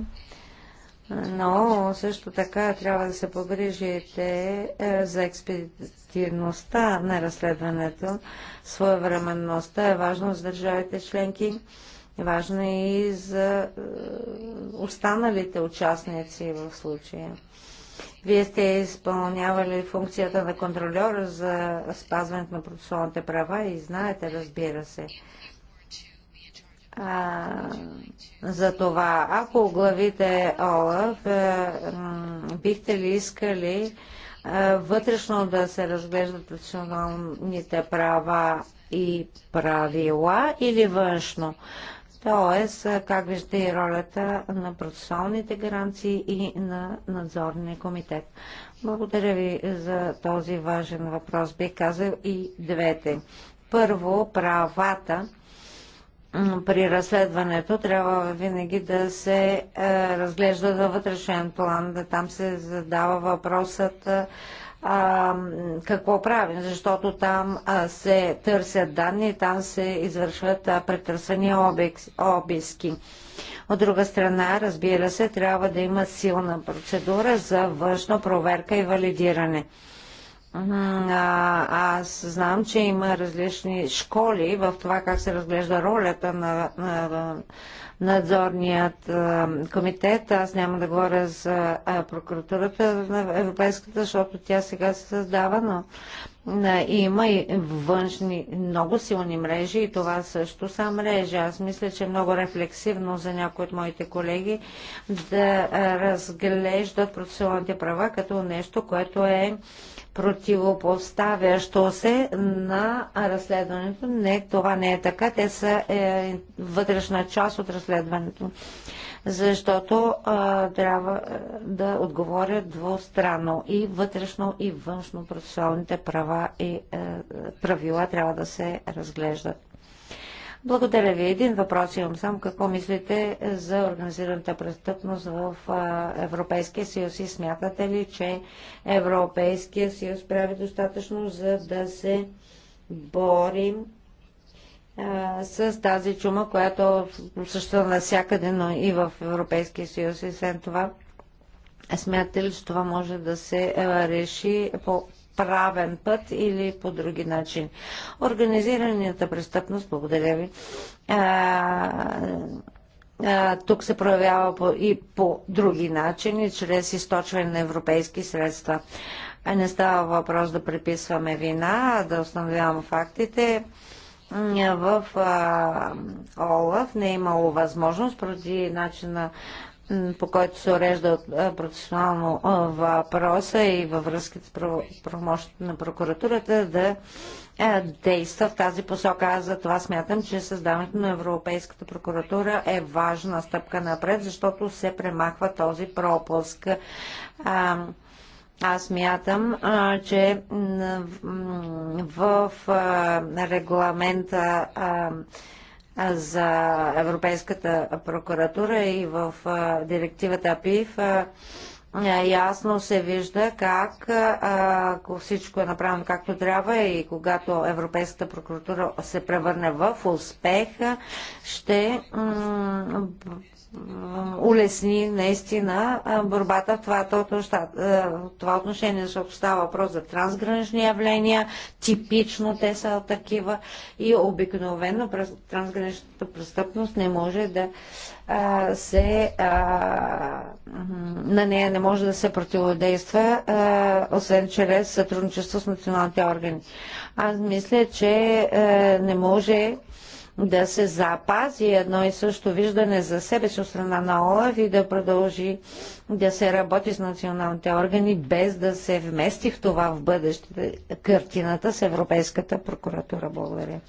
но също така трябва да се погрижите е, за експедиция ефективността на разследването, своевременността е важно за държавите членки, важно е и за е, останалите участници в случая. Вие сте изпълнявали функцията на контролер за спазването на процесуалните права и знаете, разбира се, а, за това. Ако главите ОЛАФ, е, бихте ли искали е, вътрешно да се разглеждат националните права и правила или външно. Тоест, е, как виждате и ролята на процесуалните гаранции и на надзорния комитет. Благодаря ви за този важен въпрос. Бих казал и двете. Първо, правата при разследването трябва винаги да се е, разглежда във вътрешен план, да там се задава въпросът е, а, какво правим, защото там а, се търсят данни, там се извършват а, обиски. От друга страна, разбира се, трябва да има силна процедура за външна проверка и валидиране. Аз знам, че има различни школи в това как се разглежда ролята на, на, на надзорният комитет. Аз няма да говоря за прокуратурата на Европейската, защото тя сега се създава, но има и външни много силни мрежи и това също са мрежи. Аз мисля, че е много рефлексивно за някои от моите колеги да разглеждат процесуалните права като нещо, което е противопоставящо се на разследването. Не, това не е така. Те са е, вътрешна част от разследването, защото а, трябва да отговоря двустранно и вътрешно и външно процесуалните права и а, правила трябва да се разглеждат. Благодаря ви. Един въпрос имам сам. Какво мислите за организираната престъпност в Европейския съюз и смятате ли, че Европейския съюз прави достатъчно за да се борим а, с тази чума, която също навсякъде, но и в Европейския съюз. И след това смятате ли, че това може да се реши по правен път или по други начини? Организираната престъпност, благодаря ви, а, тук се проявява по, и по други начини, чрез източване на европейски средства. А не става въпрос да приписваме вина, да установяваме фактите в а, ОЛАФ не е имало възможност поради начина по който се урежда професионално въпроса и във връзките с правомощите на прокуратурата да действа в тази посока. Аз за това смятам, че създаването на Европейската прокуратура е важна стъпка напред, защото се премахва този пропуск. Аз мятам, че в регламента за Европейската прокуратура и в директивата ПИФ ясно се вижда как ако всичко е направено както трябва и когато Европейската прокуратура се превърне в успех, ще улесни наистина борбата в това, това отношение, защото става въпрос за трансгранични явления, типично те са такива и обикновено трансграничната престъпност не може да се на нея не може да се противодейства, освен чрез сътрудничество с националните органи. Аз мисля, че е, не може да се запази едно и също виждане за себе си от страна на ОЛАФ и да продължи да се работи с националните органи, без да се вмести в това в бъдеще картината с Европейската прокуратура. Благодаря.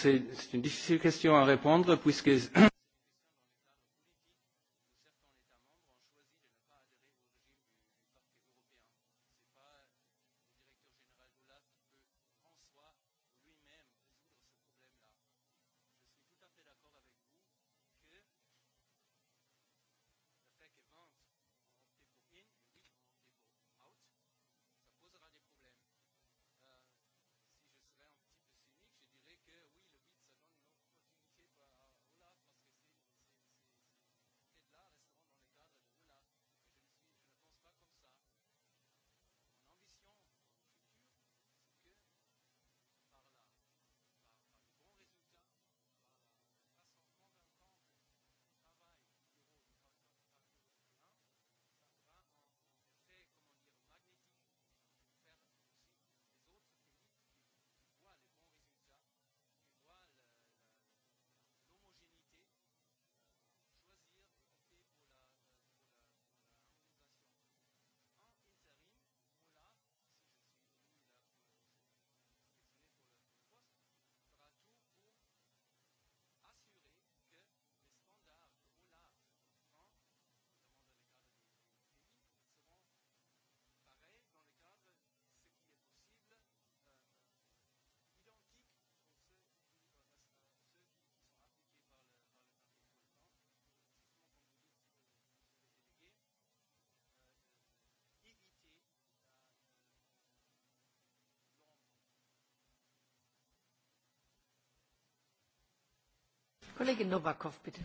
C'est une difficile question à répondre puisque Kollegin Novakov, bitte.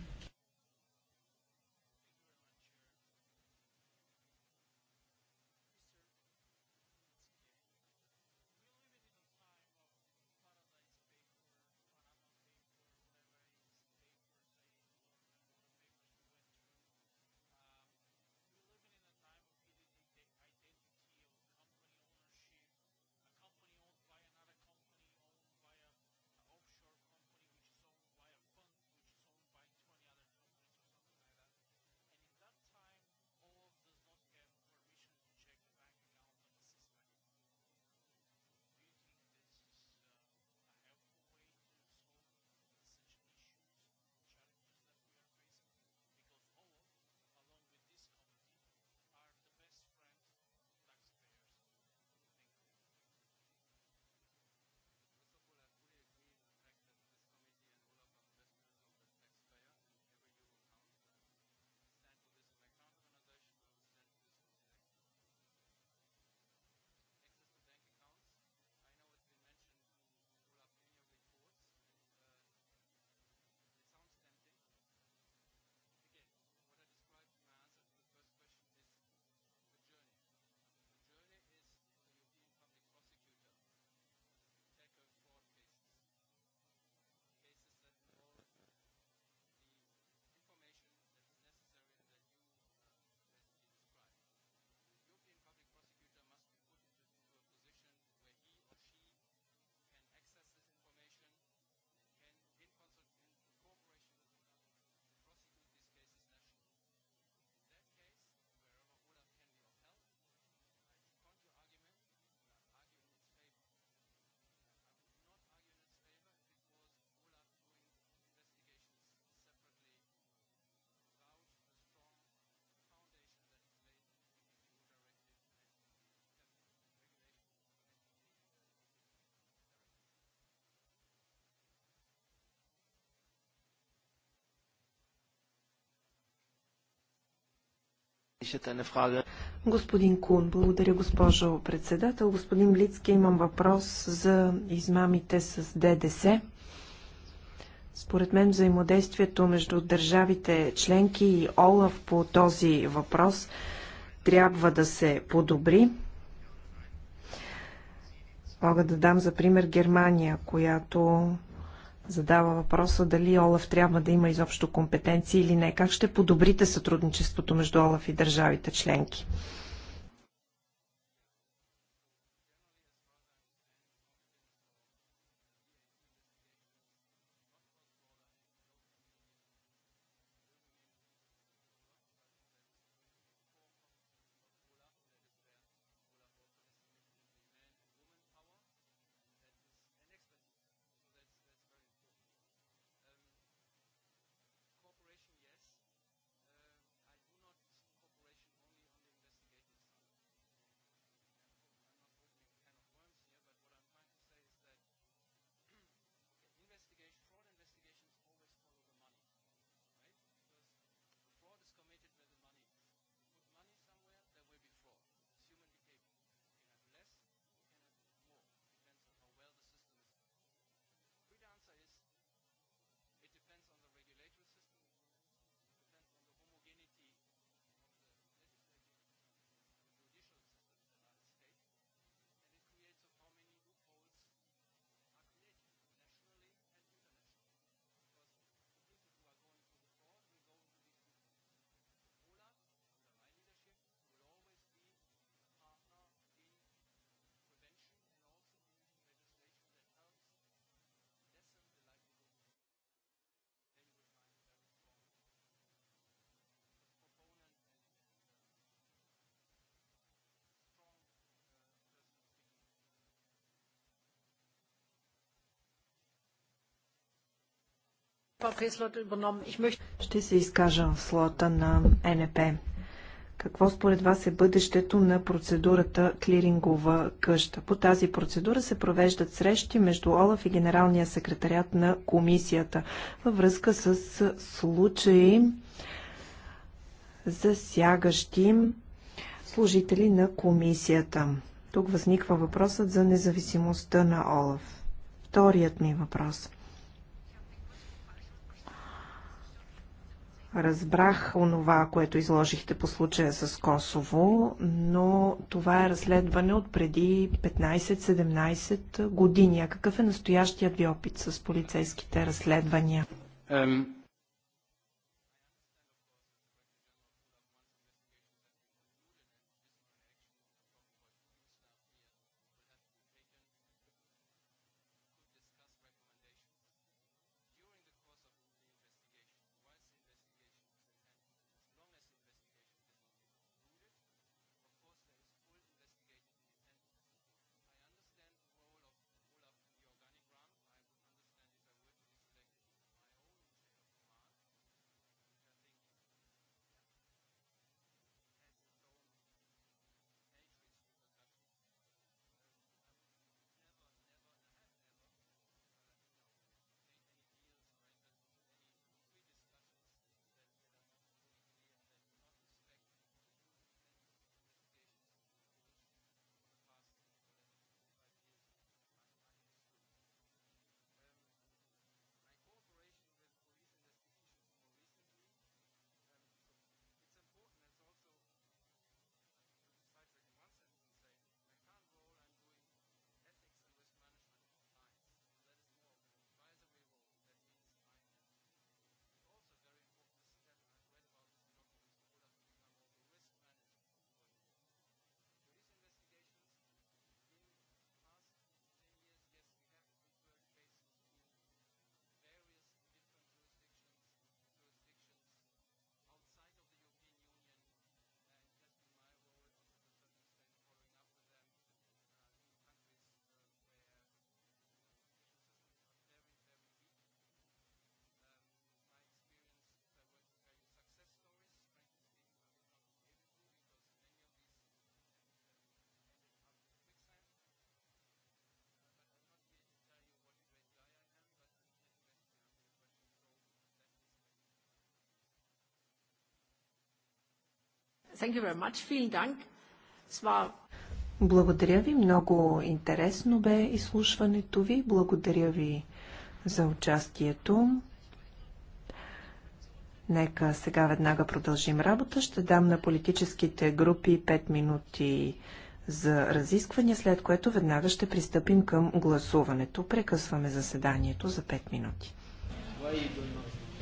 Господин Кун, благодаря госпожо председател. Господин Блицки, имам въпрос за измамите с ДДС. Според мен взаимодействието между държавите членки и ОЛАВ по този въпрос трябва да се подобри. Мога да дам за пример Германия, която задава въпроса дали Олаф трябва да има изобщо компетенции или не. Как ще подобрите сътрудничеството между Олаф и държавите членки? Ще се изкажа в слота на НП. Какво според вас е бъдещето на процедурата клирингова къща? По тази процедура се провеждат срещи между Олаф и Генералния секретарят на комисията във връзка с случаи засягащи служители на комисията. Тук възниква въпросът за независимостта на Олаф. Вторият ми въпрос – Разбрах онова, което изложихте по случая с Косово, но това е разследване от преди 15-17 години. А какъв е настоящият ви опит с полицейските разследвания? Um, Thank you very much. Vielen Dank. Благодаря ви. Много интересно бе изслушването ви. Благодаря ви за участието. Нека сега веднага продължим работа. Ще дам на политическите групи 5 минути за разискване, след което веднага ще пристъпим към гласуването. Прекъсваме заседанието за 5 минути. Why